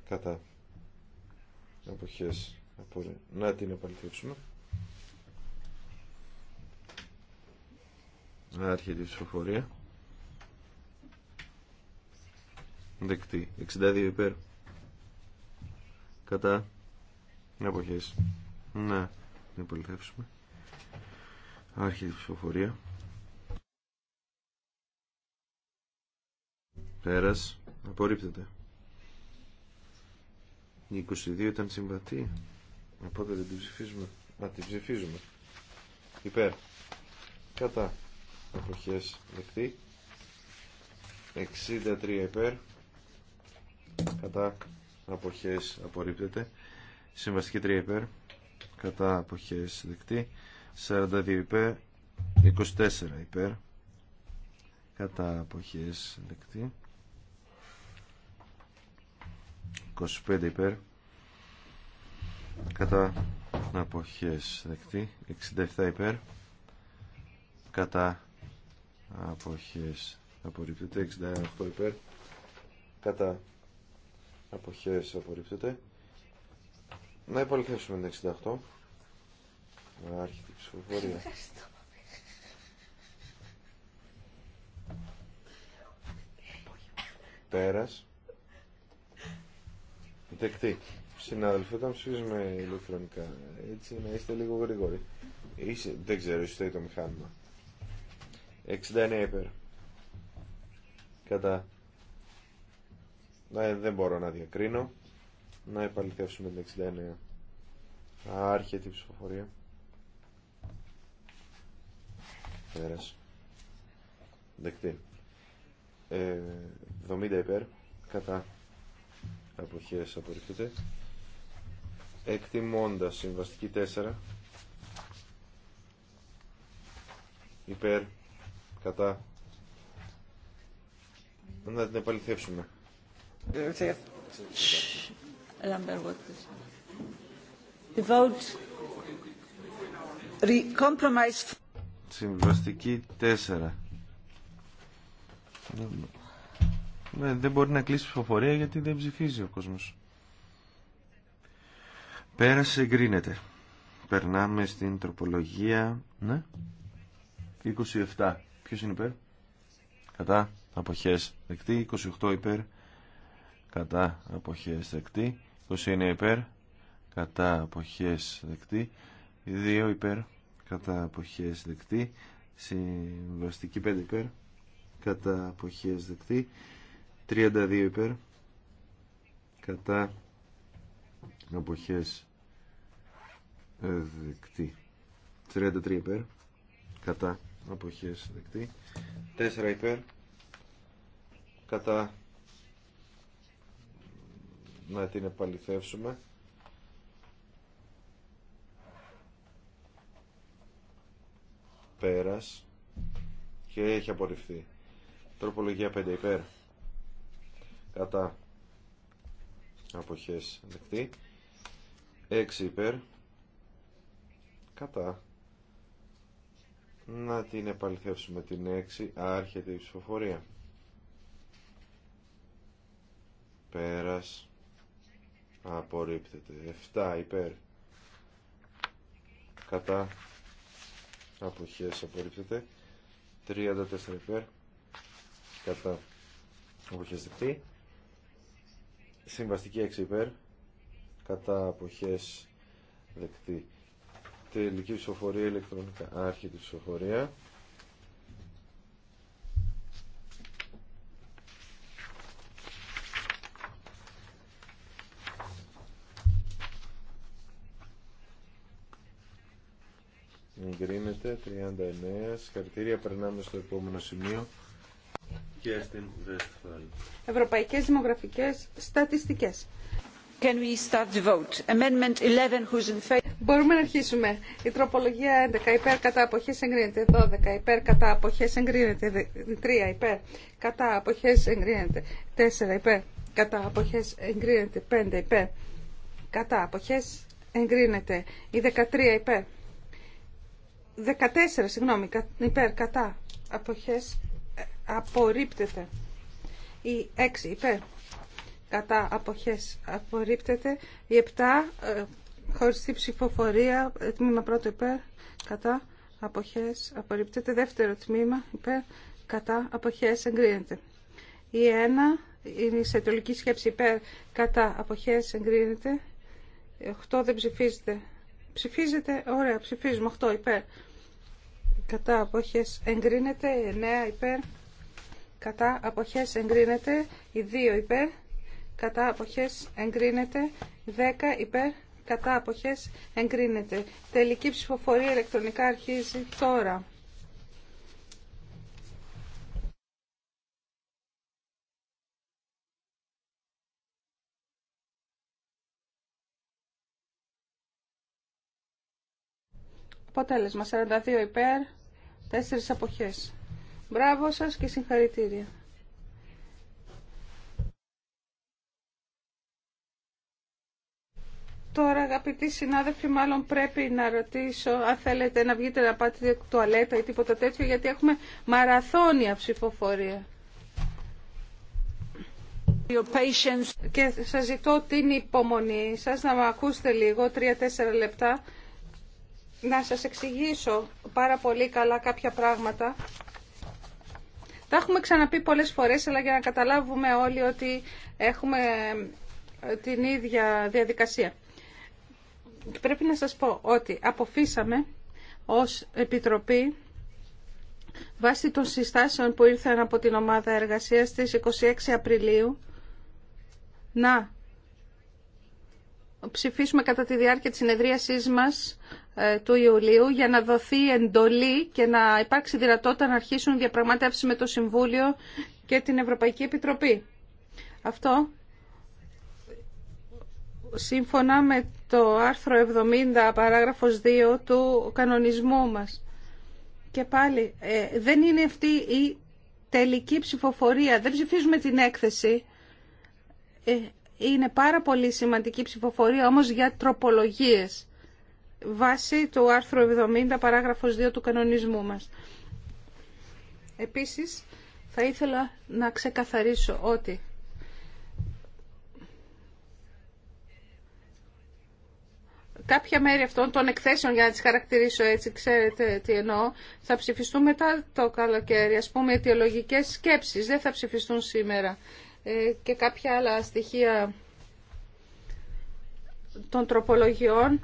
κατά αποχές απορρίπτεται να την επαληθεύσουμε Άρχεται η ψηφοφορία. Δεκτή. 62 υπέρ κατά εποχές. Να, να υπολυθεύσουμε. Άρχιε ψηφοφορία. Πέρας, απορρίπτεται. Η 22 ήταν συμβατή. Οπότε δεν την ψηφίζουμε. Να την ψηφίζουμε. Υπέρ. Κατά. Αποχές δεκτή. 63 υπέρ. Κατά αποχές απορρίπτεται συμβαστική 3 υπέρ κατά αποχές δεκτή 42 υπέρ 24 υπέρ κατά αποχές δεκτή 25 υπέρ κατά αποχές δεκτή 67 υπέρ κατά αποχές απορρίπτεται 68 υπέρ κατά από αποχές απορρίπτεται να επαληθεύσουμε την 68 άρχιτη ψηφοφορία πέρας δεκτή συνάδελφοι όταν ψηφίζουμε ηλεκτρονικά έτσι να είστε λίγο γρήγοροι Είσαι, δεν ξέρω, είστε το μηχάνημα 69 υπέρ κατά ναι, δεν μπορώ να διακρίνω. Να επαληθεύσουμε την 69. Άρχεται η ψηφοφορία. Πέρασε. Δεκτή. Ε, 70 υπέρ. Κατά. Αποχές απορριφθείτε. Εκτιμώντα συμβαστική 4. Υπέρ. Κατά. Να την επαληθεύσουμε. Συμβαστική 4. Ναι, δεν μπορεί να κλείσει ψηφοφορία γιατί δεν ψηφίζει ο κόσμος. Πέρασε εγκρίνεται. Περνάμε στην τροπολογία... Ναι. 27. Ποιος είναι υπέρ? Κατά. Αποχές. Δεκτή. 28 υπέρ κατά αποχές δεκτή 29 υπέρ κατά αποχές δεκτή 2 υπέρ κατά αποχές δεκτή συμβαστική 5 υπέρ κατά αποχές δεκτή 32 ε, υπέρ κατά αποχές δεκτή 33 υπέρ κατά αποχές δεκτή 4 υπέρ κατά να την επαληθεύσουμε. Πέρας και έχει απορριφθεί. Τροπολογία 5 υπέρ. Κατά. Αποχές δεκτή. 6 υπέρ. Κατά. Να την επαληθεύσουμε την 6. Άρχεται η ψηφοφορία. Πέρας απορρίπτεται 7 υπέρ κατά αποχές απορρίπτεται 34 υπέρ κατά αποχές δεκτή συμβαστική 6 υπέρ κατά αποχές δεκτή τελική ψηφοφορία ηλεκτρονικά άρχη ψηφοφορία Συγχαρητήρια. Περνάμε στο επόμενο σημείο. Και στην Ευρωπαϊκές Δημογραφικές Στατιστικές. Can we start the vote? Amendment 11, who's in favor? Μπορούμε να αρχίσουμε. Η τροπολογία 11 υπέρ κατά αποχές εγκρίνεται. 12 υπέρ κατά αποχές εγκρίνεται. 3 υπέρ κατά αποχές εγκρίνεται. 4 υπέρ κατά αποχές εγκρίνεται. 5 υπέρ κατά αποχές εγκρίνεται. Η 13 υπέρ 14, συγγνώμη, ε, υπέρ, κατά, αποχές, απορρίπτεται. Η 6, υπέρ, κατά, αποχές, ε, απορρίπτεται. Η 7, χωριστή ψηφοφορία, ε, τμήμα πρώτο υπέρ, κατά, αποχές, απορρίπτεται. Δεύτερο τμήμα, υπέρ, κατά, αποχές, εγκρίνεται. Η 1, είναι σε σκέψη υπέρ, κατά, αποχές, εγκρίνεται. 8 δεν ψηφίζεται. Ψηφίζετε, ωραία, ψηφίζουμε 8 υπέρ. Κατά αποχές εγκρίνεται, 9 υπέρ. Κατά αποχές εγκρίνεται, 2 υπέρ. Κατά αποχές εγκρίνεται, 10 υπέρ. Κατά αποχές εγκρίνεται. Τελική ψηφοφορία ηλεκτρονικά αρχίζει τώρα. Αποτέλεσμα 42 υπέρ, 4 αποχές. Μπράβο σας και συγχαρητήρια. Τώρα αγαπητοί συνάδελφοι μάλλον πρέπει να ρωτήσω αν θέλετε να βγείτε να πάτε τουαλέτα ή τίποτα τέτοιο γιατί έχουμε μαραθώνια ψηφοφορία. Και σας ζητώ την υπομονή σας να με ακούσετε λίγο, 3-4 λεπτά, να σας εξηγήσω πάρα πολύ καλά κάποια πράγματα. Τα έχουμε ξαναπεί πολλές φορές, αλλά για να καταλάβουμε όλοι ότι έχουμε ε, την ίδια διαδικασία. Πρέπει να σας πω ότι αποφύσαμε ως Επιτροπή βάσει των συστάσεων που ήρθαν από την ομάδα εργασίας της 26 Απριλίου να ψηφίσουμε κατά τη διάρκεια της συνεδρίασής μας ε, του Ιουλίου για να δοθεί εντολή και να υπάρξει δυνατότητα να αρχίσουν διαπραγματεύσεις με το Συμβούλιο και την Ευρωπαϊκή Επιτροπή. Αυτό σύμφωνα με το άρθρο 70 παράγραφος 2 του κανονισμού μας. Και πάλι, ε, δεν είναι αυτή η τελική ψηφοφορία. Δεν ψηφίζουμε την έκθεση. Ε, είναι πάρα πολύ σημαντική ψηφοφορία όμως για τροπολογίες βάσει του άρθρου 70 παράγραφος 2 του κανονισμού μας. Επίσης, θα ήθελα να ξεκαθαρίσω ότι κάποια μέρη αυτών των εκθέσεων, για να τις χαρακτηρίσω έτσι, ξέρετε τι εννοώ, θα ψηφιστούν μετά το καλοκαίρι, ας πούμε, αιτιολογικές σκέψεις, δεν θα ψηφιστούν σήμερα. Ε, και κάποια άλλα στοιχεία των τροπολογιών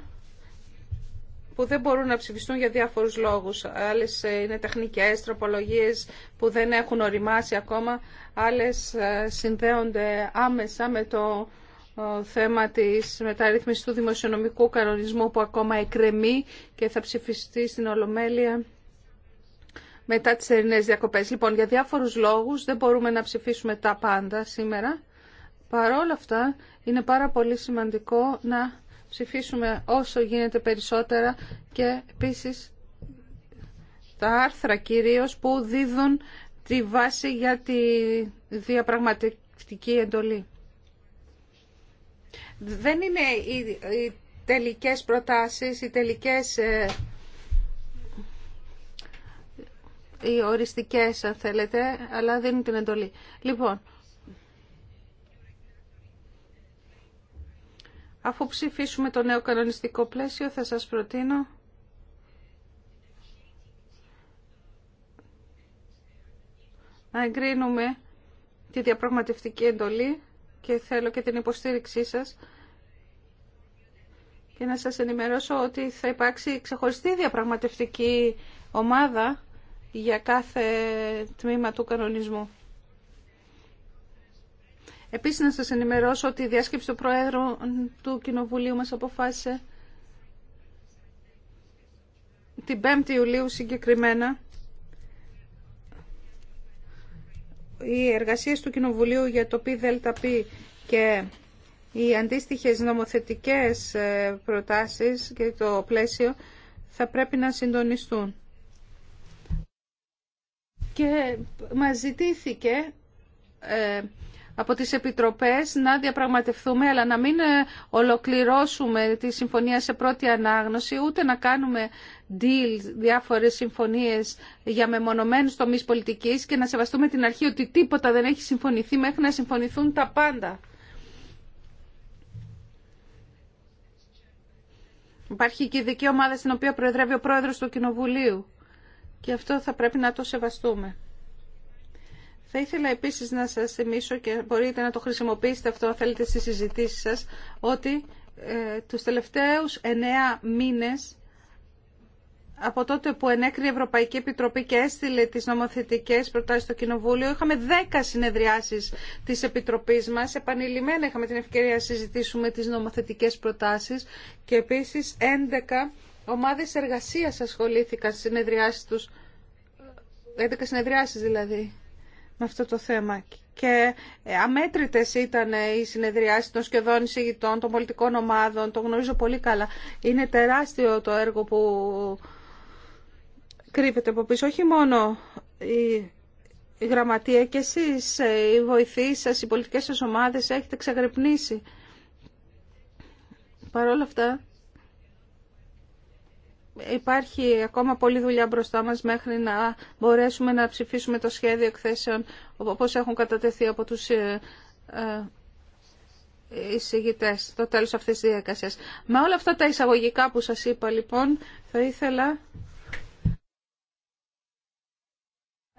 που δεν μπορούν να ψηφιστούν για διάφορους λόγους. Άλλες ε, είναι τεχνικές τροπολογίες που δεν έχουν οριμάσει ακόμα. Άλλες ε, συνδέονται άμεσα με το ε, θέμα της μεταρρύθμισης του δημοσιονομικού κανονισμού που ακόμα εκρεμεί και θα ψηφιστεί στην Ολομέλεια μετά τις ερηνές διακοπές. Λοιπόν, για διάφορους λόγους δεν μπορούμε να ψηφίσουμε τα πάντα σήμερα. Παρόλα αυτά, είναι πάρα πολύ σημαντικό να ψηφίσουμε όσο γίνεται περισσότερα και επίσης τα άρθρα κυρίως που δίδουν τη βάση για τη διαπραγματευτική εντολή. Δεν είναι οι τελικές προτάσεις, οι τελικές ε, οι οριστικές αν θέλετε, αλλά δίνουν την εντολή. Λοιπόν, Αφού ψηφίσουμε το νέο κανονιστικό πλαίσιο θα σας προτείνω να εγκρίνουμε τη διαπραγματευτική εντολή και θέλω και την υποστήριξή σας και να σας ενημερώσω ότι θα υπάρξει ξεχωριστή διαπραγματευτική ομάδα για κάθε τμήμα του κανονισμού. Επίσης να σας ενημερώσω ότι η διάσκεψη του Προέδρου του Κοινοβουλίου μας αποφάσισε την 5η Ιουλίου συγκεκριμένα οι εργασίες του Κοινοβουλίου για το ΠΔΠ και οι αντίστοιχες νομοθετικές ε, προτάσεις και το πλαίσιο θα πρέπει να συντονιστούν. Και μας ζητήθηκε ε, από τις επιτροπές να διαπραγματευτούμε, αλλά να μην ε, ολοκληρώσουμε τη συμφωνία σε πρώτη ανάγνωση, ούτε να κάνουμε deal, διάφορες συμφωνίες για μεμονωμένους τομείς πολιτικής και να σεβαστούμε την αρχή ότι τίποτα δεν έχει συμφωνηθεί μέχρι να συμφωνηθούν τα πάντα. Υπάρχει και η δική ομάδα στην οποία προεδρεύει ο πρόεδρος του Κοινοβουλίου και αυτό θα πρέπει να το σεβαστούμε. Θα ήθελα επίσης να σας θυμίσω και μπορείτε να το χρησιμοποιήσετε αυτό αν θέλετε στις συζητήσεις σας ότι ε, τους τελευταίους εννέα μήνες από τότε που ενέκρινε η Ευρωπαϊκή Επιτροπή και έστειλε τις νομοθετικές προτάσεις στο Κοινοβούλιο, είχαμε δέκα συνεδριάσεις της Επιτροπής μας. Επανειλημμένα είχαμε την ευκαιρία να συζητήσουμε τις νομοθετικές προτάσεις και επίσης 11 ομάδες εργασίας ασχολήθηκαν στις συνεδριάσεις τους, 11 συνεδριάσεις δηλαδή, με αυτό το θέμα. Και ε, αμέτρητες ήταν οι συνεδριάσεις των σχεδόν εισηγητών, των πολιτικών ομάδων, το γνωρίζω πολύ καλά. Είναι τεράστιο το έργο που κρύβεται από πίσω. Όχι μόνο η γραμματεία και εσείς, ε, οι βοηθοί σας, οι πολιτικές σας ομάδες έχετε ξαγρυπνήσει. Παρ' όλα αυτά, υπάρχει ακόμα πολλή δουλειά μπροστά μας μέχρι να μπορέσουμε να ψηφίσουμε το σχέδιο εκθέσεων όπως έχουν κατατεθεί από τους ε, ε, εισηγητές το τέλος αυτής της διαδικασίας. Με όλα αυτά τα εισαγωγικά που σας είπα λοιπόν θα ήθελα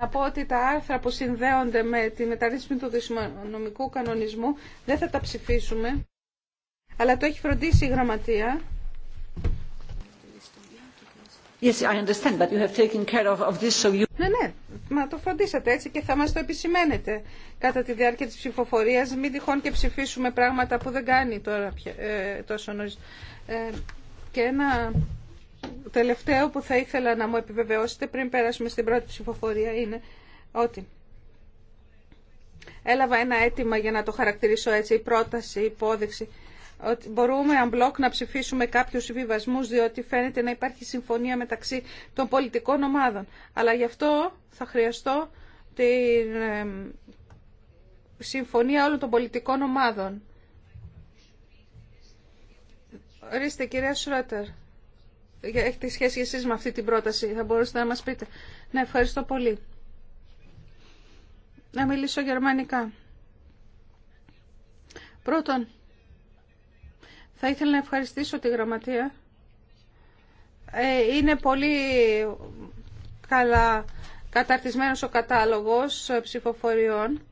να πω ότι τα άρθρα που συνδέονται με τη μεταρρύθμιση του δημοσιονομικού κανονισμού δεν θα τα ψηφίσουμε αλλά το έχει φροντίσει η γραμματεία Yes, I understand, but you have taken care of, this, so you... Ναι, ναι, μα το φροντίσατε έτσι και θα μας το επισημαίνετε κατά τη διάρκεια της ψηφοφορίας. Μην τυχόν και ψηφίσουμε πράγματα που δεν κάνει τώρα πια, ε, τόσο νωρίς. Ε, και ένα τελευταίο που θα ήθελα να μου επιβεβαιώσετε πριν πέρασουμε στην πρώτη ψηφοφορία είναι ότι έλαβα ένα αίτημα για να το χαρακτηρίσω έτσι, η πρόταση, η υπόδειξη ότι μπορούμε αν μπλοκ να ψηφίσουμε κάποιου συμβιβασμού διότι φαίνεται να υπάρχει συμφωνία μεταξύ των πολιτικών ομάδων. Αλλά γι' αυτό θα χρειαστώ την συμφωνία όλων των πολιτικών ομάδων. Ορίστε κυρία Σρότερ, έχετε σχέση εσεί με αυτή την πρόταση, θα μπορούσατε να μα πείτε. Ναι, ευχαριστώ πολύ. Να μιλήσω γερμανικά. Πρώτον, θα ήθελα να ευχαριστήσω τη Γραμματεία. Ε, είναι πολύ καλά καταρτισμένος ο κατάλογος ψηφοφοριών.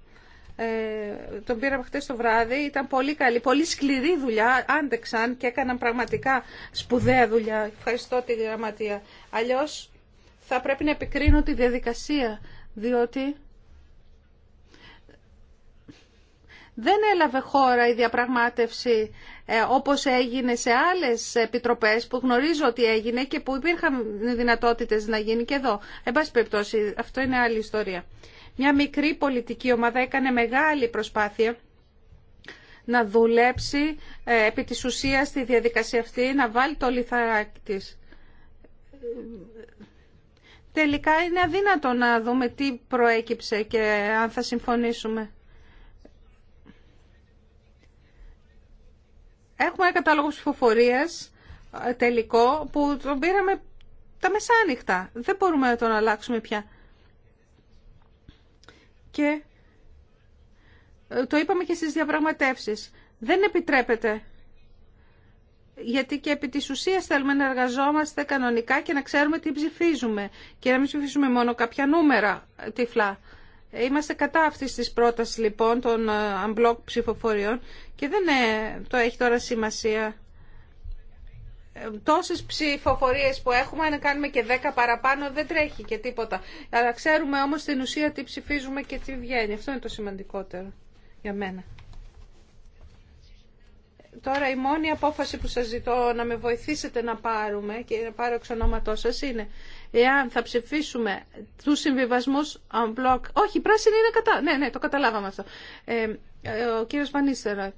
Ε, τον πήραμε χτες το βράδυ. Ήταν πολύ καλή, πολύ σκληρή δουλειά. Άντεξαν και έκαναν πραγματικά σπουδαία δουλειά. Ευχαριστώ τη Γραμματεία. Αλλιώς θα πρέπει να επικρίνω τη διαδικασία, διότι... δεν έλαβε χώρα η διαπραγμάτευση ε, όπως έγινε σε άλλες επιτροπές που γνωρίζω ότι έγινε και που υπήρχαν δυνατότητες να γίνει και εδώ. Εν πάση περιπτώσει, αυτό είναι άλλη ιστορία. Μια μικρή πολιτική ομάδα έκανε μεγάλη προσπάθεια να δουλέψει ε, επί της ουσίας στη διαδικασία αυτή, να βάλει το λιθαράκι της. Τελικά είναι αδύνατο να δούμε τι προέκυψε και αν θα συμφωνήσουμε. Έχουμε ένα κατάλογο ψηφοφορία ε, τελικό που τον πήραμε τα μεσάνυχτα. Δεν μπορούμε να τον αλλάξουμε πια. Και ε, το είπαμε και στις διαπραγματεύσεις. Δεν επιτρέπεται γιατί και επί της ουσίας θέλουμε να εργαζόμαστε κανονικά και να ξέρουμε τι ψηφίζουμε και να μην ψηφίζουμε μόνο κάποια νούμερα ε, τυφλά. Είμαστε κατά αυτής της πρόταση λοιπόν των ε, unblock ψηφοφοριών και δεν ε, το έχει τώρα σημασία ε, τόσες ψηφοφορίες που έχουμε, να κάνουμε και 10 παραπάνω δεν τρέχει και τίποτα. Αλλά ξέρουμε όμως την ουσία τι ψηφίζουμε και τι βγαίνει. Αυτό είναι το σημαντικότερο για μένα. Τώρα η μόνη απόφαση που σας ζητώ να με βοηθήσετε να πάρουμε και να πάρω εξ ονόματός σας είναι εάν θα ψηφίσουμε του συμβιβασμού. on Όχι, η πράσινη είναι κατά. Ναι, ναι, το καταλάβαμε αυτό. Ε, ο κύριο Πανίστερα.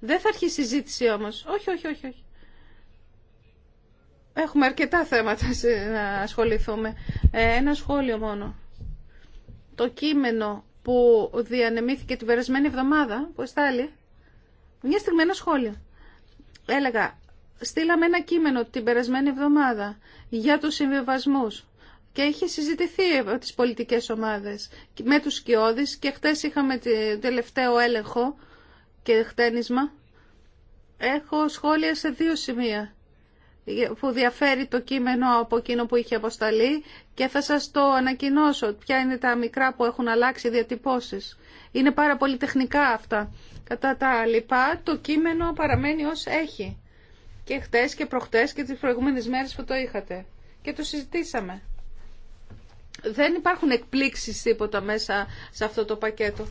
Δεν θα αρχίσει η συζήτηση όμως. Όχι, όχι, όχι. όχι. Έχουμε αρκετά θέματα να ασχοληθούμε. Ε, ένα σχόλιο μόνο. Το κείμενο που διανεμήθηκε την περασμένη εβδομάδα, που εστάλει, μια στιγμή ένα σχόλιο. Έλεγα, στείλαμε ένα κείμενο την περασμένη εβδομάδα για τους συμβιβασμούς και είχε συζητηθεί από τις πολιτικές ομάδες με τους σκιώδεις και χτες είχαμε τελευταίο έλεγχο και χτένισμα. Έχω σχόλια σε δύο σημεία που διαφέρει το κείμενο από εκείνο που είχε αποσταλεί και θα σας το ανακοινώσω ποια είναι τα μικρά που έχουν αλλάξει διατυπώσεις. Είναι πάρα πολύ τεχνικά αυτά. Κατά τα λοιπά το κείμενο παραμένει ως έχει και χτες και προχτές και τις προηγούμενες μέρες που το είχατε. Και το συζητήσαμε. Δεν υπάρχουν εκπλήξεις τίποτα μέσα σε αυτό το πακέτο.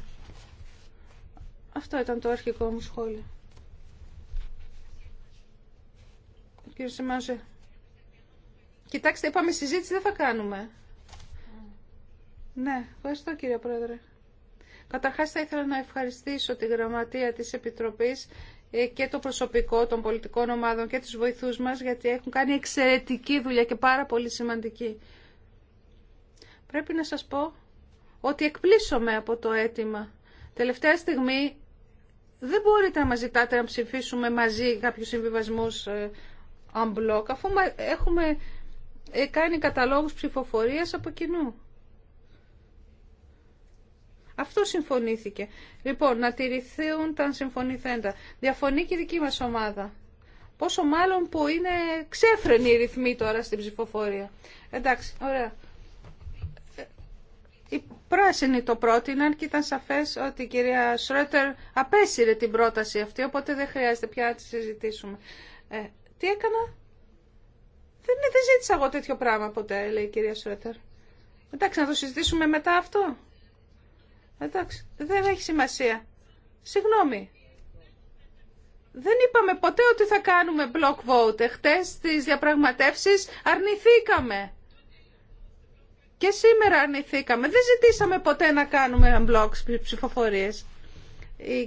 Αυτό ήταν το αρχικό μου σχόλιο. Κύριε Σιμάζε. Κοιτάξτε, είπαμε συζήτηση δεν θα κάνουμε. Ναι, ευχαριστώ κύριε Πρόεδρε. Καταρχάς θα ήθελα να ευχαριστήσω τη Γραμματεία της Επιτροπής ε, και το προσωπικό των πολιτικών ομάδων και τους βοηθούς μας γιατί έχουν κάνει εξαιρετική δουλειά και πάρα πολύ σημαντική. Πρέπει να σας πω ότι εκπλήσωμαι από το αίτημα. Τελευταία στιγμή δεν μπορείτε να μας ζητάτε να ψηφίσουμε μαζί κάποιους συμβιβασμούς ε, αμπλόκ αφού έχουμε ε, κάνει καταλόγους ψηφοφορίας από κοινού. Αυτό συμφωνήθηκε. Λοιπόν, να τηρηθούν τα συμφωνηθέντα. Διαφωνεί και η δική μας ομάδα. Πόσο μάλλον που είναι ξέφρενοι οι ρυθμοί τώρα στην ψηφοφορία. Εντάξει, ωραία. Ε, οι πράσινοι το πρότειναν και ήταν σαφές ότι η κυρία Σρότερ απέσυρε την πρόταση αυτή, οπότε δεν χρειάζεται πια να τη συζητήσουμε. Ε, τι έκανα? Δεν, ζήτησα εγώ τέτοιο πράγμα ποτέ, λέει η κυρία Σρότερ. Εντάξει, να το συζητήσουμε μετά αυτό. Εντάξει, δεν έχει σημασία. Συγγνώμη. Δεν είπαμε ποτέ ότι θα κάνουμε block vote. Χτες στις διαπραγματεύσεις αρνηθήκαμε. Και σήμερα αρνηθήκαμε. Δεν ζητήσαμε ποτέ να κάνουμε block ψηφοφορίες.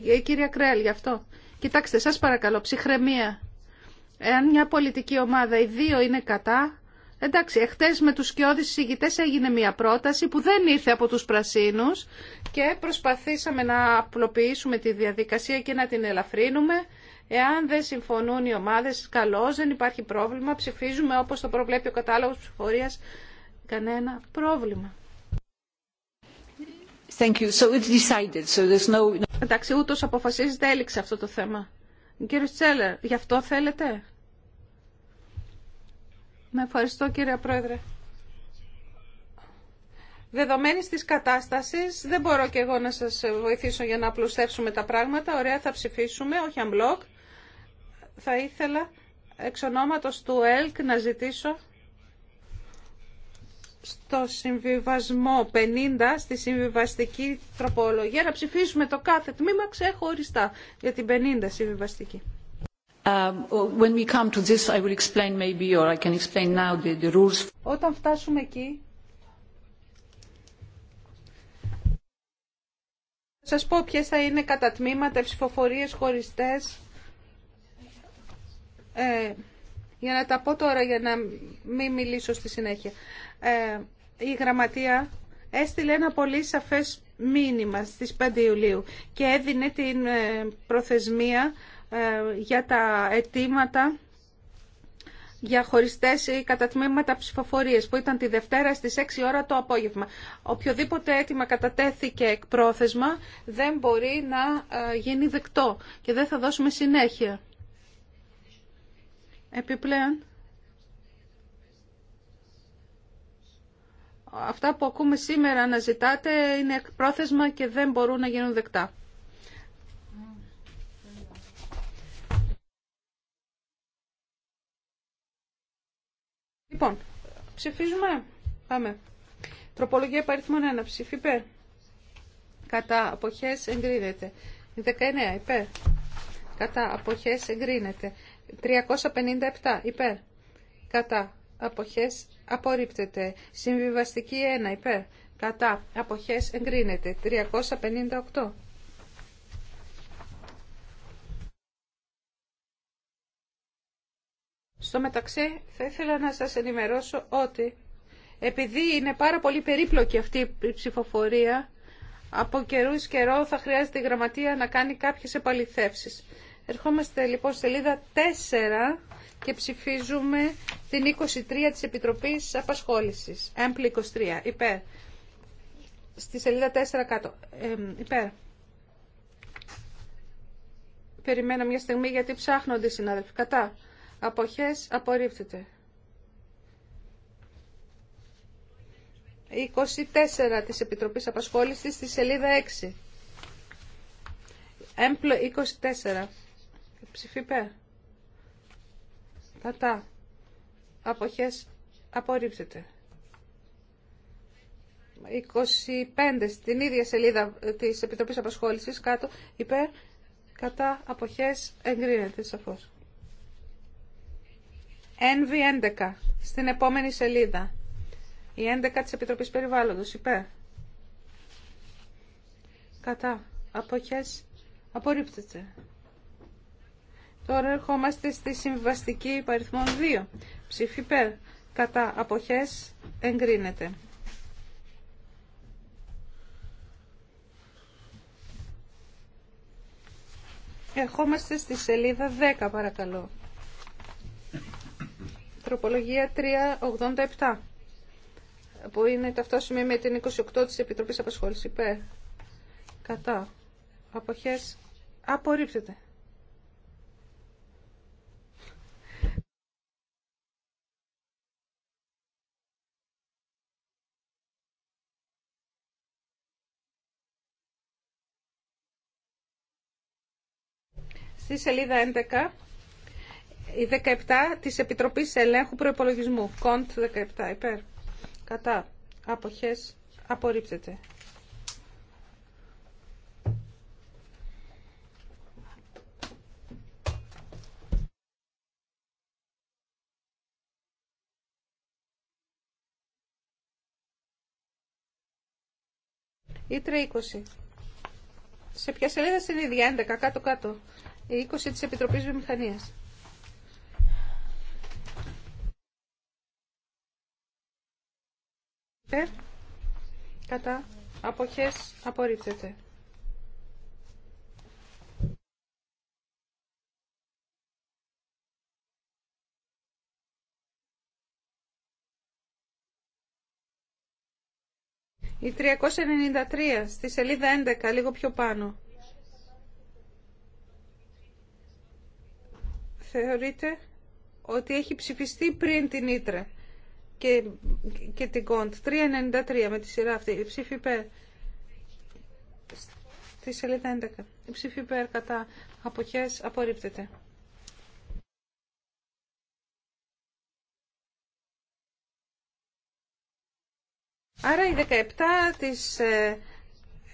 Η, κυρία Κρέλ γι' αυτό. Κοιτάξτε, σας παρακαλώ, ψυχραιμία. Εάν μια πολιτική ομάδα, οι δύο είναι κατά, Εντάξει, εχθές με τους σκιώδει συζητητές έγινε μια πρόταση που δεν ήρθε από τους πρασίνους και προσπαθήσαμε να απλοποιήσουμε τη διαδικασία και να την ελαφρύνουμε. Εάν δεν συμφωνούν οι ομάδες, Καλώ δεν υπάρχει πρόβλημα. Ψηφίζουμε όπως το προβλέπει ο κατάλογος ψηφορία. Κανένα πρόβλημα. Thank you. So decided. So there's no... Εντάξει, ούτως αποφασίζεται, έληξε αυτό το θέμα. Κύριε Τσέλερ, γι' αυτό θέλετε. Με ναι, ευχαριστώ κύριε Πρόεδρε. Δεδομένης της κατάστασης, δεν μπορώ και εγώ να σας βοηθήσω για να απλουστεύσουμε τα πράγματα. Ωραία, θα ψηφίσουμε, όχι αμπλόκ. Θα ήθελα εξ ονόματος του ΕΛΚ να ζητήσω στο συμβιβασμό 50, στη συμβιβαστική τροπολογία, να ψηφίσουμε το κάθε τμήμα ξεχωριστά για την 50 συμβιβαστική. Όταν φτάσουμε εκεί, θα σας πω ποιες θα είναι κατά τμήματα, ψηφοφορίες, χωριστές. Ε, για να τα πω τώρα, για να μην μιλήσω στη συνέχεια. Ε, η γραμματεία έστειλε ένα πολύ σαφές μήνυμα στις 5 Ιουλίου και έδινε την ε, προθεσμία ε, για τα αιτήματα για χωριστέ ή κατά που ήταν τη Δευτέρα στις 6 ώρα το απόγευμα. Οποιοδήποτε αίτημα κατατέθηκε εκ πρόθεσμα δεν μπορεί να ε, γίνει δεκτό και δεν θα δώσουμε συνέχεια. Επιπλέον, αυτά που ακούμε σήμερα να ζητάτε είναι εκ και δεν μπορούν να γίνουν δεκτά. Λοιπόν, ψηφίζουμε. Πάμε. Τροπολογία παριθμών 1. Ψήφι υπέρ. Κατά αποχές εγκρίνεται. 19 υπέρ. Κατά αποχές εγκρίνεται. 357 υπέρ. Κατά αποχές απορρίπτεται. Συμβιβαστική 1 υπέρ. Κατά αποχές εγκρίνεται. 358 Στο μεταξύ θα ήθελα να σας ενημερώσω ότι επειδή είναι πάρα πολύ περίπλοκη αυτή η ψηφοφορία, από καιρού καιρό θα χρειάζεται η γραμματεία να κάνει κάποιες επαληθεύσεις. Ερχόμαστε λοιπόν στη σελίδα 4 και ψηφίζουμε την 23 της Επιτροπής Απασχόλησης. Έμπλη 23. Υπέρ. Στη σελίδα 4 κάτω. υπέρ. Περιμένω μια στιγμή γιατί ψάχνονται οι συνάδελφοι. Κατά. Αποχές απορρίπτεται. 24 της Επιτροπής Απασχόλησης στη σελίδα 6. Έμπλο 24. Ψηφίπε. Κατά. Αποχές απορρίπτεται. 25 στην ίδια σελίδα ε, της Επιτροπής Απασχόλησης κάτω υπέρ κατά αποχές εγκρίνεται σαφώς. NV11 στην επόμενη σελίδα. Η 11 της Επιτροπής Περιβάλλοντος υπέρ. Κατά. Αποχές. Απορρίπτεται. Τώρα ερχόμαστε στη συμβαστική υπαριθμών 2. Ψήφι υπέρ. Κατά. Αποχές. Εγκρίνεται. Ερχόμαστε στη σελίδα 10 παρακαλώ. Τροπολογία 387 που είναι ταυτόσιμη με την 28 της Επιτροπή Απασχόλησης. Υπέρ. Κατά. Αποχές. Απορρίπτεται. Στη σελίδα 11 η 17 της Επιτροπής Ελέγχου Προϋπολογισμού. Κοντ 17 υπέρ. Κατά. Αποχές. Απορρίπτεται. ή 20. Σε ποια σελίδα είναι η 11, κάτω-κάτω. Η 20 της Επιτροπής Βιομηχανίας. Κατά. Αποχές. Απορρίπτεται. Η 393 στη σελίδα 11, λίγο πιο πάνω. Θεωρείται ότι έχει ψηφιστεί πριν την Ήτρα και, και την κοντ. 393 με τη σειρά αυτή. Η ψήφη υπέρ. Στη σελίδα 11. Η ψήφη υπέρ κατά αποχές απορρίπτεται. Άρα η 17 της ε,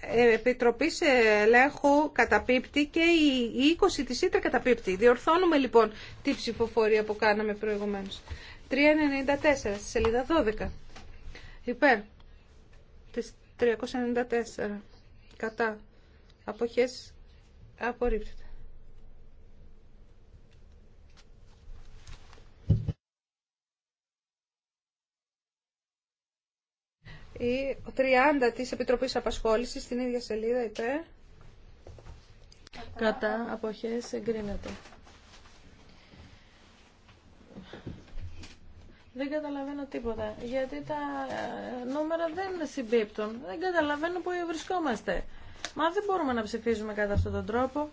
ε, Επιτροπής Ελέγχου καταπίπτει και η 20 της Ήτρα καταπίπτει. Διορθώνουμε λοιπόν τη ψηφοφορία που κάναμε προηγουμένως. 394 στη σελίδα 12. Υπέρ τη 394. Κατά. Αποχέ. απορρίπτεται. Η 30 της Επιτροπής Απασχόλησης στην ίδια σελίδα υπέρ. Κατά. Κατά αποχές εγκρίνεται. Δεν καταλαβαίνω τίποτα, γιατί τα ε, νούμερα δεν συμπίπτουν. Δεν καταλαβαίνω πού βρισκόμαστε. Μα δεν μπορούμε να ψηφίζουμε κατά αυτόν τον τρόπο.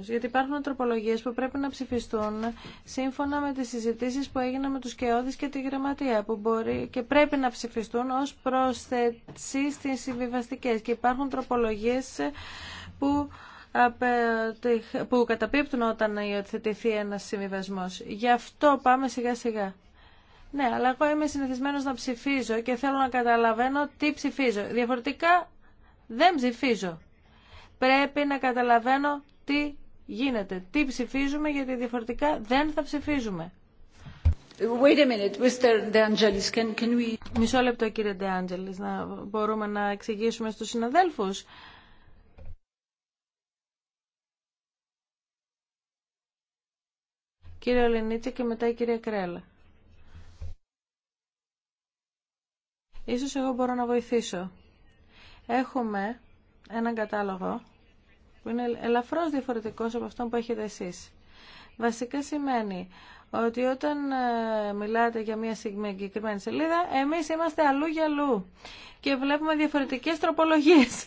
γιατί υπάρχουν τροπολογίες που πρέπει να ψηφιστούν σύμφωνα με τις συζητήσεις που έγιναν με τους Κεώδης και τη Γραμματεία που μπορεί και πρέπει να ψηφιστούν ως προσθέσεις στις συμβιβαστικές και υπάρχουν τροπολογίες που που καταπίπτουν όταν υιοθετηθεί ένας συμβιβασμό. Γι' αυτό πάμε σιγά σιγά. Ναι, αλλά εγώ είμαι συνηθισμένος να ψηφίζω και θέλω να καταλαβαίνω τι ψηφίζω. Διαφορετικά δεν ψηφίζω. Πρέπει να καταλαβαίνω τι γίνεται, τι ψηφίζουμε, γιατί διαφορετικά δεν θα ψηφίζουμε. Wait a minute, Mr. De Angelis, can, can we... Μισό λεπτό κύριε De να μπορούμε να εξηγήσουμε στους συναδέλφους κύριε Ολενίτσα και μετά η κυρία Κρέλα. Ίσως εγώ μπορώ να βοηθήσω. Έχουμε έναν κατάλογο που είναι ελαφρώς διαφορετικός από αυτό που έχετε εσείς. Βασικά σημαίνει ότι όταν ε, μιλάτε για μια συγκεκριμένη σελίδα, εμείς είμαστε αλλού για αλλού και βλέπουμε διαφορετικές τροπολογίες.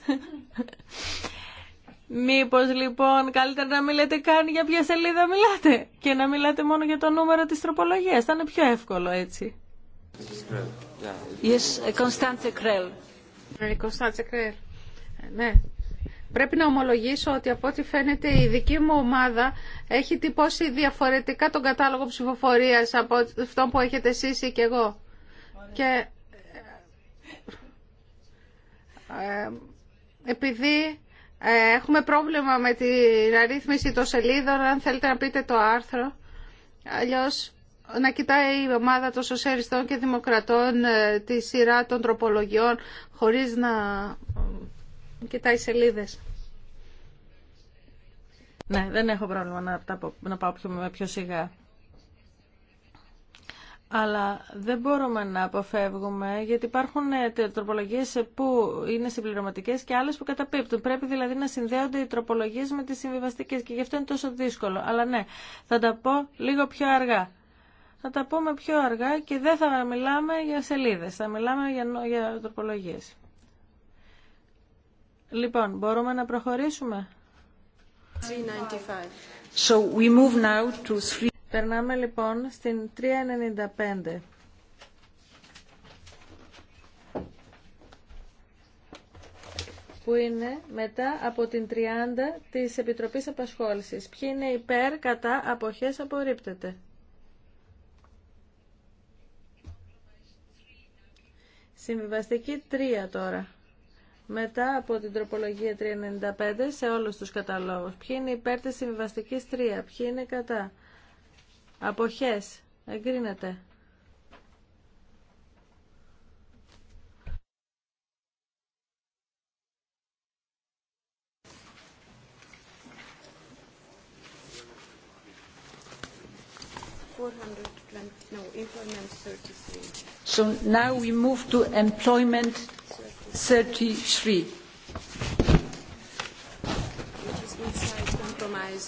Μήπως λοιπόν καλύτερα να μην καν για ποια σελίδα μιλάτε και να μιλάτε μόνο για το νούμερο της τροπολογίας. Θα είναι πιο εύκολο έτσι. Yes, ε, ε, Ναι. Πρέπει να ομολογήσω ότι από ό,τι φαίνεται η δική μου ομάδα έχει τυπώσει διαφορετικά τον κατάλογο ψηφοφορίας από αυτό που έχετε εσείς ή και εγώ. Και ε, επειδή ε, έχουμε πρόβλημα με την αρρύθμιση των σελίδων, αν θέλετε να πείτε το άρθρο. Αλλιώς να κοιτάει η ομάδα των σοσιαλιστών και δημοκρατών ε, τη σειρά των τροπολογιών χωρίς να κοιτάει σελίδες. Ναι, δεν έχω πρόβλημα να, να πάω πιο, πιο σιγά αλλά δεν μπορούμε να αποφεύγουμε γιατί υπάρχουν ε, τροπολογίες ε, που είναι συμπληρωματικέ και άλλες που καταπίπτουν. Πρέπει δηλαδή να συνδέονται οι τροπολογίε με τις συμβιβαστικές και γι' αυτό είναι τόσο δύσκολο. Αλλά ναι, θα τα πω λίγο πιο αργά. Θα τα πούμε πιο αργά και δεν θα μιλάμε για σελίδες, θα μιλάμε για, για Λοιπόν, μπορούμε να προχωρήσουμε. So we move now to Περνάμε λοιπόν στην 395. που είναι μετά από την 30 της Επιτροπής Απασχόλησης. Ποιοι είναι υπέρ, κατά, αποχές, απορρίπτεται. Συμβιβαστική 3 τώρα. Μετά από την τροπολογία 395 σε όλους τους καταλόγους. Ποιοι είναι υπέρ της συμβιβαστικής 3, ποιοι είναι κατά. Αποχές. Εγκρίνεται. So now we move to employment 33. Which is inside compromise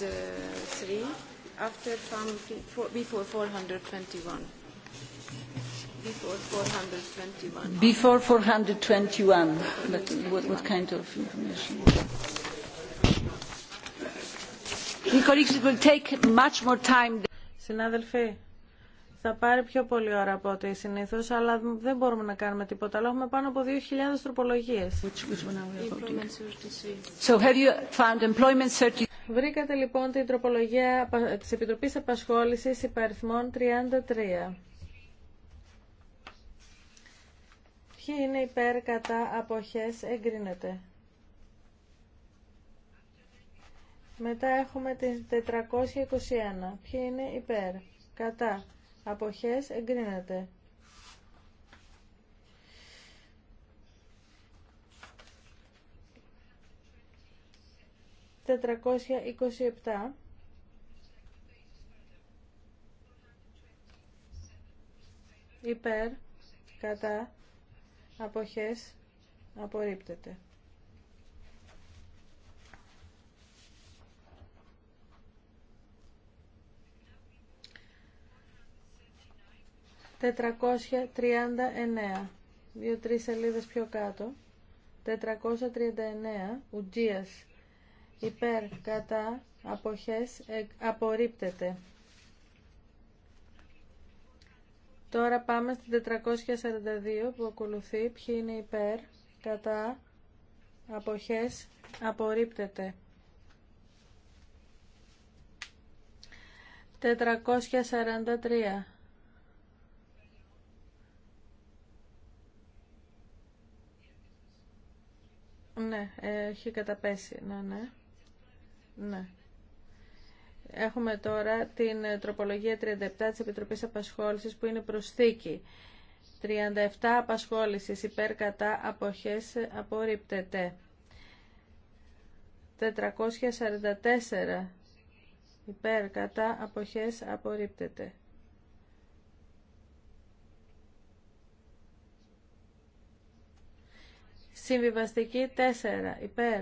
3 after from before 421. Before 421. Before 421. But what, what kind of information? Colleagues, will take much more time. Συνάδελφοι, θα πάρει πιο πολύ ώρα από ό,τι συνήθω, αλλά δεν μπορούμε να κάνουμε τίποτα. Αλλά έχουμε πάνω από 2.000 τροπολογίε. Βρήκατε λοιπόν την τροπολογία τη Επιτροπή Απασχόληση υπαριθμών 33. Ποιοι είναι υπέρ κατά αποχές εγκρίνεται. Μετά έχουμε την 421. Ποιοι είναι υπέρ κατά αποχές εγκρίνεται. Τετρακόσια εικοσιεπτά υπέρ κατά αποχές απορρίπτεται. 439, δύο-τρει σελίδε πιο κάτω. 439, ουτζία. υπέρ, κατά, αποχές, ε, απορρίπτεται. Τώρα πάμε στην 442 που ακολουθεί. Ποιοι είναι υπέρ, κατά, αποχές, απορρίπτεται. 443 ναι, έχει καταπέσει. Ναι, ναι. Ναι. Έχουμε τώρα την τροπολογία 37 της Επιτροπής Απασχόλησης που είναι προσθήκη. 37 απασχόλησης υπέρ κατά αποχές απορρίπτεται. 444 υπέρ κατά αποχές απορρίπτεται. Συμβιβαστική 4 υπέρ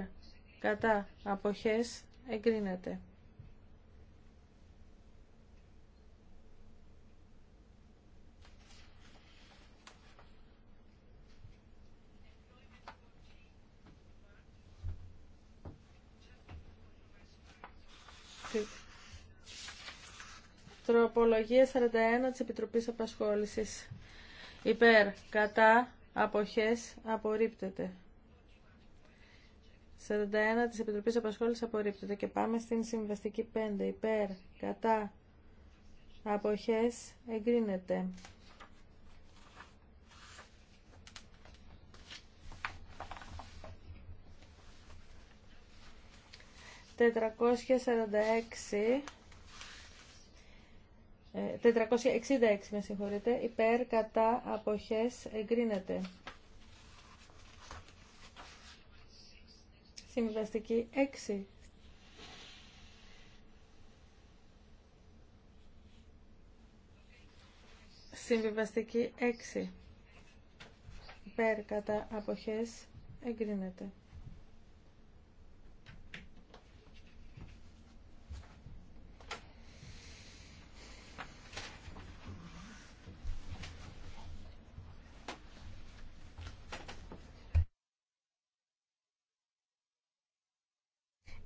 κατά αποχές εγκρίνεται. Τροπολογία 41 της Επιτροπής Απασχόλησης. Υπέρ, κατά, αποχές απορρίπτεται. 41 της Επιτροπής Απασχόλησης απορρίπτεται και πάμε στην συμβαστική 5 υπέρ, κατά, αποχές εγκρίνεται. Τετρακόσια 466 ε, με συγχωρείτε, υπέρ κατά αποχές εγκρίνεται. Συμβαστική 6. Συμβιβαστική 6. Υπέρ κατά αποχές εγκρίνεται.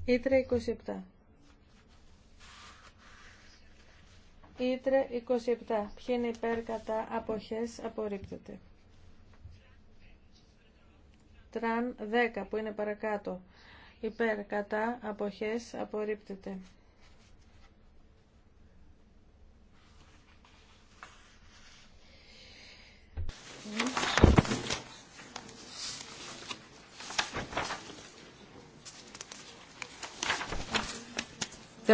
Ήτρε 27. Ήτρε 27. Ποιοι είναι υπέρ κατά αποχές απορρίπτεται. Τραν 10 που είναι παρακάτω. Υπέρ κατά αποχές απορρίπτεται.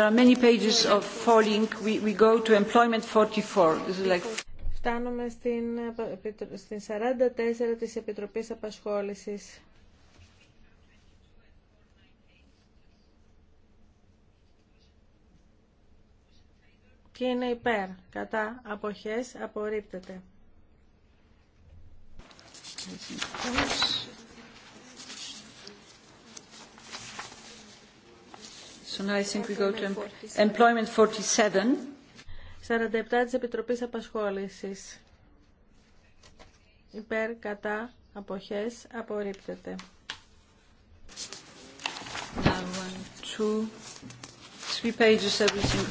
There Φτάνουμε στην, 44 της Επιτροπής Απασχόλησης. Και είναι υπέρ, κατά, αποχές, απορρίπτεται. 47. της Επιτροπής Υπέρ, κατά, αποχές, απορρίπτεται. one, two, three pages, everything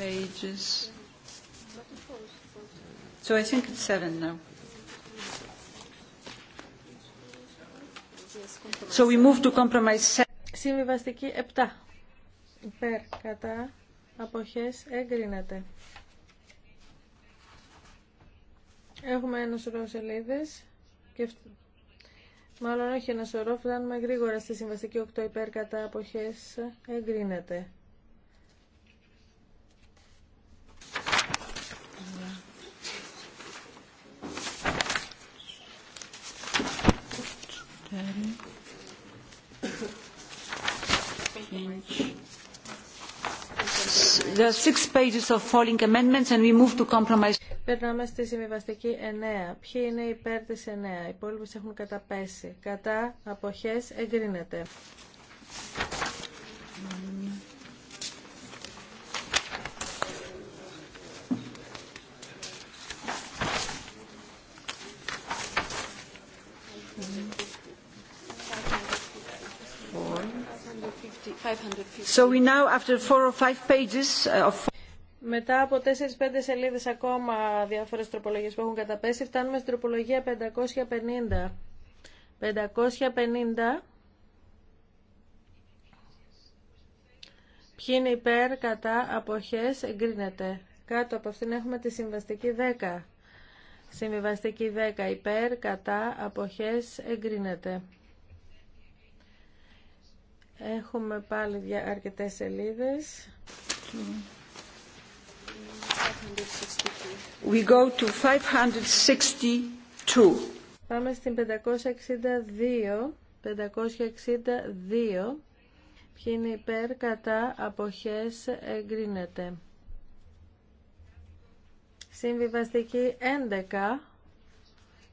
pages. So I think So we move to compromise. Συμβιβαστική 7. Υπέρ, κατά, αποχές, εγκρίνεται. Έχουμε ένα σωρό σελίδες και μάλλον όχι ένα σωρό, φτάνουμε γρήγορα στη συμβαστική 8 υπέρ κατά αποχές εγκρίνεται. Περνάμε στη συμβιβαστική 9. Ποιοι είναι υπέρ της 9. Οι υπόλοιπες έχουν καταπέσει. Κατά αποχές εγκρίνεται. Mm. So we now, after four or five pages uh, of... Μετά από 4-5 σελίδες ακόμα διάφορες τροπολογίες που έχουν καταπέσει, φτάνουμε στην τροπολογία 550. 550. Ποιοι είναι υπέρ, κατά, αποχές, εγκρίνεται. Κάτω από αυτήν έχουμε τη συμβαστική 10. Συμβιβαστική 10 υπέρ, κατά, αποχές, εγκρίνεται. Έχουμε πάλι αρκετές σελίδες. We go to 562. Πάμε στην 562. 562. Ποιοι είναι υπέρ, κατά, αποχές, εγκρίνεται. Συμβιβαστική 11.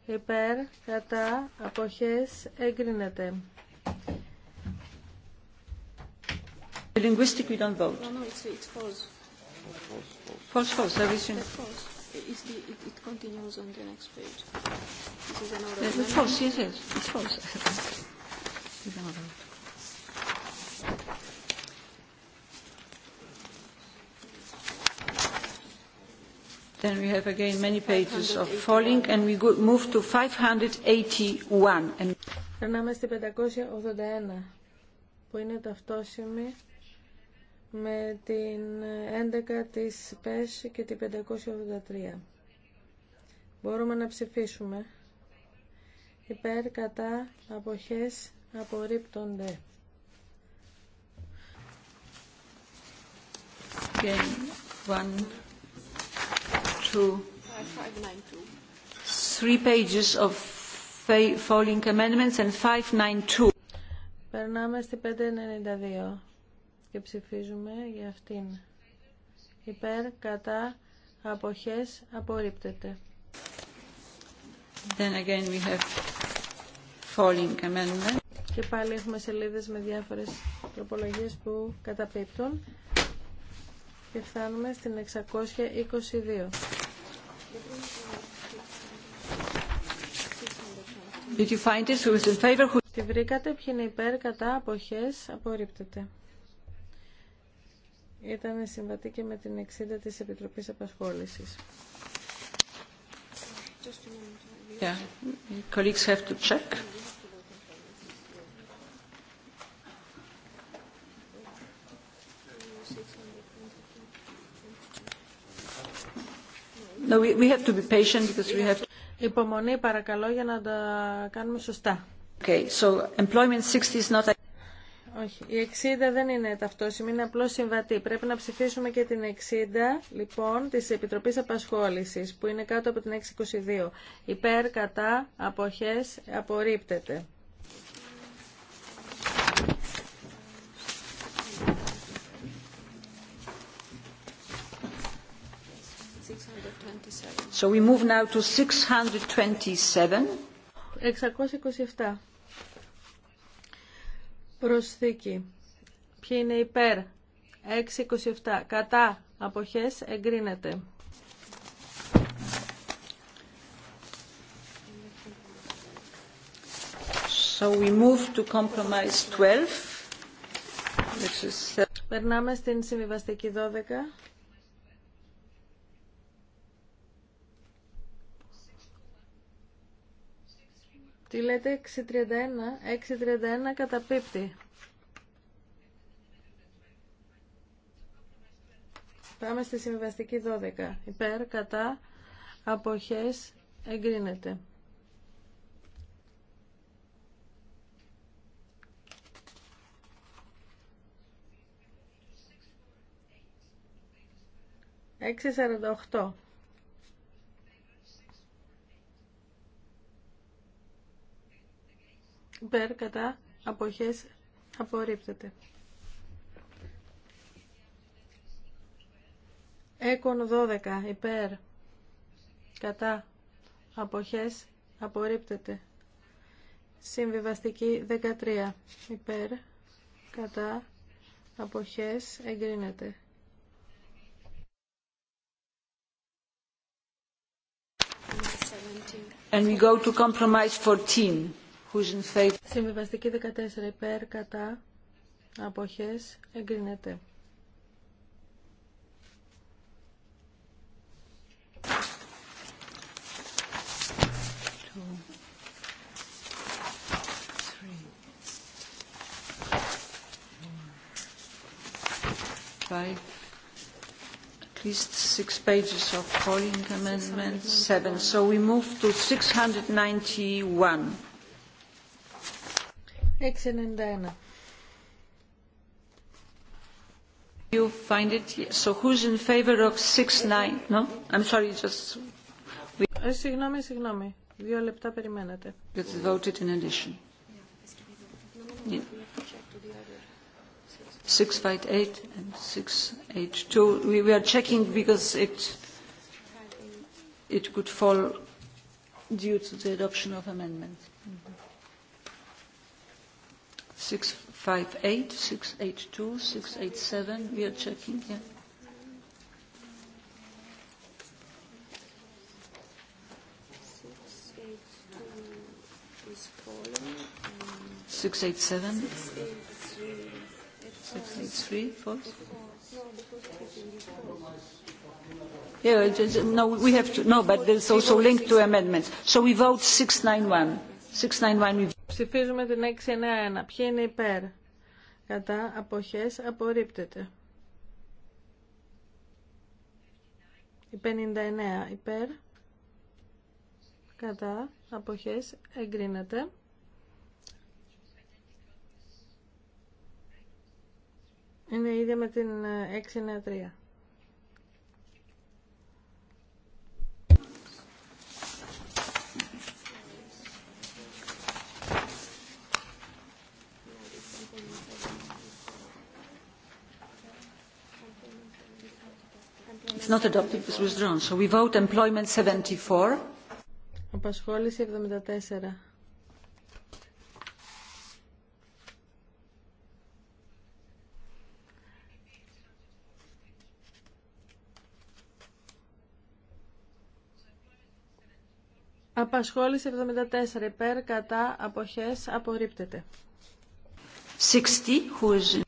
Υπέρ, κατά, αποχές, εγκρίνεται. The Linguistic we don't vote. No, no, it's, it's false. False, false. False, everything. False. It's the, it, it continues on the next page. This is another yes, it's false, yes, yes. It's false. we don't vote. Then we have again many pages of falling and we go, move to 581. And... Περνάμε στην 581 που είναι ταυτόσημη με την 11 της ΠΕΣ και την 583. Μπορούμε να ψηφίσουμε. Υπέρ, κατά, αποχές, απορρίπτονται. Okay. One, two, three pages of falling amendments and 592. Περνάμε στη 592 και ψηφίζουμε για αυτήν. Υπέρ, κατά, αποχές, απορρίπτεται. Then again we have falling amendment. Και πάλι έχουμε σελίδες με διάφορες τροπολογίες που καταπίπτουν. Και φτάνουμε στην 622. Did you find it? Who is in favor? Τη βρήκατε, ποιοι είναι υπέρ, κατά, αποχές, απορρίπτεται ήταν συμβατή και με την 60 της Επιτροπής Απασχόλησης. Yeah. Colleagues have to check. No, we we have to be patient because we have to... Υπομονή παρακαλώ για να τα κάνουμε σωστά. Okay, so employment 60 is not όχι. Η 60 δεν είναι ταυτόσιμη, είναι απλώς συμβατή. Πρέπει να ψηφίσουμε και την 60, λοιπόν, της Επιτροπής Απασχόλησης, που είναι κάτω από την 622. Υπέρ, κατά, αποχές, απορρίπτεται. So we move now to 627. 627. Προσθήκη. Ποιοι είναι υπέρ. 6.27. Κατά. Αποχές εγκρίνεται. So we move to compromise 12. Περνάμε στην συμβιβαστική 12. Τι λέτε 631, 631 καταπίπτει. Πάμε στη συμβαστική 12. Υπέρ, κατά, αποχές, εγκρίνεται. Έξι Υπέρ κατά αποχές απορρίπτεται. Έκον 12. Υπέρ κατά αποχές απορρίπτεται. Συμβιβαστική 13. Υπέρ κατά αποχές εγκρίνεται. And we go to compromise 14. Συμβιβαστική 14 υπέρ κατά αποχές εγκρίνεται. Five, at least six pages of calling amendments. seven. So we move to 691. 691. You find it? So who's in favor of 69? No? I'm sorry, just... Συγγνώμη, συγγνώμη. Δύο λεπτά περιμένατε. It's voted in addition. Yeah. 658 and 682. We, we are checking because it, it could fall due to the adoption of amendments. Mm -hmm. 658, 682, 687. We are checking. Yeah. Six eight seven. Six eight three. False. Yeah, no, we have to. No, but there's also linked to amendments. So we vote 691. 691. Ψηφίζουμε την 691. Ποιοι είναι υπέρ. Κατά αποχές απορρίπτεται. Η 59 υπέρ. Κατά αποχές εγκρίνεται. Είναι ίδια με την 693. It's not adopted, it's withdrawn. So we vote employment 74. Απασχόληση 74. Απασχόληση 74. Υπέρ, κατά, αποχές, απορρίπτεται. 60. Who is...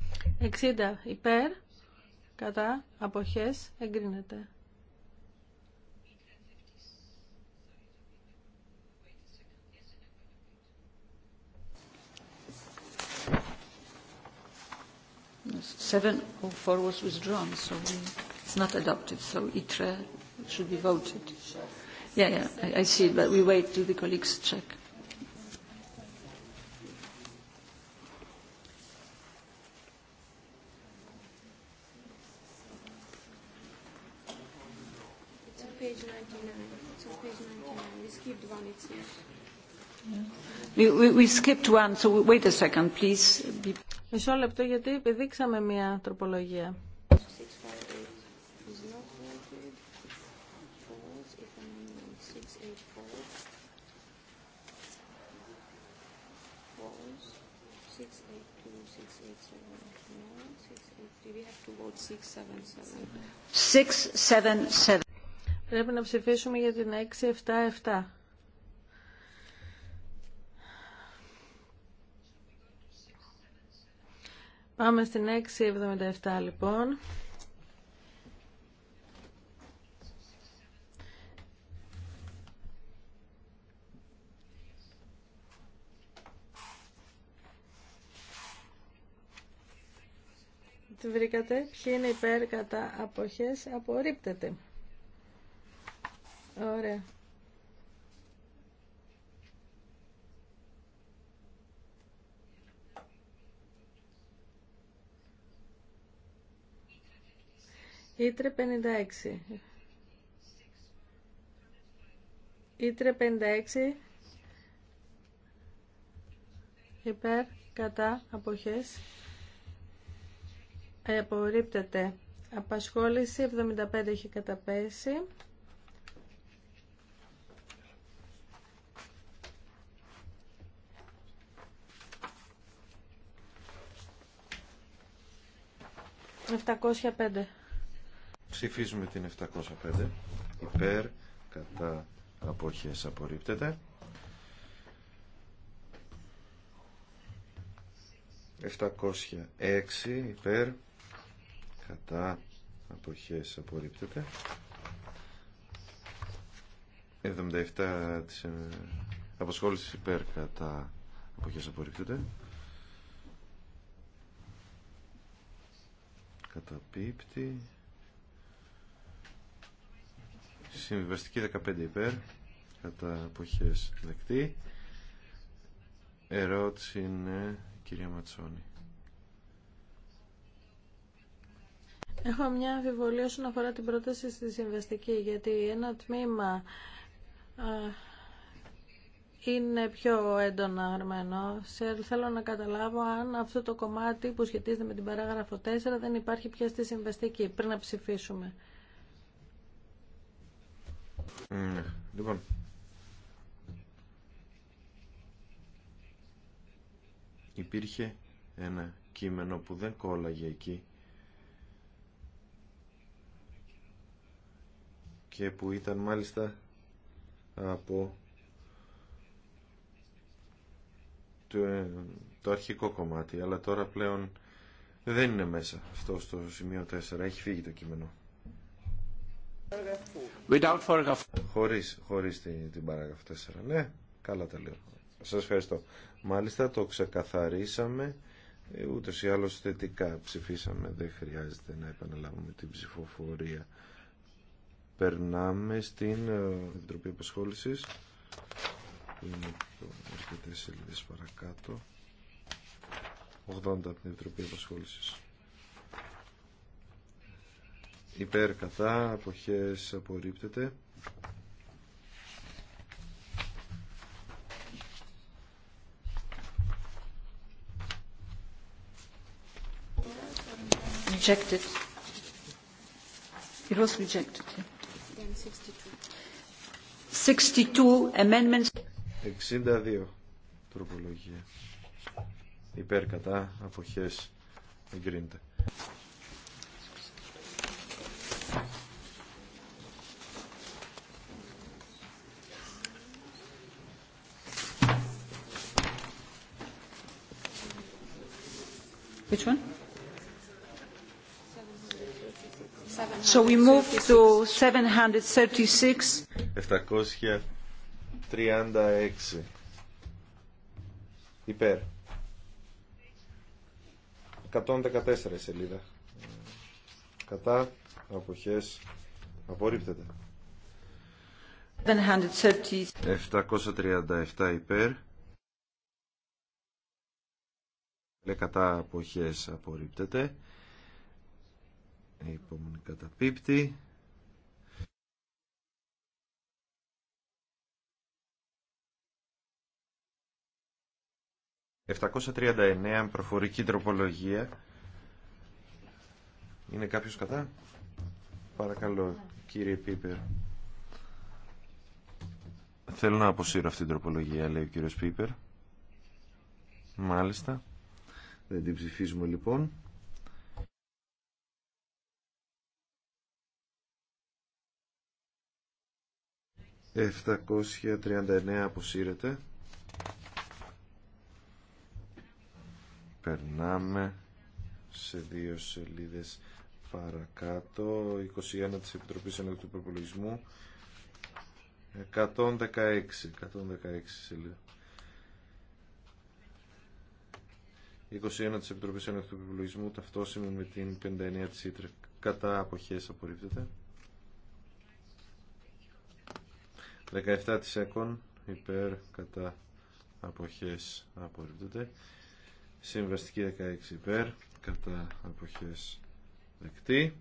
60. Υπέρ, κατά αποχές εγκρίνεται. Seven or four was withdrawn, so it's not adopted. So ITRE should be voted. Yeah, yeah, I, I see, but we wait till the colleagues check. We one, Μισό λεπτό γιατί επιδείξαμε μια τροπολογία. Πρέπει να ψηφίσουμε για την 677. Πάμε στην 677 λοιπόν. Τι βρήκατε. Ποιοι είναι υπέρ κατά αποχές. Απορρίπτεται. Ωραία. Ήτρε 56. Ήτρε 56. Υπέρ, κατά, αποχές. απορρίπτεται. Απασχόληση 75 έχει καταπέσει. 705. Ψηφίζουμε την 705. Υπέρ, κατά, αποχές απορρίπτεται. 706 υπέρ, κατά, αποχές απορρίπτεται. 77 της ε, υπέρ, κατά, αποχές απορρίπτεται. Καταπίπτει. Συμβιβαστική 15 υπέρ, κατά εποχές δεκτή. Ερώτηση είναι κυρία Ματσόνη. Έχω μια αμφιβολία όσον αφορά την πρόταση στη συμβαστική, γιατί ένα τμήμα είναι πιο έντονα αρμένο. Θέλω να καταλάβω αν αυτό το κομμάτι που σχετίζεται με την παράγραφο 4 δεν υπάρχει πια στη συμβαστική πριν να ψηφίσουμε. Ναι. Λοιπόν. Υπήρχε ένα κείμενο που δεν κόλλαγε εκεί και που ήταν μάλιστα από το αρχικό κομμάτι αλλά τώρα πλέον δεν είναι μέσα αυτό στο σημείο 4 έχει φύγει το κείμενο Without paragraph... Χωρίς, χωρίς την, την παράγραφο 4. Ναι, καλά τα λέω. Σας ευχαριστώ. Μάλιστα το ξεκαθαρίσαμε. Ε, ούτως ή άλλως θετικά ψηφίσαμε. Δεν χρειάζεται να επαναλάβουμε την ψηφοφορία. Περνάμε στην ε, Επιτροπή Απασχόλησης που είναι αρκετές σελίδες παρακάτω. 80 από την Επιτροπή υπέρ καθά, αποχές απορρίπτεται rejected it was rejected 62 amendments 62 τροπολογία υπέρ κατά αποχές εγκρίνεται Which one? So we move to 736. 736. Υπέρ. 114 σελίδα. Κατά αποχές απορρίπτεται. 737 υπέρ. κατά αποχές απορρίπτεται η επόμενη καταπίπτη ...739 προφορική τροπολογία. Είναι κάποιος κατά? Παρακαλώ, κύριε Πίπερ. Θέλω να αποσύρω αυτή την τροπολογία, λέει ο κύριος Πίπερ. Μάλιστα. Δεν την ψηφίζουμε λοιπόν. «739 αποσύρεται». Περνάμε σε δύο σελίδες παρακάτω. 21 της Επιτροπής Ανοιχτού του Προπολογισμού. 116, 116 σελίδα. 21 της Επιτροπής Ένωσης ταυτόσιμη με την 59 της Ήτρε. Κατά αποχές απορρίπτεται. 17 της ΕΚΟΝ υπέρ κατά αποχές απορρίπτεται. Συμβαστική 16 υπέρ κατά αποχές δεκτή.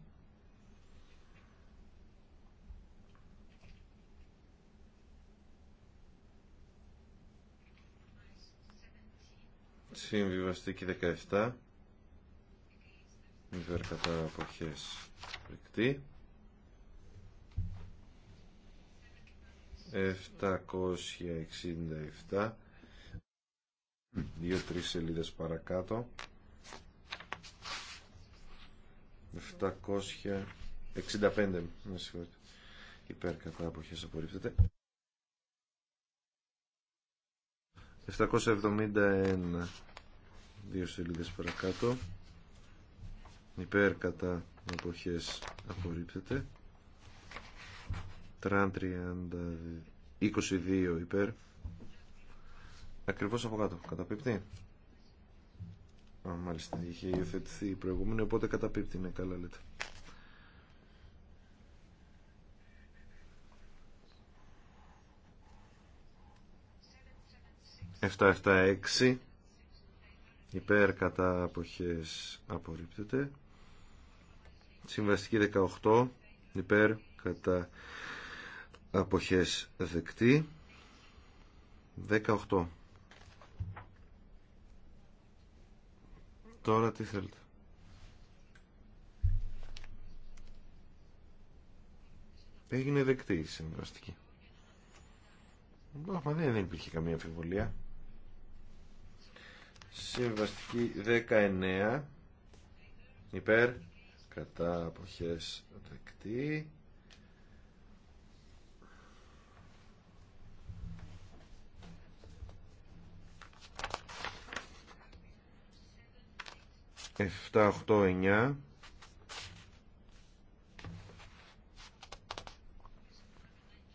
Συμβιβαστική 17. Υπέρ κατά αποχές δεκτή. 767. Δύο-τρεις σελίδες παρακάτω. 765. Με συγχωρείτε. Υπέρ κατά αποχές απορρίπτεται. 771 δύο σελίδες παρακάτω υπέρ κατά εποχές απορρίπτεται τραν 22 υπέρ ακριβώς από κάτω καταπίπτει Α, μάλιστα είχε υιοθετηθεί η προηγούμενη οπότε καταπίπτει είναι καλά λέτε 776 υπέρ κατά αποχές απορρίπτεται συμβαστική 18 υπέρ κατά αποχές δεκτή 18 τώρα τι θέλετε έγινε δεκτή η συμβαστική μα δεν, ναι, δεν υπήρχε καμία αμφιβολία Συμβαστική 19 υπέρ κατά αποχές δεκτή. Εφτά, οχτώ, εννιά.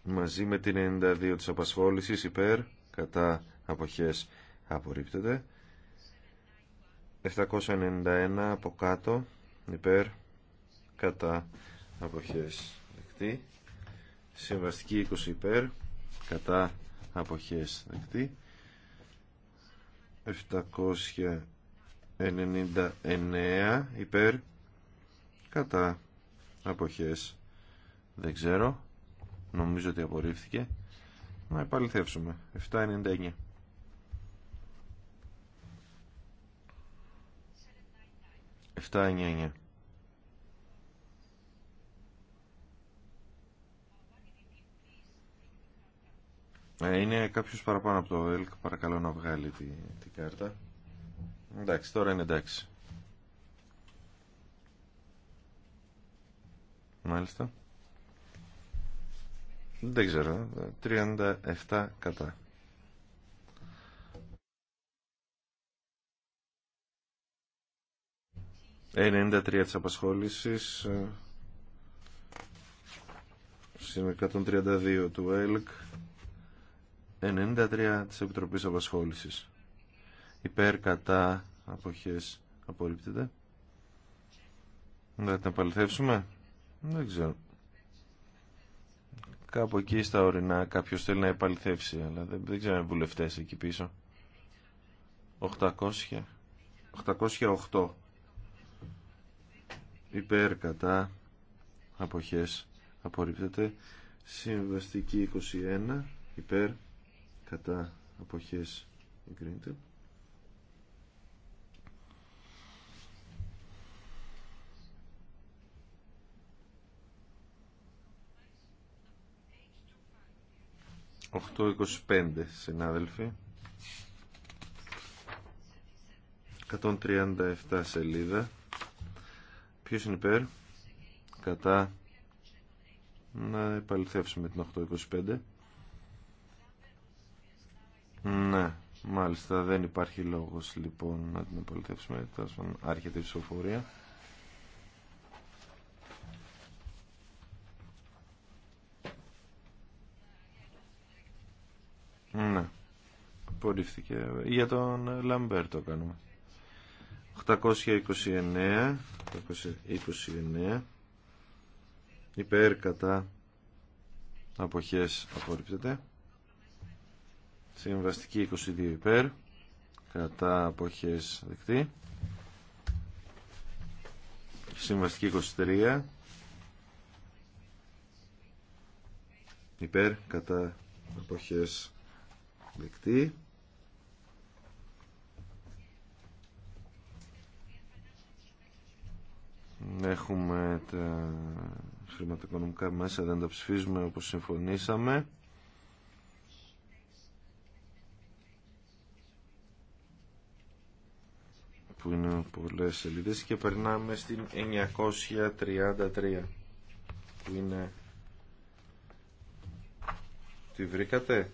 Μαζί με την 92 της απασχόλησης υπέρ κατά αποχές απορρίπτεται. 791 από κάτω υπέρ κατά αποχές δεκτή συμβαστική 20 υπέρ κατά αποχές δεκτή 799 υπέρ κατά αποχές δεν ξέρω νομίζω ότι απορρίφθηκε να επαληθεύσουμε 799 Είναι κάποιο παραπάνω από το ΕΛΚ, παρακαλώ να βγάλει την τη κάρτα. Εντάξει, τώρα είναι εντάξει. Μάλιστα. Δεν ξέρω. 37 ε, κατά. 93 της απασχόλησης ε, Συν 132 του ΕΛΚ 93 της Επιτροπής Απασχόλησης υπέρ κατά αποχές απορρίπτεται να την απαληθεύσουμε δεν ξέρω κάπου εκεί στα ορεινά κάποιος θέλει να επαληθεύσει αλλά δεν, δεν ξέρω αν βουλευτές εκεί πίσω 800 808 υπέρ κατά αποχές απορρίπτεται συμβαστική 21 υπέρ κατά αποχές εγκρίνεται 825 εικοσιπέντε συνάδελφοι 137 σελίδα Ποιος είναι υπέρ. Κατά. Να επαληθεύσουμε την 825. Ναι, μάλιστα δεν υπάρχει λόγος λοιπόν να την επαληθεύσουμε. Άρχεται η ψηφοφορία. Ναι. Απορρίφθηκε. Για τον Λαμπέρ το κάνουμε. 829 829 υπέρ κατά αποχές απορρίπτεται συμβαστική 22 υπέρ κατά αποχές δεκτή συμβαστική 23 υπέρ κατά αποχές δεκτή έχουμε τα χρηματοοικονομικά μέσα, δεν τα ψηφίζουμε όπως συμφωνήσαμε. που είναι πολλές σελίδες και περνάμε στην 933 που είναι τη βρήκατε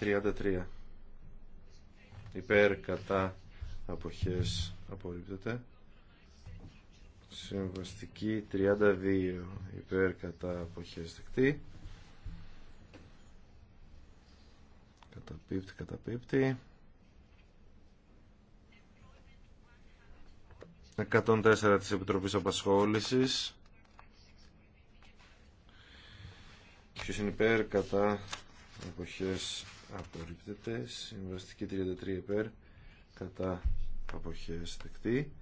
933 υπέρ κατά αποχές απορρίπτεται Συμβαστική 32 υπέρ κατά αποχές δεκτή. Καταπίπτει, καταπίπτει. 104 της Επιτροπής Απασχόλησης. Ποιος είναι υπέρ κατά αποχές απορρίπτεται. Συμβαστική 33 υπέρ κατά αποχές δεκτή.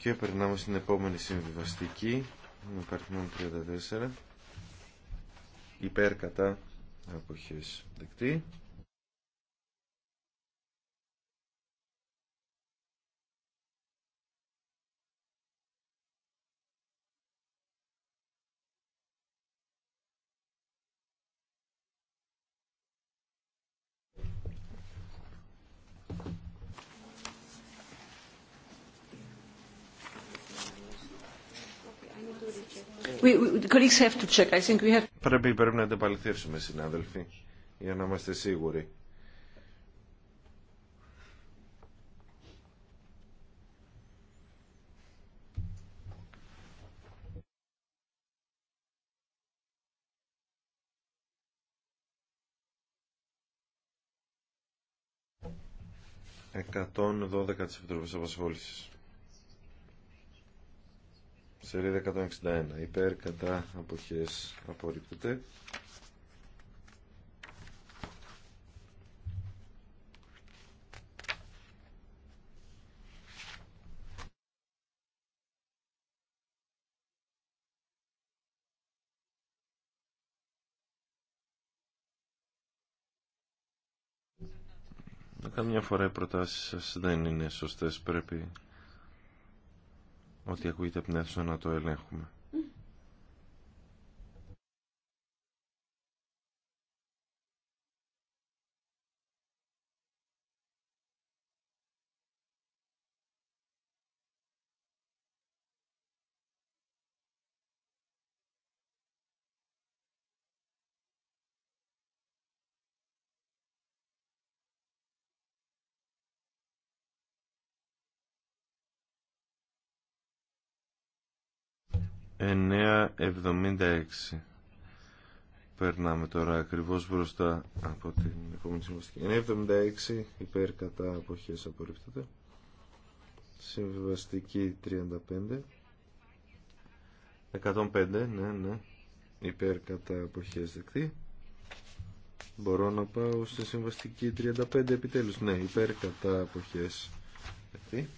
και περνάμε στην επόμενη συμβιβαστική με παρθμόν 34 υπέρ κατά αποχές δεκτή Πρέπει, πρέπει να αντεπαληθεύσουμε, συνάδελφοι, για να είμαστε σίγουροι. Εκατόν δώδεκα της Επιτροπής Απασχόλησης. Σελίδα 161. Υπέρ κατά αποχές απορρίπτεται. Καμιά φορά οι προτάσεις σας δεν είναι σωστές, πρέπει Ό,τι ακούγεται από να το ελέγχουμε. 9.76 περνάμε τώρα ακριβώς μπροστά από την επόμενη συμβαστική 9.76 υπέρ κατά αποχές απορρίπτεται συμβαστική 35 105 ναι ναι υπέρ κατά αποχές δεκτή μπορώ να πάω στη συμβαστική 35 επιτέλους ναι υπέρ κατά αποχές δεκτή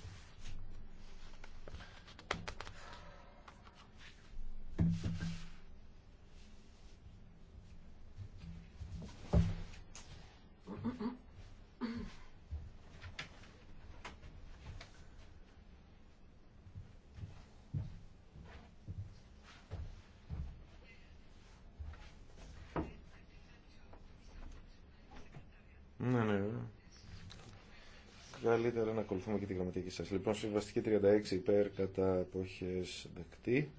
ακολουθούμε και τη γραμματική σας. Λοιπόν, συμβαστική 36 υπέρ κατά εποχές δεκτή.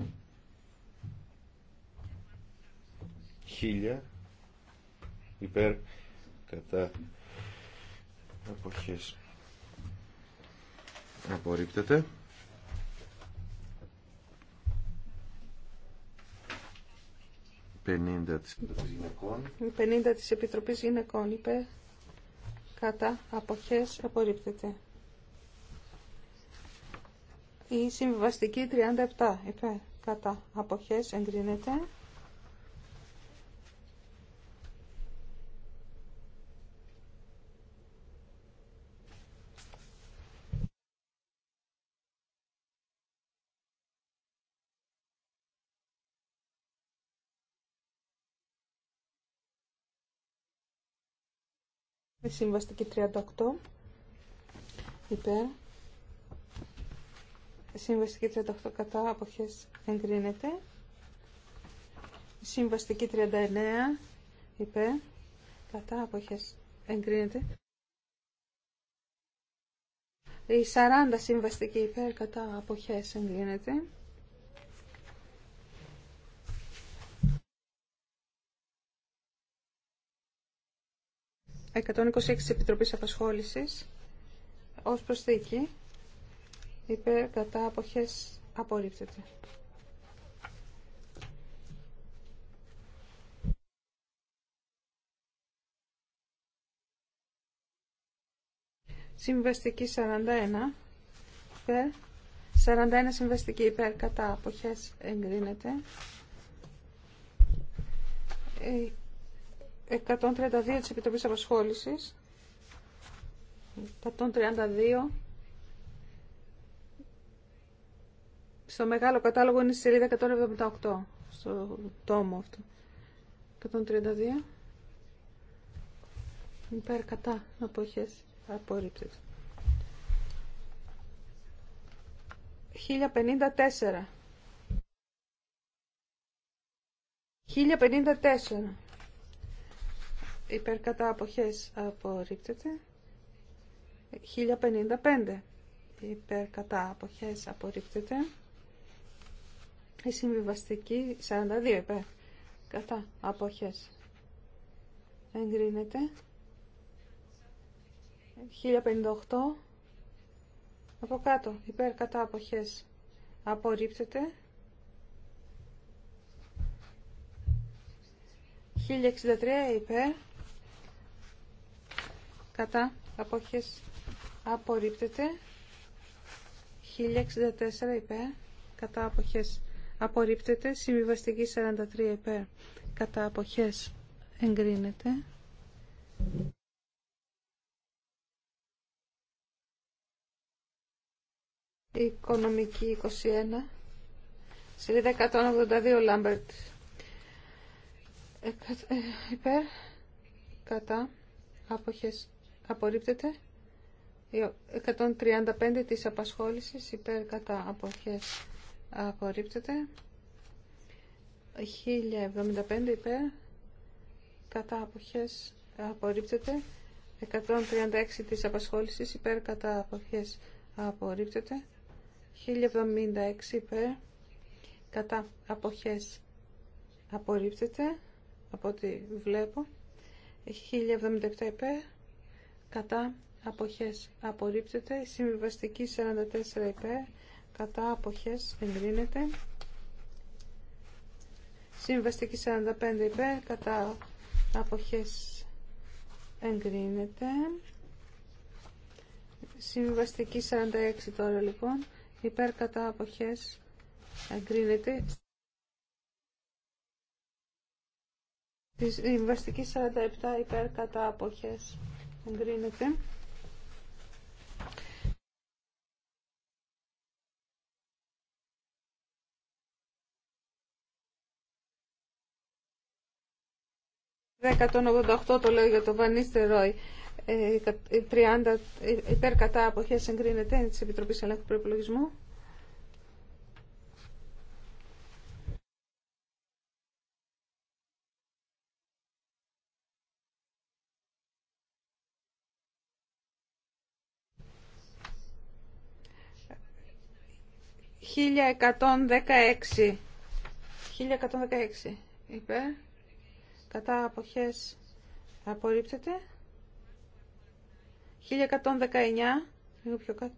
1000 υπέρ κατά εποχές απορρίπτεται. Πενήντα της γυναικών. 50 της Επιτροπής Γυναικών υπέρ κατά αποχές απορρίπτεται. Η συμβιβαστική 37 υπέρ κατά αποχές εγκρίνεται. Η συμβαστική 38 υπέρ Συμβαστική 38 κατά αποχές εγκρίνεται. Συμβαστική 39 υπέρ κατά αποχές εγκρίνεται. Η 40 συμβαστική υπέρ κατά αποχές εγκρίνεται. «126 Επιτροπής Απασχόλησης» ως προσθήκη υπέρ κατά αποχές απορρίπτεται. Συμβαστική 41 υπέρ 41 συμβαστική υπέρ κατά αποχές εγκρίνεται. 132 της Επιτροπής Απασχόλησης. 132 Στο μεγάλο κατάλογο είναι στη σελίδα 178, στο τόμο αυτό. 132. Υπέρ κατά αποχές απορρίπτεται. 1054. 1054. Υπέρ κατά αποχές απορρίπτεται. 1055. Υπέρ κατά αποχές απορρίπτεται. Η συμβιβαστική 42 είπε Κατά. Αποχές. Εγκρίνεται. 1058. Από κάτω. Υπέρ κατά αποχές. Απορρίπτεται. 1063 υπέρ. Κατά αποχές. Απορρίπτεται. 1064 υπέρ. Κατά αποχές απορρίπτεται. Συμβιβαστική 43 υπέρ κατά αποχές εγκρίνεται. Οικονομική 21. Σελίδα 182 Λάμπερτ. Ε, υπέρ. Κατά. Άποχες. Απορρίπτεται. 135 της απασχόλησης. Υπέρ. Κατά. Αποχές απορρίπτεται 1075 υπέρ κατά αποχές απορρίπτεται 136 της απασχόλησης υπέρ κατά αποχές απορρίπτεται 1076 υπέρ κατά αποχές απορρίπτεται από ό,τι βλέπω 1077 υπέρ κατά αποχές απορρίπτεται συμβιβαστική 44 υπέρ κατά αποχές εγκρίνεται Συμβαστική 45 υπέρ κατά αποχές εγκρίνεται Συμβαστική 46 τώρα λοιπόν υπέρ κατά αποχές εγκρίνεται Συμβαστική 47 υπέρ κατά αποχές εγκρίνεται 188 το λέω για τον Βανίστε Ρόι. 30 ε, ε, ε, υπέρ κατά αποχές εγκρίνεται της Επιτροπής Ελέγχου Προϋπολογισμού. Χίλια εκατόν Χίλια Υπέρ κατά αποχές απορρίπτεται 1119 λίγο πιο κάτω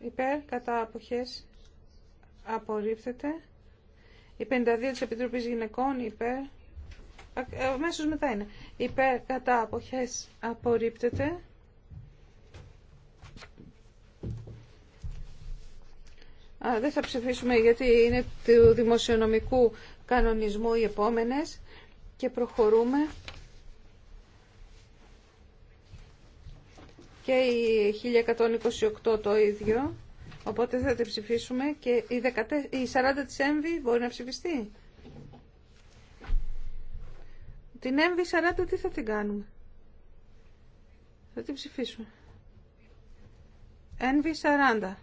υπέρ κατά αποχές απορρίπτεται η 52 της Επιτροπής Γυναικών υπέρ αμέσως μετά είναι υπέρ κατά αποχές απορρίπτεται δεν θα ψηφίσουμε γιατί είναι του δημοσιονομικού κανονισμού οι επόμενες και προχωρούμε. Και η 1128 το ίδιο, οπότε θα την ψηφίσουμε και η 40 της ΕΜΒΗ μπορεί να ψηφιστεί. Την έμβη 40 τι θα την κάνουμε. Θα την ψηφίσουμε. ΕΝΒΗ 40.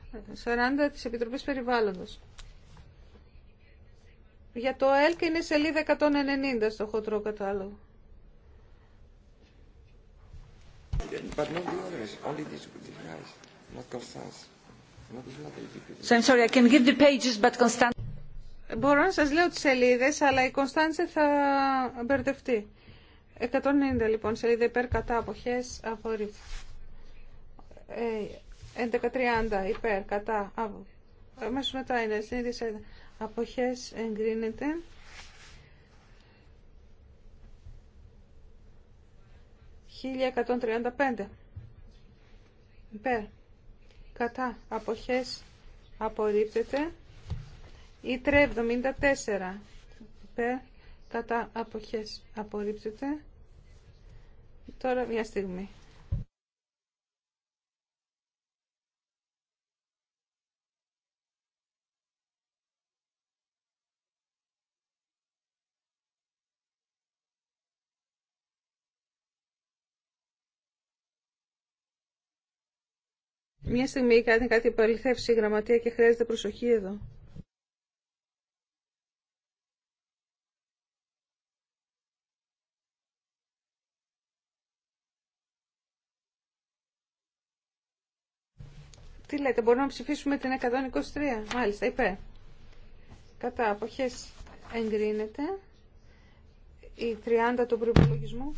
40 της Επιτροπής Περιβάλλοντος. Για το ΕΛΚ είναι σελίδα 190 στο χωτρό κατάλογο. Μπορώ να σας λέω τις σελίδες, αλλά η Κωνσταντζε θα μπερδευτεί. 190 λοιπόν, σελίδα υπέρ κατά αποχές, απορρίφθη. 11.30 ε, υπέρ κατά, αμέσως ε, μετά είναι, στην αποχές εγκρίνεται 1135 υπέρ κατά αποχές απορρίπτεται ή 374 υπέρ κατά αποχές απορρίπτεται τώρα μια στιγμή Μια στιγμή κάνει κάτι επαληθεύσει η γραμματεία και χρειάζεται προσοχή εδώ. Τι λέτε, μπορούμε να ψηφίσουμε την 123. Μάλιστα, είπε. Κατά αποχές εγκρίνεται η 30 του προϋπολογισμού.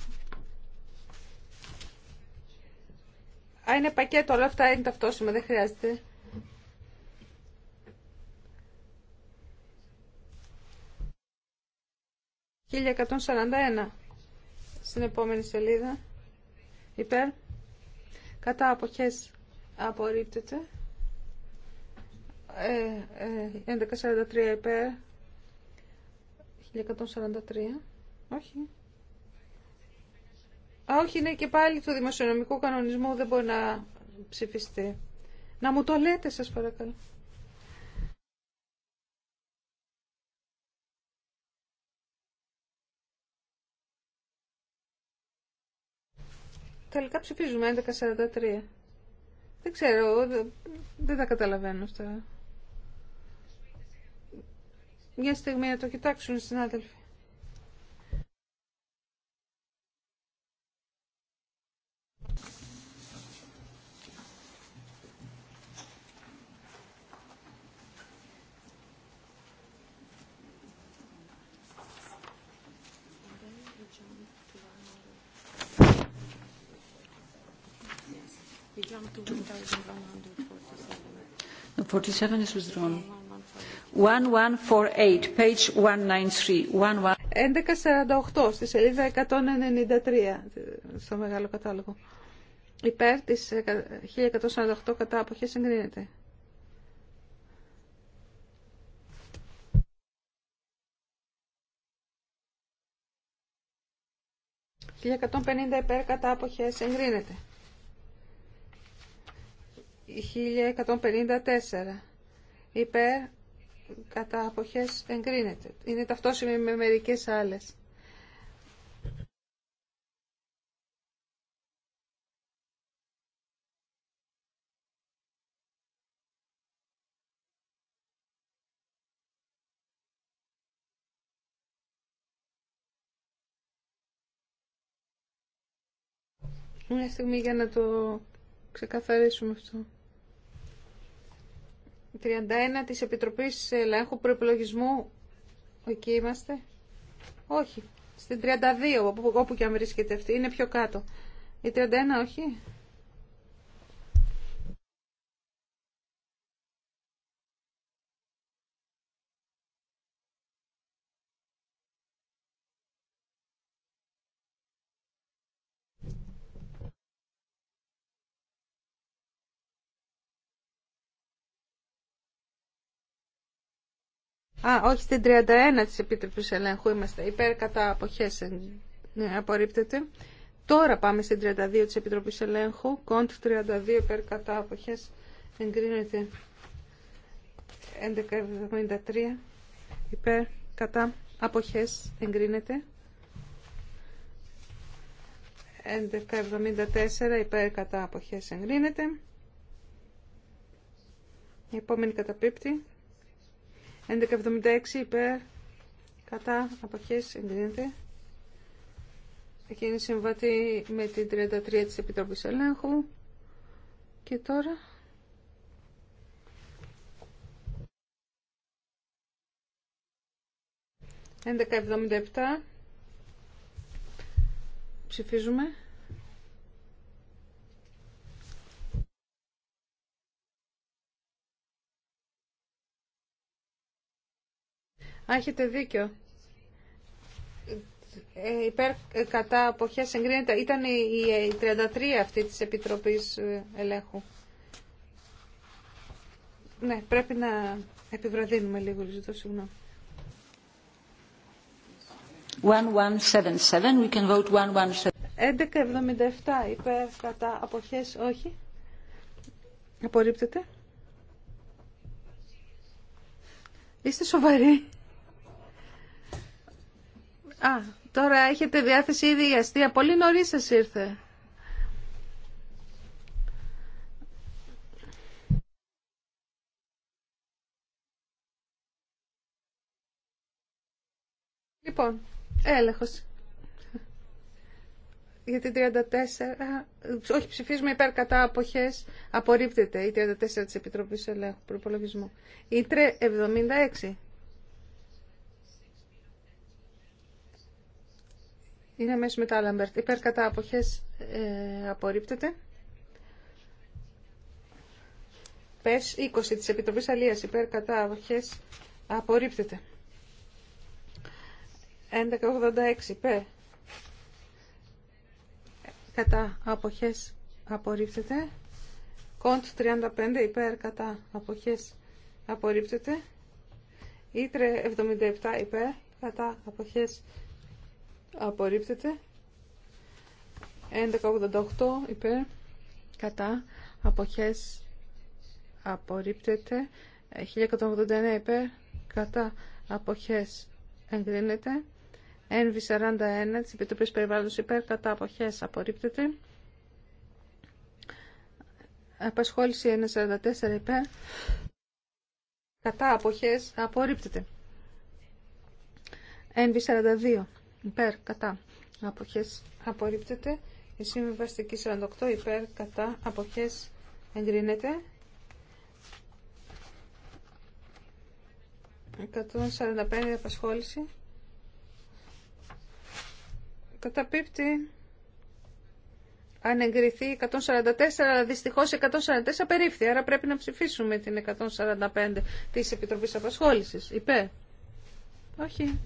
Α, είναι πακέτο, όλα αυτά είναι ταυτόσημα, δεν χρειάζεται. «1141» στην επόμενη σελίδα. Υπέρ. Κατά αποχές απορρίπτεται. Ε, 1143 ε, υπέρ. 1143. Όχι. Α, όχι, ναι, και πάλι το δημοσιονομικό κανονισμό δεν μπορεί να ψηφιστεί. Να μου το λέτε, σας παρακαλώ. Τελικά ψηφίζουμε 11.43. Δεν ξέρω, δεν τα καταλαβαίνω αυτά. Μια στιγμή να το κοιτάξουν οι συνάδελφοι. 1148, 1148, στη σελίδα 193, στο μεγάλο κατάλογο. Υπέρ της 1148 κατά αποχές εγκρίνεται. «1150 υπέρ κατά αποχές εγκρίνεται». 1154. Υπέρ κατά αποχές εγκρίνεται. Είναι ταυτόσιμη με μερικές άλλες. Μια στιγμή για να το ξεκαθαρίσουμε αυτό. 31 της Επιτροπής Ελέγχου προπολογισμού. Εκεί είμαστε. Όχι. Στην 32, όπου, όπου και αν βρίσκεται αυτή. Είναι πιο κάτω. Η 31, όχι. Α, όχι, στην 31 της Επίτροπης Ελέγχου είμαστε. Υπέρ κατά αποχές ναι, απορρίπτεται. Τώρα πάμε στην 32 της Επιτροπής Ελέγχου. Κοντ 32 υπέρ κατά αποχές εγκρίνεται 1173 υπέρ κατά αποχές εγκρίνεται 1174 υπέρ κατά αποχές εγκρίνεται η επόμενη καταπίπτει 1176 υπέρ κατά αποχές εγκρίνεται. Εκείνη συμβατή με την 33 της Επιτροπής Ελέγχου. Και τώρα... 77. ψηφίζουμε. έχετε δίκιο. Ε, υπέρ ε, κατά αποχές εγκρίνεται. Ήταν η, 33 αυτή της Επιτροπής ε, Ελέγχου. Ναι, πρέπει να επιβραδύνουμε λίγο, ζητώ συγγνώμη. 1177, we can vote 1177. 1177 υπέρ κατά αποχές όχι. Απορρίπτεται. Είστε σοβαροί. Α, τώρα έχετε διάθεση ήδη για αστεία. Πολύ νωρί σα ήρθε. Λοιπόν, έλεγχος. Γιατί 34, όχι ψηφίζουμε υπέρ κατά αποχές, απορρίπτεται η 34 της Επιτροπής Ελέγχου Προπολογισμού. Ήτρε 76. Είναι μέσω μετά Λαμπερτ. Υπέρ κατά αποχές ε, απορρίπτεται. ΠΕΣ 20 της Επιτροπής Αλίας υπέρ κατά αποχές απορρίπτεται. 1186 υπέρ κατά αποχές απορρίπτεται. Κοντ 35 υπέρ κατά αποχές απορρίπτεται. Ήτρε 77 υπέρ κατά αποχές απορρίπτεται 1188 υπέρ κατά αποχές απορρίπτεται 1189 υπέρ κατά αποχές εγκρίνεται NV41 της Επιτροπής Περιβάλλοντος υπέρ κατά αποχές απορρίπτεται απασχόληση 144 υπέρ κατά αποχές απορρίπτεται NV42 υπέρ κατά αποχές απορρίπτεται η συμβιβαστική 48 υπέρ κατά αποχές εγκρίνεται 145 απασχόληση καταπίπτει αν εγκριθεί 144, δυστυχώς 144 περίφθη, άρα πρέπει να ψηφίσουμε την 145 της Επιτροπής Απασχόλησης. Υπέρ. Όχι.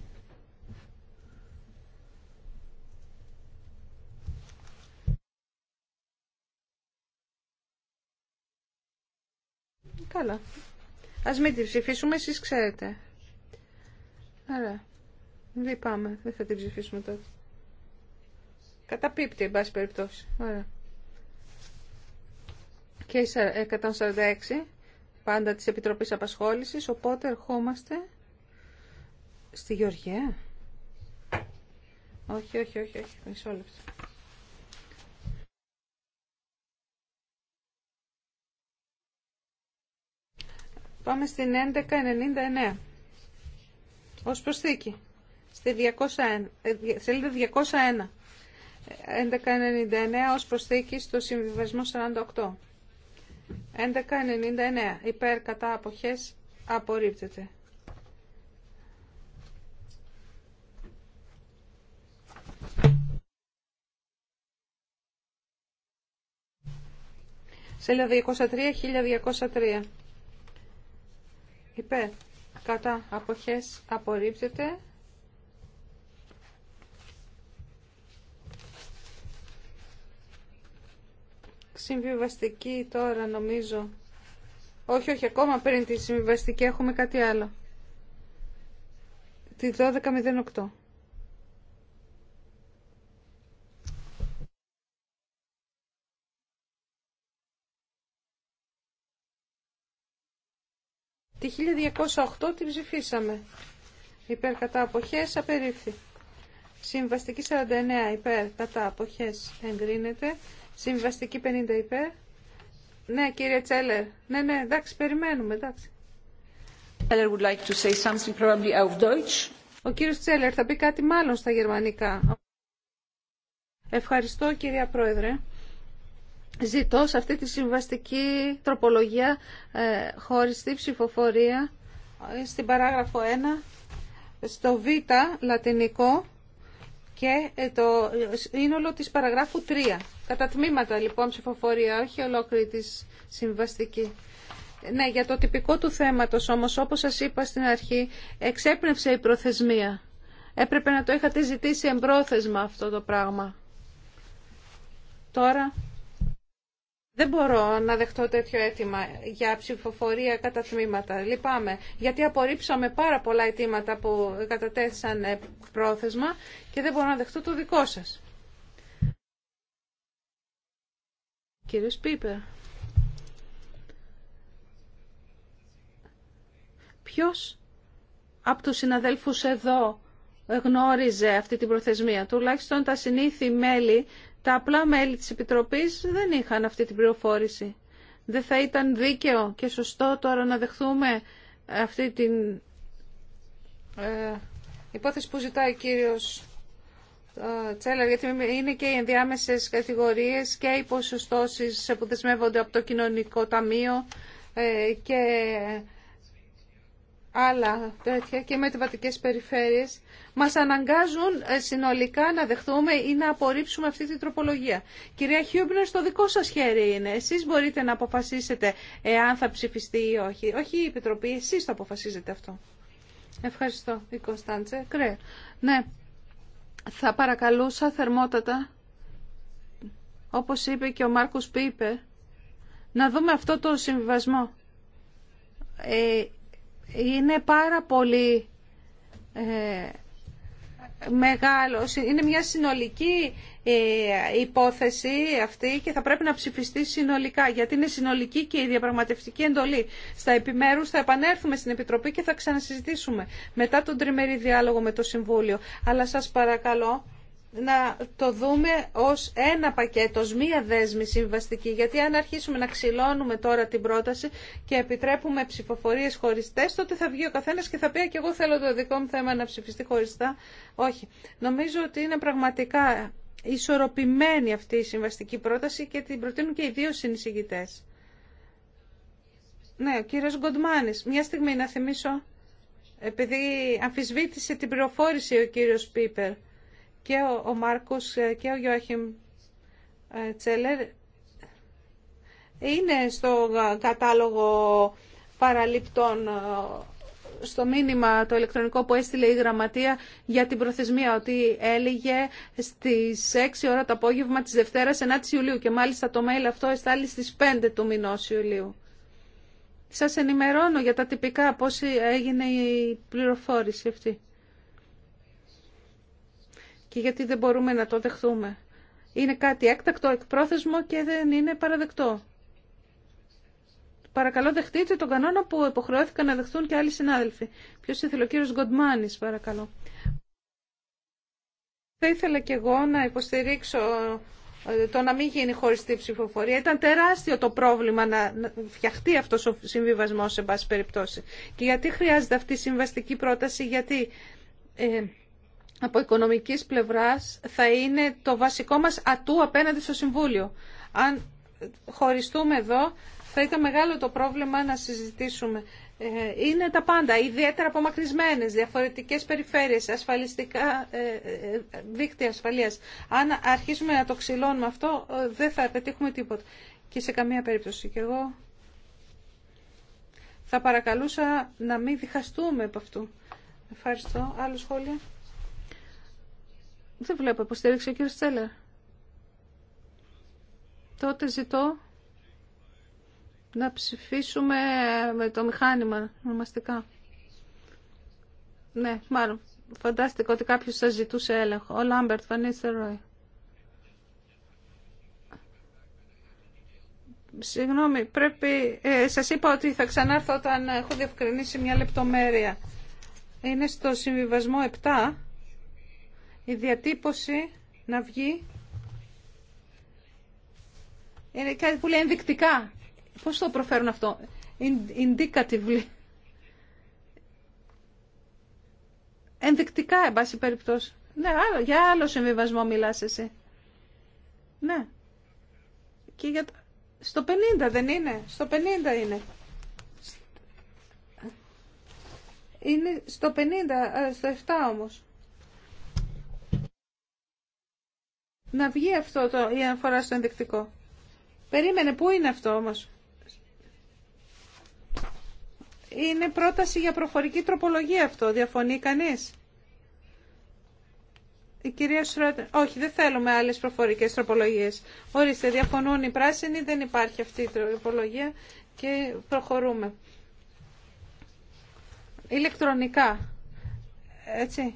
Καλά. Ας μην την ψηφίσουμε, εσείς ξέρετε. Άρα, πάμε, δεν θα την ψηφίσουμε τότε. Καταπίπτει, εν πάση περιπτώσει. Ωραία. Και 146, ε, πάντα της Επιτροπής Απασχόλησης, οπότε ερχόμαστε στη Γεωργία. Όχι, όχι, όχι, όχι, μισό λεπτό. Πάμε στην 1199. Ως προσθήκη. Στη 201, ε, σελίδα 201. 1199 ως προσθήκη στο συμβιβασμό 48. 1199. Υπέρ κατά αποχές απορρίπτεται. Σελίδα 203, 1203 υπέρ κατά αποχές απορρίπτεται συμβιβαστική τώρα νομίζω όχι όχι ακόμα πριν τη συμβιβαστική έχουμε κάτι άλλο τη 1208 1208 την ψηφίσαμε. Υπέρ κατά αποχές απερίφθη. Συμβαστική 49 υπέρ κατά αποχές εγκρίνεται. Συμβαστική 50 υπέρ. Ναι, κύριε Τσέλερ. Ναι, ναι, εντάξει, περιμένουμε, εντάξει. Would like to say something probably auf Deutsch. Ο κύριος Τσέλερ θα πει κάτι μάλλον στα γερμανικά. Ευχαριστώ, κυρία Πρόεδρε ζητώ σε αυτή τη συμβαστική τροπολογία ε, χωριστή ψηφοφορία ε, στην παράγραφο 1 στο β λατινικό και ε, το σύνολο της παραγράφου 3. Κατά τμήματα λοιπόν ψηφοφορία, όχι ολόκληρη της συμβαστική. Ναι, για το τυπικό του θέματος όμως, όπως σας είπα στην αρχή, εξέπνευσε η προθεσμία. Έπρεπε να το είχατε ζητήσει εμπρόθεσμα αυτό το πράγμα. Τώρα δεν μπορώ να δεχτώ τέτοιο αίτημα για ψηφοφορία κατά τμήματα. Λυπάμαι, γιατί απορρίψαμε πάρα πολλά αιτήματα που κατατέθησαν πρόθεσμα και δεν μπορώ να δεχτώ το δικό σας. Κύριος Πίπερ. Ποιος από τους συναδέλφους εδώ γνώριζε αυτή την προθεσμία. Τουλάχιστον τα συνήθη μέλη τα απλά μέλη της Επιτροπής δεν είχαν αυτή την πληροφόρηση. Δεν θα ήταν δίκαιο και σωστό τώρα να δεχθούμε αυτή την ε, υπόθεση που ζητάει ο κύριος ε, γιατί είναι και οι ενδιάμεσες κατηγορίες και οι ποσοστώσεις που δεσμεύονται από το κοινωνικό ταμείο ε, και άλλα τέτοια και με τις βατικές περιφέρειες μας αναγκάζουν ε, συνολικά να δεχθούμε ή να απορρίψουμε αυτή την τροπολογία. Κυρία Χιούμπνερ, στο δικό σας χέρι είναι. Εσείς μπορείτε να αποφασίσετε εάν θα ψηφιστεί ή όχι. Όχι η Επιτροπή, εσείς το αποφασίζετε αυτό. Ευχαριστώ, η Κωνσταντζε. Κρέ. Ναι, θα παρακαλούσα θερμότατα, όπως είπε και ο Μάρκος Πίπε, να δούμε αυτό το συμβιβασμό. Ε, είναι πάρα πολύ ε, μεγάλο. Είναι μια συνολική ε, υπόθεση αυτή και θα πρέπει να ψηφιστεί συνολικά γιατί είναι συνολική και η διαπραγματευτική εντολή. Στα επιμέρους θα επανέλθουμε στην Επιτροπή και θα ξανασυζητήσουμε μετά τον τριμερή διάλογο με το Συμβούλιο. Αλλά σας παρακαλώ να το δούμε ως ένα πακέτο, ως μία δέσμη συμβαστική. Γιατί αν αρχίσουμε να ξυλώνουμε τώρα την πρόταση και επιτρέπουμε ψηφοφορίες χωριστές, τότε θα βγει ο καθένας και θα πει και εγώ θέλω το δικό μου θέμα να ψηφιστεί χωριστά. Όχι. Νομίζω ότι είναι πραγματικά ισορροπημένη αυτή η συμβαστική πρόταση και την προτείνουν και οι δύο συνεισηγητές. Ναι, ο κύριος Γκοντμάνης. Μια στιγμή να θυμίσω, επειδή αμφισβήτησε την πληροφόρηση ο κύριος Πίπερ και ο Μάρκος ε, και ο Γιώχημ ε, Τσέλερ είναι στο κατάλογο παραλήπτων ε, στο μήνυμα το ηλεκτρονικό που έστειλε η γραμματεία για την προθεσμία ότι έλεγε στις 6 ώρα το απόγευμα της Δευτέρας 9 Ιουλίου και μάλιστα το mail αυτό εστάλει στις 5 του μηνός Ιουλίου. Σας ενημερώνω για τα τυπικά πώς έγινε η πληροφόρηση αυτή και γιατί δεν μπορούμε να το δεχθούμε. Είναι κάτι έκτακτο, εκπρόθεσμο και δεν είναι παραδεκτό. Παρακαλώ δεχτείτε τον κανόνα που υποχρεώθηκαν να δεχθούν και άλλοι συνάδελφοι. Ποιος ήθελε ο κύριος Γκοντμάνης, παρακαλώ. Θα ήθελα κι εγώ να υποστηρίξω ε, το να μην γίνει χωριστή ψηφοφορία. Ήταν τεράστιο το πρόβλημα να φτιαχτεί αυτός ο συμβιβασμός, σε πάση περιπτώσει. Και γιατί χρειάζεται αυτή η συμβαστική πρόταση, γιατί... Ε, από οικονομικής πλευράς θα είναι το βασικό μας ατού απέναντι στο Συμβούλιο. Αν χωριστούμε εδώ, θα ήταν μεγάλο το πρόβλημα να συζητήσουμε. Ε, είναι τα πάντα, ιδιαίτερα απομακρυσμένε, διαφορετικέ περιφέρειε, ασφαλιστικά ε, ε, δίκτυα ασφαλεία. Αν αρχίσουμε να το ξυλώνουμε αυτό, δεν θα πετύχουμε τίποτα. Και σε καμία περίπτωση. Και εγώ θα παρακαλούσα να μην διχαστούμε από αυτού. Ευχαριστώ. Άλλο σχόλιο. Δεν βλέπω υποστήριξη ο κύριος Τσέλερ. Τότε ζητώ να ψηφίσουμε με το μηχάνημα ονομαστικά. Ναι, μάλλον. Φαντάστηκα ότι κάποιος σας ζητούσε έλεγχο. Ο Λάμπερτ Βανίστερ Ρόι. Συγγνώμη, πρέπει... Ε, σας είπα ότι θα ξανάρθω όταν έχω διευκρινίσει μια λεπτομέρεια. Είναι στο συμβιβασμό 7 η διατύπωση να βγει είναι κάτι που λέει ενδεικτικά. Πώς το προφέρουν αυτό. Indicatively. Ενδεικτικά, εν πάση περιπτώσει. Ναι, άλλο, για άλλο συμβιβασμό μιλάς εσύ. Ναι. Και για... Στο 50 δεν είναι. Στο 50 είναι. Είναι στο 50, ε, στο 7 όμως. να βγει αυτό το, η αναφορά στο ενδεικτικό. Περίμενε, πού είναι αυτό όμως. Είναι πρόταση για προφορική τροπολογία αυτό, διαφωνεί κανείς. Η κυρία όχι δεν θέλουμε άλλες προφορικές τροπολογίες. Ορίστε, διαφωνούν οι πράσινοι, δεν υπάρχει αυτή η τροπολογία και προχωρούμε. Ηλεκτρονικά, έτσι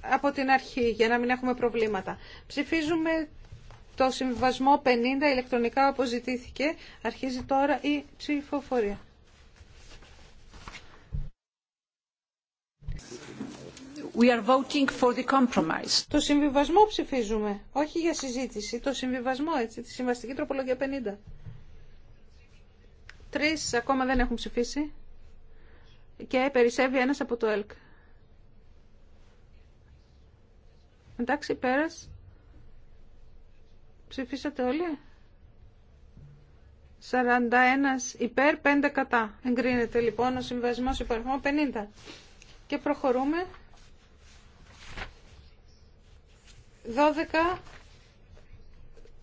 από την αρχή για να μην έχουμε προβλήματα. Ψηφίζουμε το συμβιβασμό 50 ηλεκτρονικά όπως ζητήθηκε. Αρχίζει τώρα η ψηφοφορία. We are voting for the compromise. Το συμβιβασμό ψηφίζουμε, όχι για συζήτηση. Το συμβιβασμό, έτσι, τη συμβαστική τροπολογία 50. Τρεις ακόμα δεν έχουν ψηφίσει και περισσεύει ένας από το ΕΛΚ. Εντάξει, πέρας. Ψηφίσατε όλοι. 41 υπέρ, 5 κατά. Εγκρίνεται λοιπόν ο συμβασμό υπαριθμό 50. Και προχωρούμε. 12.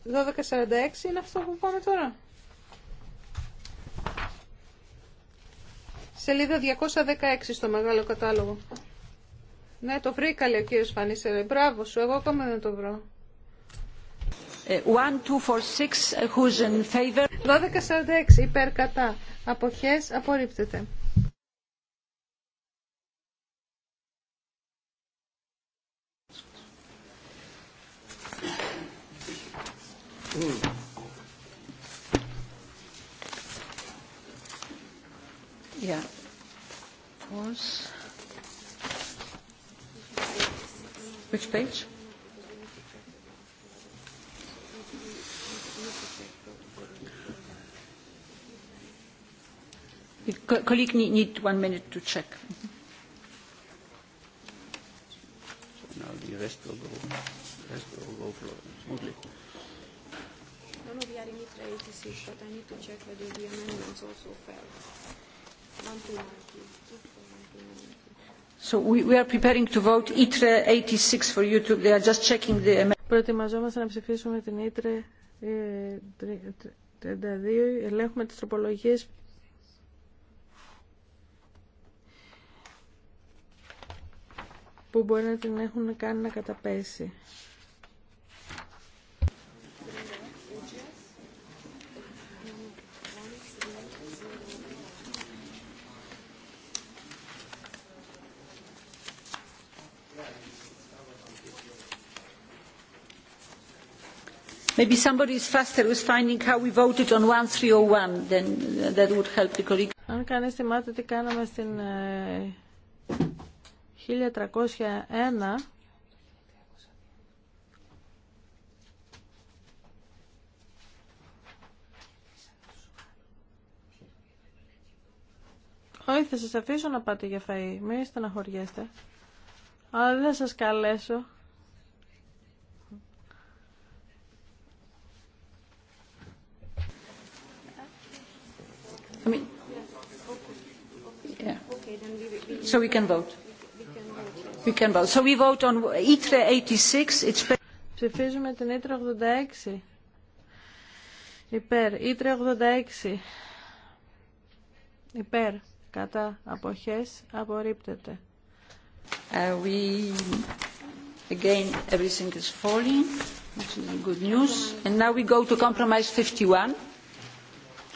12.46 είναι αυτό που πάμε τώρα. Σελίδα 216 στο μεγάλο κατάλογο. Ναι, το βρήκα, λέει ο κύριος Φανίσερε. Μπράβο σου, εγώ ακόμα δεν το βρω. 1246 ε, υπέρ κατά. Αποχές απορρίπτεται. Προετοιμαζόμαστε να ψηφίσουμε την ITRE 32. Ε, Ελέγχουμε τις τροπολογίες που μπορεί να την έχουν κάνει να καταπέσει. Maybe somebody is faster with finding how we voted on 1301, then that would help the colleague. Αν κανείς θυμάται τι κάναμε στην 1301 Όχι, θα σας αφήσω να πάτε για φαΐ. Μην χωριέστε. Αλλά δεν θα σας καλέσω. So we can vote. We can vote. Ψηφίζουμε την Ήτρα 86. Υπέρ. Ήτρα 86. Υπέρ. Κατά. Αποχές. Απορρίπτεται. we... Again, everything is falling, which is good news. And now we go to compromise 51.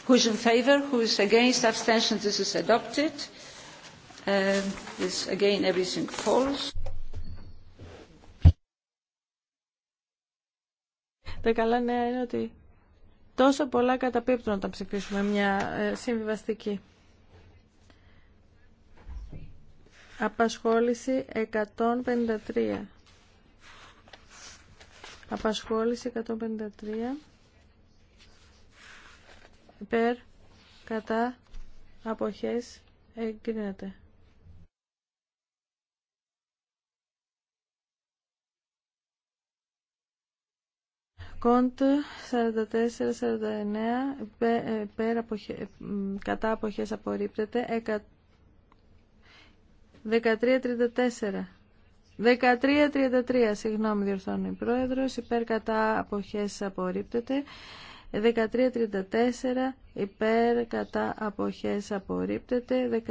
Who is in favor? Who is against? Abstention. This is adopted. Um, Τα καλά νέα είναι ότι τόσο πολλά καταπίπτουν όταν ψηφίσουμε μια ε, συμβιβαστική. Απασχόληση 153. Απασχόληση 153. Περ κατά, αποχές, εγκρίνεται. Κοντ 44-49 πέρα αποχε... Ε, κατά αποχές απορρίπτεται 13-34 13-33 συγγνώμη διορθώνω η πρόεδρος υπέρ κατά αποχές απορρίπτεται 13-34 υπέρ κατά αποχές απορρίπτεται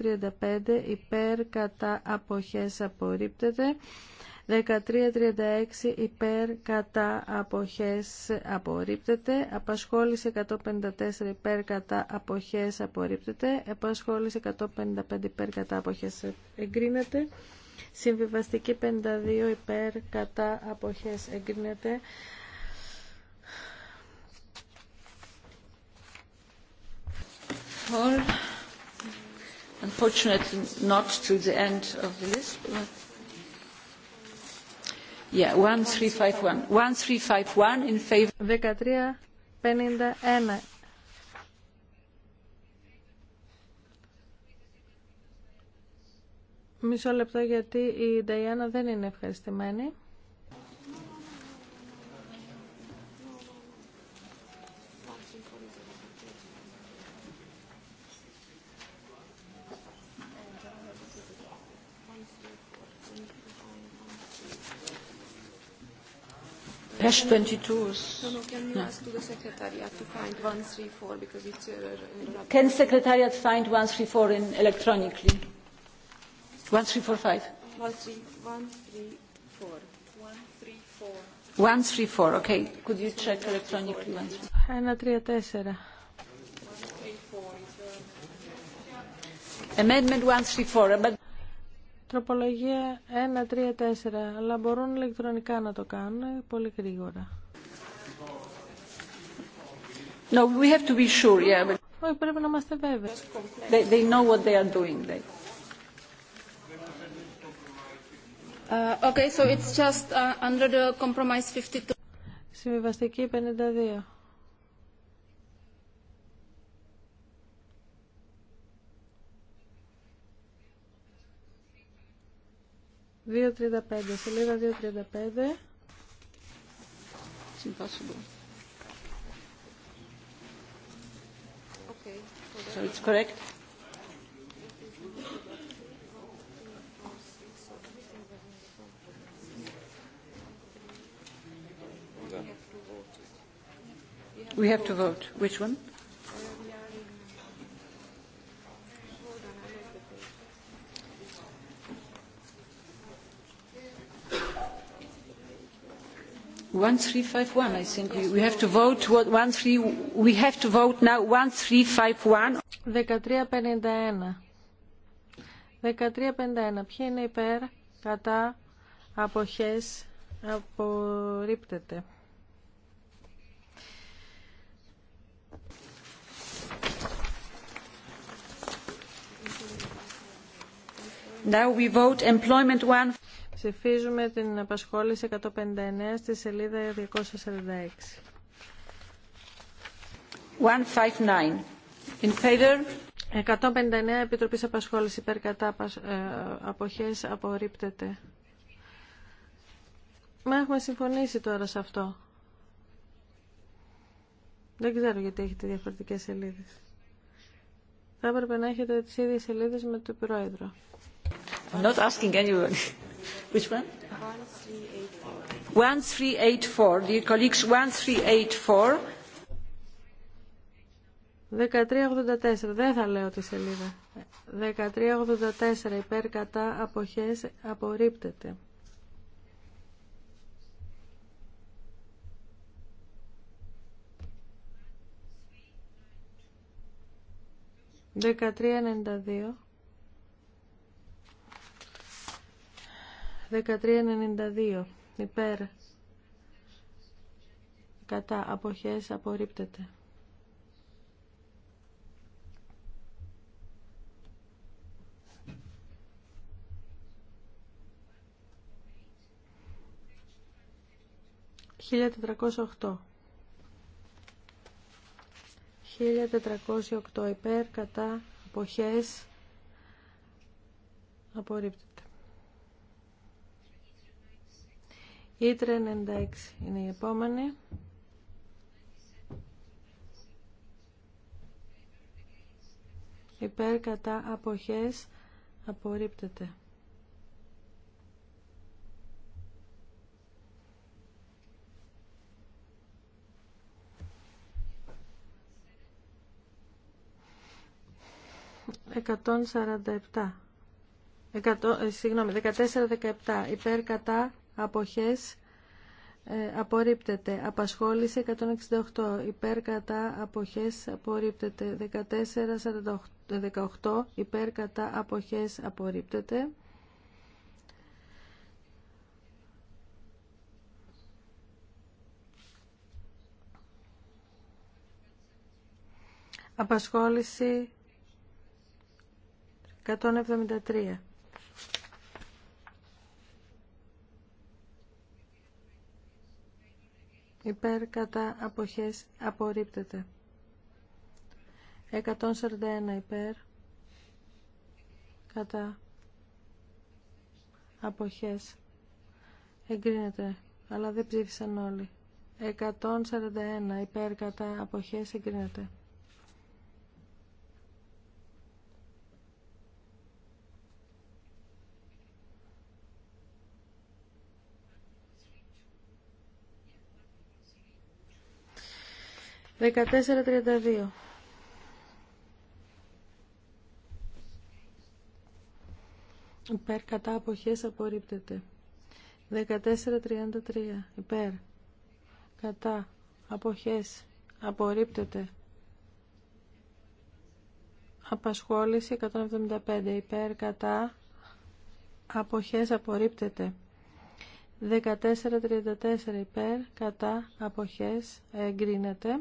13-35 υπέρ κατά αποχές απορρίπτεται 1336 υπέρ κατά αποχές απορρίπτεται. Απασχόληση 154 υπέρ κατά αποχές απορρίπτεται. Απασχόληση 155 υπέρ κατά αποχές εγκρίνεται. Συμβιβαστική 52 υπέρ κατά αποχές εγκρίνεται. Unfortunately, not to the end of the Yeah, 1351. 1351 in favor. 1351. Μισό λεπτό γιατί η Νταϊάννα δεν είναι ευχαριστημένη. Cash 22. No, can you ask to the Secretariat to find 134 because it's Can Secretariat find 134 in electronically? 1345. 134. 134. Okay. Could you check electronically? 134. Amendment 134. But Τροπολογία 1, 3, 4. Αλλά μπορούν ηλεκτρονικά να το κάνουν πολύ γρήγορα. No, we have to be sure, yeah. But... Όχι, πρέπει να είμαστε βέβαιοι. They, they know what they are doing. They... Uh, okay, so it's just uh, under the compromise 52. Συμβιβαστική 52. 2.35, σελίδα 2.35. It's impossible. Okay. So it's correct. We have to vote. Which one? 1351, I think we, we have to vote what 13 we have to vote now 1351. 1351. 1351. Ποια είναι υπέρ, κατά, αποχές, απορρίπτεται. Now we vote employment one. Ψηφίζουμε την απασχόληση 159 στη σελίδα 246. 159. In favor. 159 Επιτροπής απασχόληση υπέρ κατά ε, αποχέ απορρίπτεται. Μα έχουμε συμφωνήσει τώρα σε αυτό. Δεν ξέρω γιατί έχετε διαφορετικές σελίδε. Θα έπρεπε να έχετε τις ίδιες σελίδε με τον Πρόεδρο. not asking anyone. 1384. 1384. 1384, δεν θα λέω τη σελίδα. 1384 υπέρ κατά αποχές απορρίπτεται. Δεκατρία 1392 υπέρ κατά αποχές απορρίπτεται. Χίλια τετρακόσια 1408 υπέρ κατά αποχές απορρίπτεται. Ήτρε 96 είναι η επόμενη. Υπέρ κατά αποχές απορρίπτεται. Εκατόν επτά. Ε, συγγνώμη, 14-17. Υπέρ κατά αποχές ε, απορρίπτεται. Απασχόληση 168 υπέρ κατά αποχές απορρίπτεται. 14-18 υπέρ κατά αποχές απορρίπτεται. Απασχόληση 173 υπέρ κατά αποχές απορρίπτεται 141 υπέρ κατά αποχές εγκρίνεται αλλά δεν ψήφισαν όλοι 141 υπέρ κατά αποχές εγκρίνεται 14.32 Υπέρ κατά αποχές απορρίπτεται. 14.33 Υπέρ κατά αποχές απορρίπτεται. Απασχόληση 175 υπέρ κατά αποχές απορρίπτεται. 14.34 υπέρ κατά αποχές εγκρίνεται.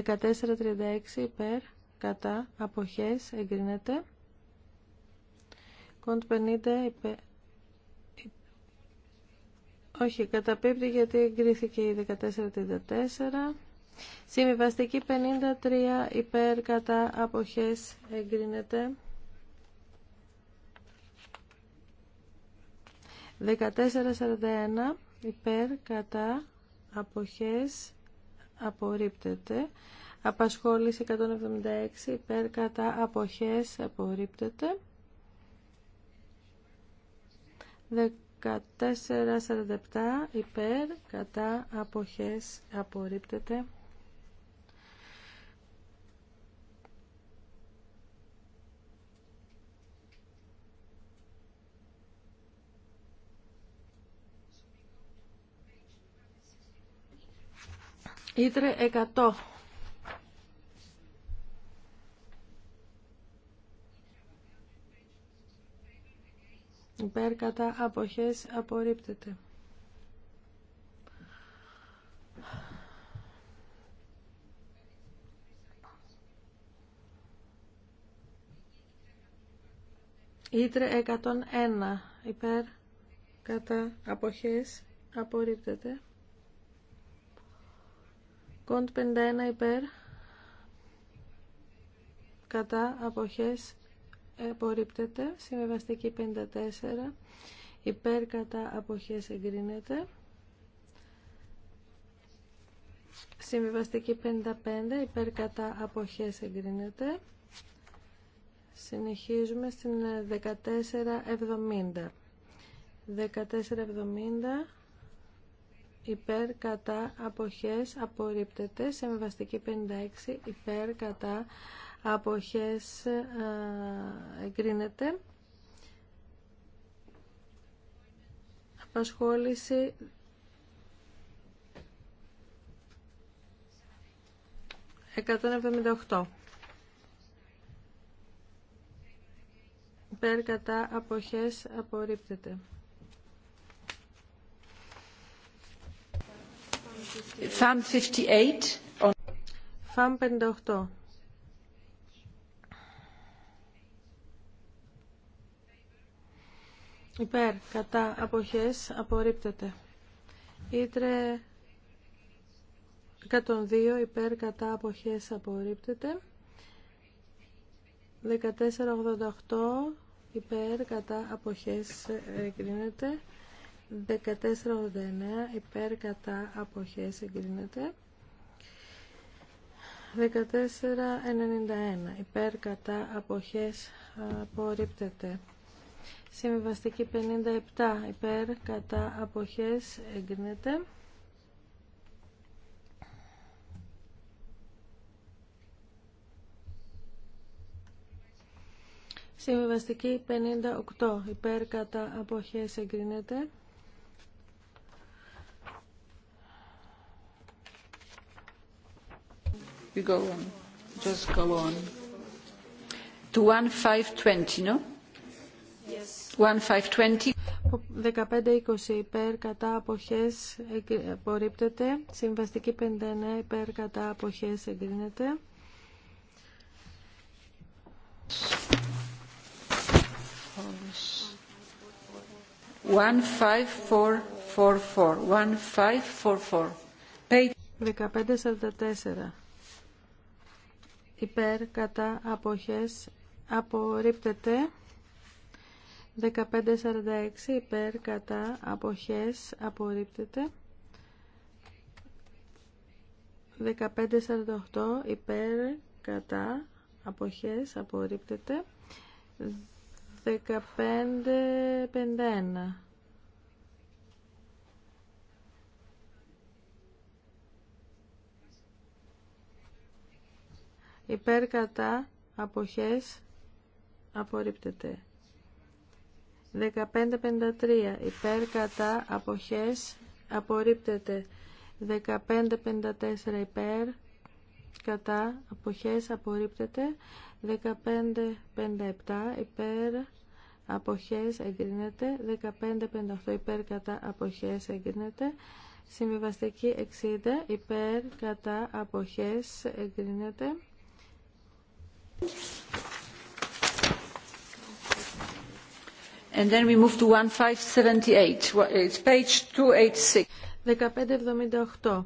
1436 υπέρ κατά αποχές εγκρίνεται. Κοντ 50 υπέρ... Όχι, καταπίπτει γιατί εγκρίθηκε η 1434. Συμβιβαστική 53 υπέρ κατά αποχές εγκρίνεται. 1441 υπέρ κατά αποχές απορρίπτεται. Απασχόληση 176 υπέρ κατά αποχές απορρίπτεται. 1447 υπέρ κατά αποχές απορρίπτεται. Ήτρε 100. Υπέρ κατά αποχές απορρίπτεται. Ήτρε 101. Υπέρ κατά αποχές απορρίπτεται. Κοντ 51 υπέρ. Κατά αποχές απορρίπτεται. Συμβεβαστική 54. Υπέρ κατά αποχές εγκρίνεται. Συμβιβαστική 55, υπέρ κατά αποχές εγκρίνεται. Συνεχίζουμε στην 1470. 1470, υπέρ κατά αποχές απορρίπτεται. Σεμβαστική 56 υπέρ κατά αποχές ε, εγκρίνεται. Απασχόληση 178. Υπέρ κατά αποχές απορρίπτεται. FAM 58. FAM 58. Υπέρ, κατά, αποχές, απορρίπτεται. Ήτρε 102, υπέρ, κατά, αποχές, απορρίπτεται. 1488, υπέρ, κατά, αποχές, εγκρίνεται. 1489 υπέρ κατά αποχές εγκρίνεται 1491 υπέρ κατά αποχές απορρίπτεται Συμβιβαστική 57 υπέρ κατά αποχές εγκρίνεται Συμβιβαστική 58 υπέρ κατά αποχές εγκρίνεται We go on. Just go on. To 1520, no? Yes. 1520. 15-20 υπέρ κατά αποχές απορρίπτεται. Συμβαστική 59 υπέρ κατά αποχές εγκρίνεται. 15444. 1544. 1544 υπέρ κατά αποχές απορρίπτεται 1546 υπέρ κατά αποχές απορρίπτεται 1548 υπέρ κατά αποχές απορρίπτεται 1551 υπέρ κατά αποχές απορρίπτεται 1553 υπέρ κατά αποχές απορρίπτεται 1554 υπέρ κατά αποχές απορρίπτεται 1557 υπέρ αποχές εγκρίνεται 1558 υπέρ κατά αποχές εγκρίνεται συμβιβαστική 60 υπέρ κατά αποχές εγκρίνεται And then we move to 1578. It's page 286. 1578.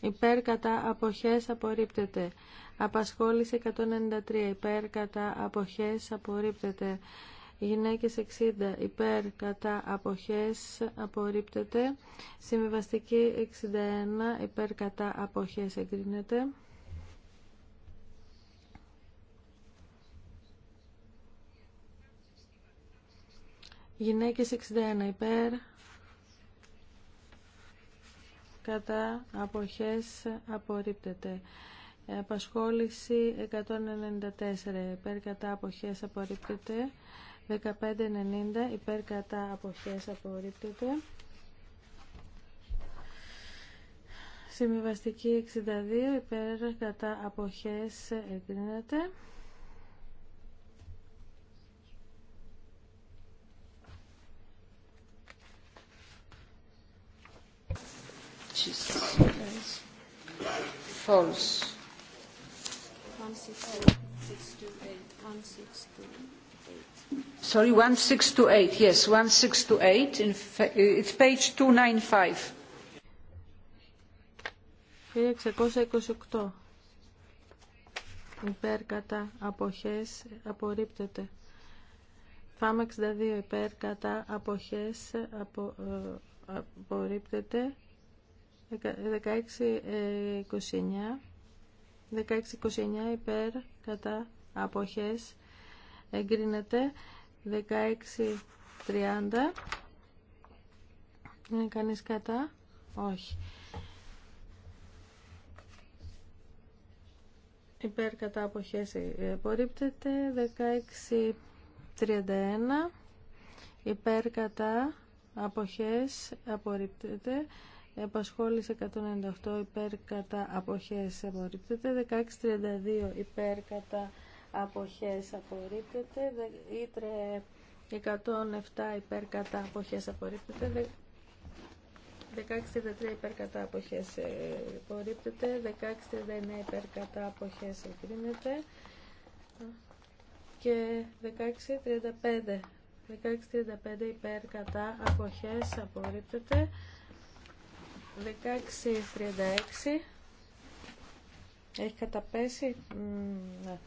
Υπέρ κατά αποχές απορρίπτεται. Απασχόληση 193. Υπέρ κατά αποχές απορρίπτεται γυναίκες 60 υπέρ κατά αποχές απορρίπτεται. Συμβιβαστική 61 υπέρ κατά αποχές εγκρίνεται. Γυναίκες 61 υπέρ κατά αποχές απορρίπτεται. Απασχόληση 194 υπέρ κατά αποχές απορρίπτεται. 1590 υπέρ κατά αποχές απορρίπτεται. Συμβιβαστική 62 υπέρ κατά αποχές εγκρίνεται. False. 1628, 1628. Sorry, 1628. Yes, 1628. it's page 295. 1628. Υπέρ κατά αποχές απορρίπτεται. Φάμα 62 υπέρ κατά αποχές απο, ε, απορρίπτεται. 16-29 16-29 υπέρ κατά αποχές εγκρίνεται. 16.30. Είναι κανείς κατά. Όχι. Υπέρ κατά αποχές απορρίπτεται. 16.31. Υπέρ κατά αποχές απορρίπτεται. Επασχόληση 198 υπέρ κατά αποχές απορρίπτεται. 16.32 υπέρ κατά αποχές απορρίπτεται, ήτρε 107 υπέρ κατά αποχές απορρίπτεται, 163% υπέρ κατά αποχές ε, απορρίπτεται, 16-19 υπέρ κατά αποχές εγκρίνεται και 16.35 16.35 υπέρ κατά αποχές απορρίπτεται 16.36 έχει καταπέσει ναι.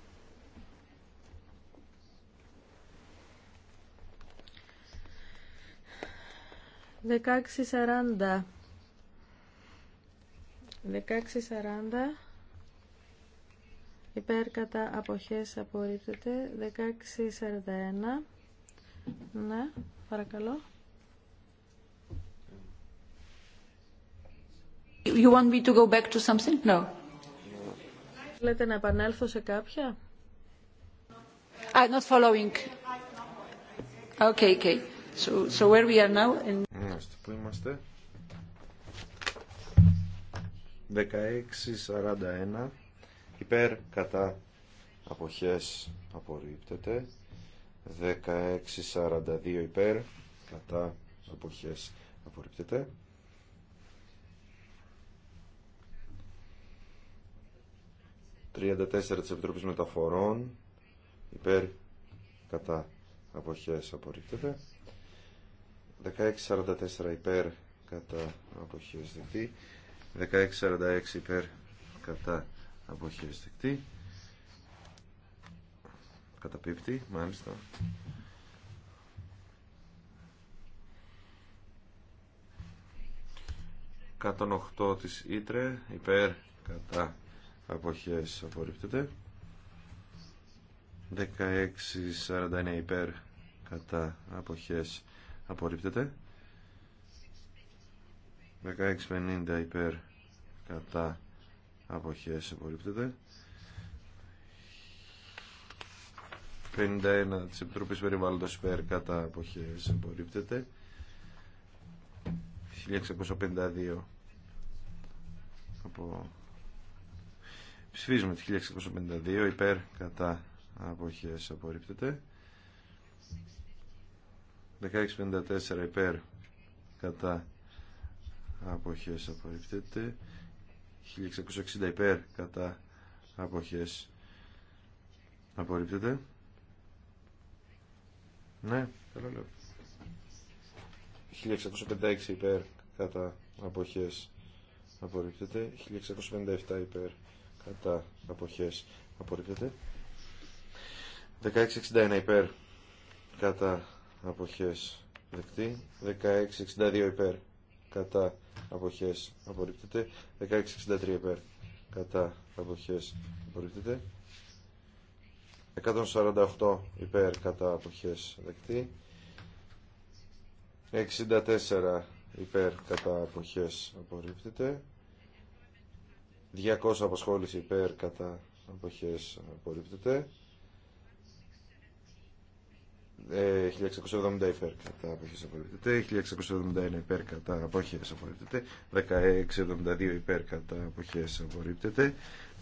16.40 16.40 αποχές απορρίπτεται 16.41 ναι παρακαλώ You want me to go back to something? No. Λέτε να επανέλθω σε κάποια? I'm not following. Okay, okay. So, so where we are now? In πού είμαστε. 16.41 υπέρ κατά αποχές απορρίπτεται 16.42 υπέρ κατά αποχές απορρίπτεται 34 της Επιτροπής Μεταφορών υπέρ κατά αποχές απορρίπτεται 1644 υπέρ κατά αποχειριστικτή 1646 υπέρ κατά αποχειριστικτή Κατά πίπτη μάλιστα 108 8 της Ήτρε υπέρ κατά αποχές απορρίπτεται 1649 υπέρ κατά αποχές απορρίπτεται 16.50 υπέρ κατά αποχές απορρίπτεται 51 της Επιτροπής Περιβάλλοντος υπέρ κατά αποχές απορρίπτεται 1652 από ψηφίζουμε τη 1652 υπέρ κατά αποχές απορρίπτεται 1654 υπέρ κατά αποχές απορριπτεται 1660 υπέρ κατά αποχές απορρίπτεται ναι καλό λέω 1656 υπέρ κατά αποχές απορρίπτεται 1657 υπέρ κατά αποχές απορρίπτεται 1661 υπέρ κατά αποχές δεκτή 1662 υπέρ κατά αποχές απορρίπτεται 1663 υπέρ κατά αποχές απορρίπτεται 148 υπέρ κατά αποχές δεκτή 64 υπέρ κατά αποχές απορρίπτεται 200 αποσχόληση υπέρ κατά αποχές απορρίπτεται 1670 ε, υπέρ κατά αποχή απορρίπτεται 1671 υπέρ κατά αποχή απορρίπτεται 1672 υπέρ κατά αποχή απορρίπτεται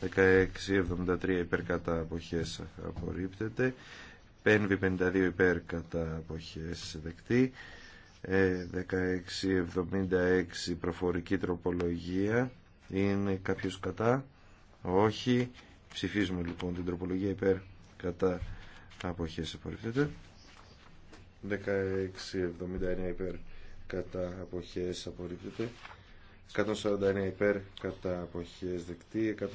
1673 υπέρ κατά αποχή απορρίπτεται 552 υπέρ κατά αποχή δεκτή 1676 ε, προφορική τροπολογία είναι κάποιο κατά όχι ψηφίζουμε λοιπόν την τροπολογία υπέρ κατά αποχές απορρίπτεται 16,79 υπέρ κατά αποχές απορρίπτεται 149 υπέρ κατά αποχές δεκτή 150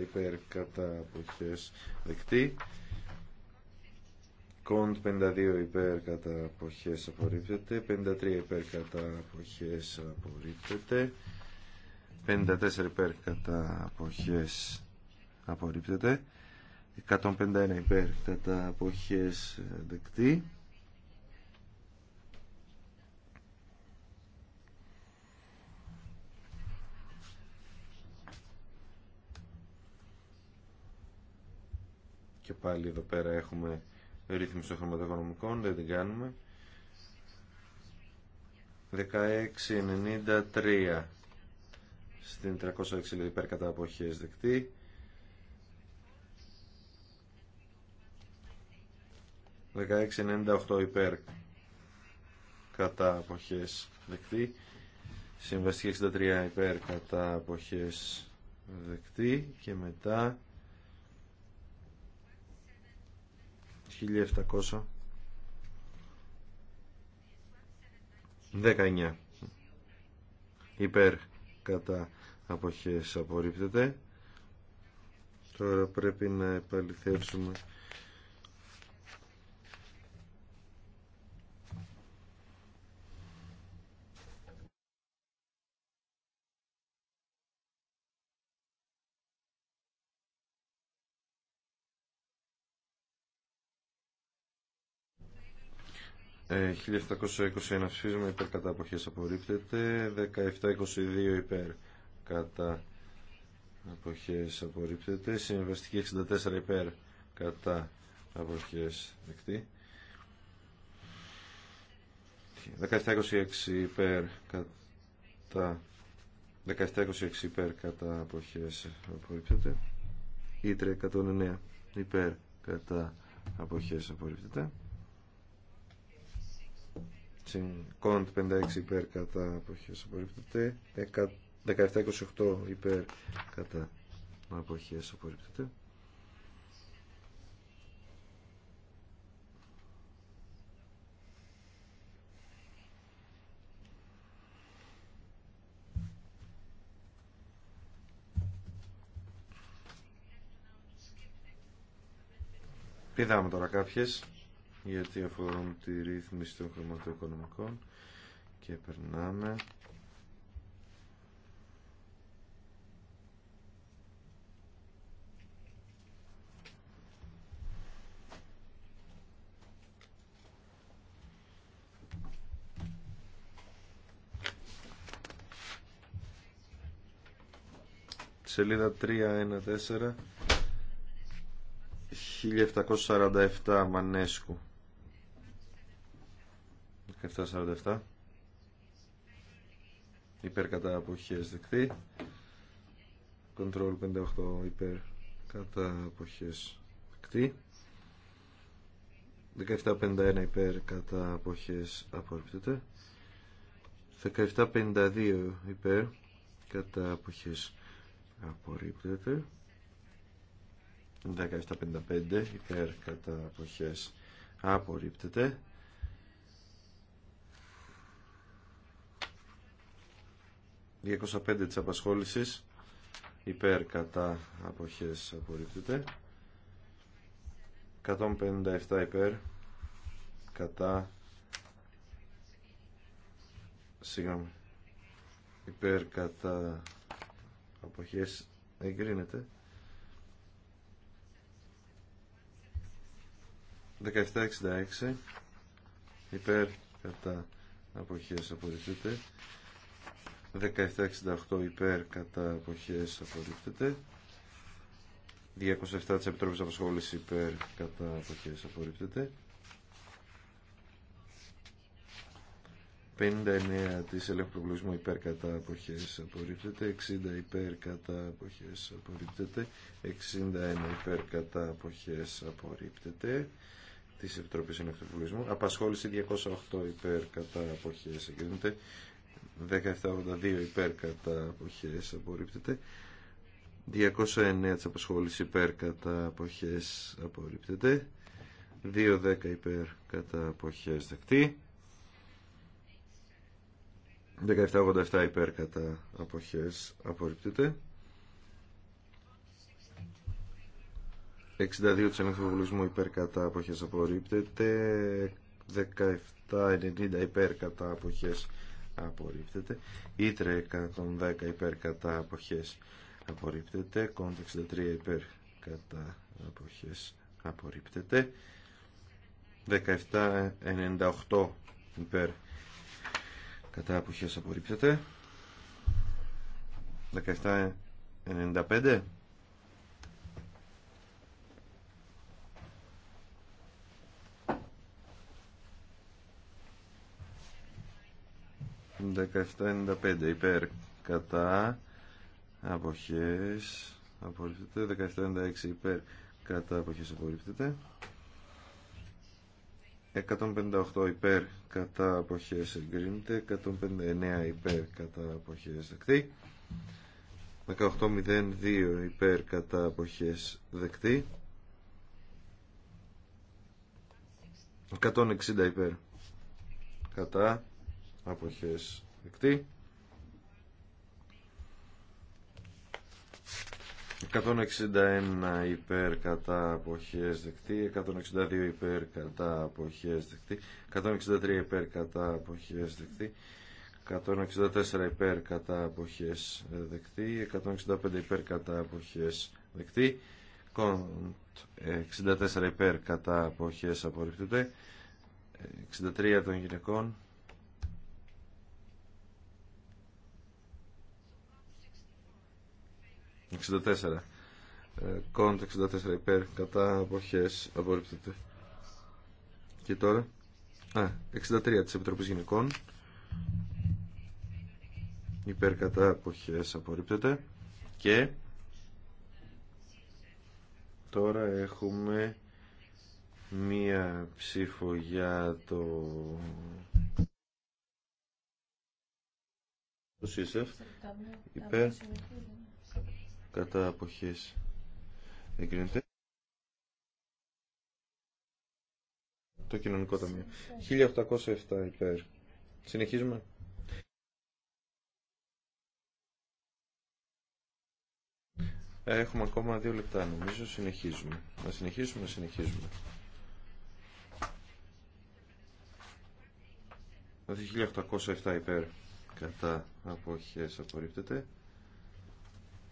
υπέρ κατά αποχές δεκτή Κοντ 52 υπέρ κατά αποχές απορρίπτεται 53 υπέρ κατά αποχές απορρίπτεται 54 υπέρ κατά αποχές απορρίπτεται 151 υπέρ κατά αποχές δεκτή Και πάλι εδώ πέρα έχουμε ρύθμιση των χρηματοοικονομικών, δεν την κάνουμε. 1693 στην 306 υπέρ κατά αποχές δεκτή. 1698 υπέρ κατά αποχές δεκτή. Συμβαστική 63 υπέρ κατά αποχές δεκτή. Και μετά 1700 19 υπέρ κατά αποχές απορρίπτεται τώρα πρέπει να επαληθεύσουμε 1721 ε, ψήφισμα υπέρ κατά αποχές απορρίπτεται. 1722 υπέρ κατά αποχές απορρίπτεται. Συμβαστική 64 υπέρ κατά αποχές δεκτή. 1726 υπέρ κατά 1726 υπέρ κατά αποχές απορρίπτεται. Ήτρε 109 υπέρ κατά αποχές απορρίπτεται. Κοντ 56 υπέρ κατά αποχές απορρίπτεται. 17-28 υπέρ κατά αποχές απορρίπτεται. Πηδάμε τώρα κάποιες γιατί αφορούν τη ρύθμιση των χρηματοοικονομικών και περνάμε σελίδα τρία, 1-4. 1747 Μανέσκου 1747 υπέρ κατά αποχές δεκτή control 58 υπέρ κατά αποχές δεκτεί 1751 υπέρ κατά αποχές απορριπτεται 1752 υπέρ κατά αποχές απορρίπτεται 1755 υπέρ κατά αποχές απορρίπτεται 205 της απασχόλησης υπέρ κατά αποχές απορρίπτεται 157 υπέρ κατά συγγνώμη υπέρ κατά αποχές εγκρίνεται 1766 υπέρ κατά αποχές απορρίπτεται 1768 υπέρ κατά αποχές απορρίπτεται 207 της Επιτροπής Απασχόλησης υπέρ κατά αποχές απορρίπτεται 59 της ελέγχου Προβλογισμού υπέρ κατά αποχές απορρίπτεται 60 υπέρ κατά αποχές απορρίπτεται 61 υπέρ κατά αποχές απορρίπτεται της Επιτροπής Ελεύθερου απασχόληση 208 υπέρ κατά αποχές εγκρίνεται 1782 υπέρ κατά αποχές απορρίπτεται 209 της απασχόληση υπέρ κατά αποχές απορρίπτεται 210 υπέρ κατά αποχές δεκτή 1787 υπέρ κατά αποχές απορρίπτεται 62 της ανεξοβουλισμού υπέρ κατά αποχές απορρίπτεται 1790 υπέρ κατά αποχές απορρίπτεται. Ήτρε 110 υπέρ κατά αποχές απορρίπτεται. Κόντ 63 υπέρ κατά αποχές απορρίπτεται. 1798 υπέρ κατά αποχές απορρίπτεται. 1795 1795 υπέρ κατά αποχές απορριφθείτε 1796 υπέρ κατά αποχές απορριφθείτε 158 υπέρ κατά αποχές εγκρίνεται 159 υπέρ κατά αποχές δεκτή 1802 υπέρ κατά αποχές δεκτή 160 υπέρ κατά αποχές δεκτή 161 υπέρ κατά αποχές δεκτή 162 υπέρ κατά αποχές δεκτή 163 υπέρ κατά αποχές δεκτή 164 υπέρ κατά αποχές δεκτή 165 υπέρ κατά αποχές δεκτή 64 υπέρ κατά αποχές απορριφθείτε 63 των γυναικών 64. Ε, κόντ 64 υπέρ κατά αποχέ, απορρίπτεται. Και τώρα. Α, 63 τη επιτροπή Γυναικών. Υπέρ κατά αποχέ, απορρίπτεται. Και τώρα έχουμε μία ψήφο για το... Το ΣΥΣΕΦ υπέρ κατά αποχές εγκρίνεται το κοινωνικό ταμείο 1807 υπέρ συνεχίζουμε Έχουμε ακόμα δύο λεπτά νομίζω. Συνεχίζουμε. Να συνεχίσουμε, να συνεχίζουμε. 1807 υπέρ κατά αποχές απορρίπτεται.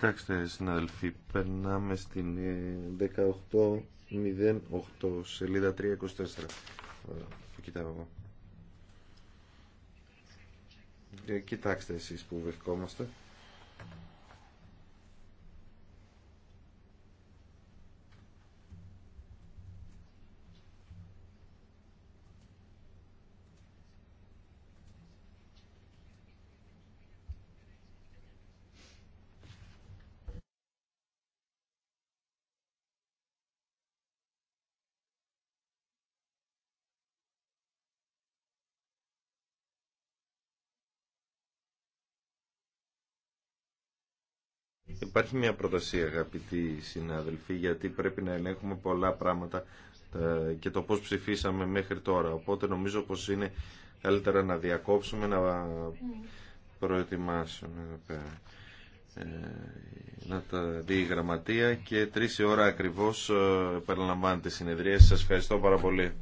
Κοιτάξτε, συναδελφοί, περνάμε στην 18.08, ε, σελίδα 324. Κοιτάω εγώ. Ε, κοιτάξτε εσείς που βρισκόμαστε. Υπάρχει μια πρόταση αγαπητοί συνάδελφοι γιατί πρέπει να ελέγχουμε πολλά πράγματα ε, και το πώς ψηφίσαμε μέχρι τώρα. Οπότε νομίζω πως είναι καλύτερα να διακόψουμε, να προετοιμάσουμε ε, ε, να τα δει η γραμματεία και τρεις η ώρα ακριβώς παραλαμβάνεται η συνεδρία. Σας ευχαριστώ πάρα πολύ.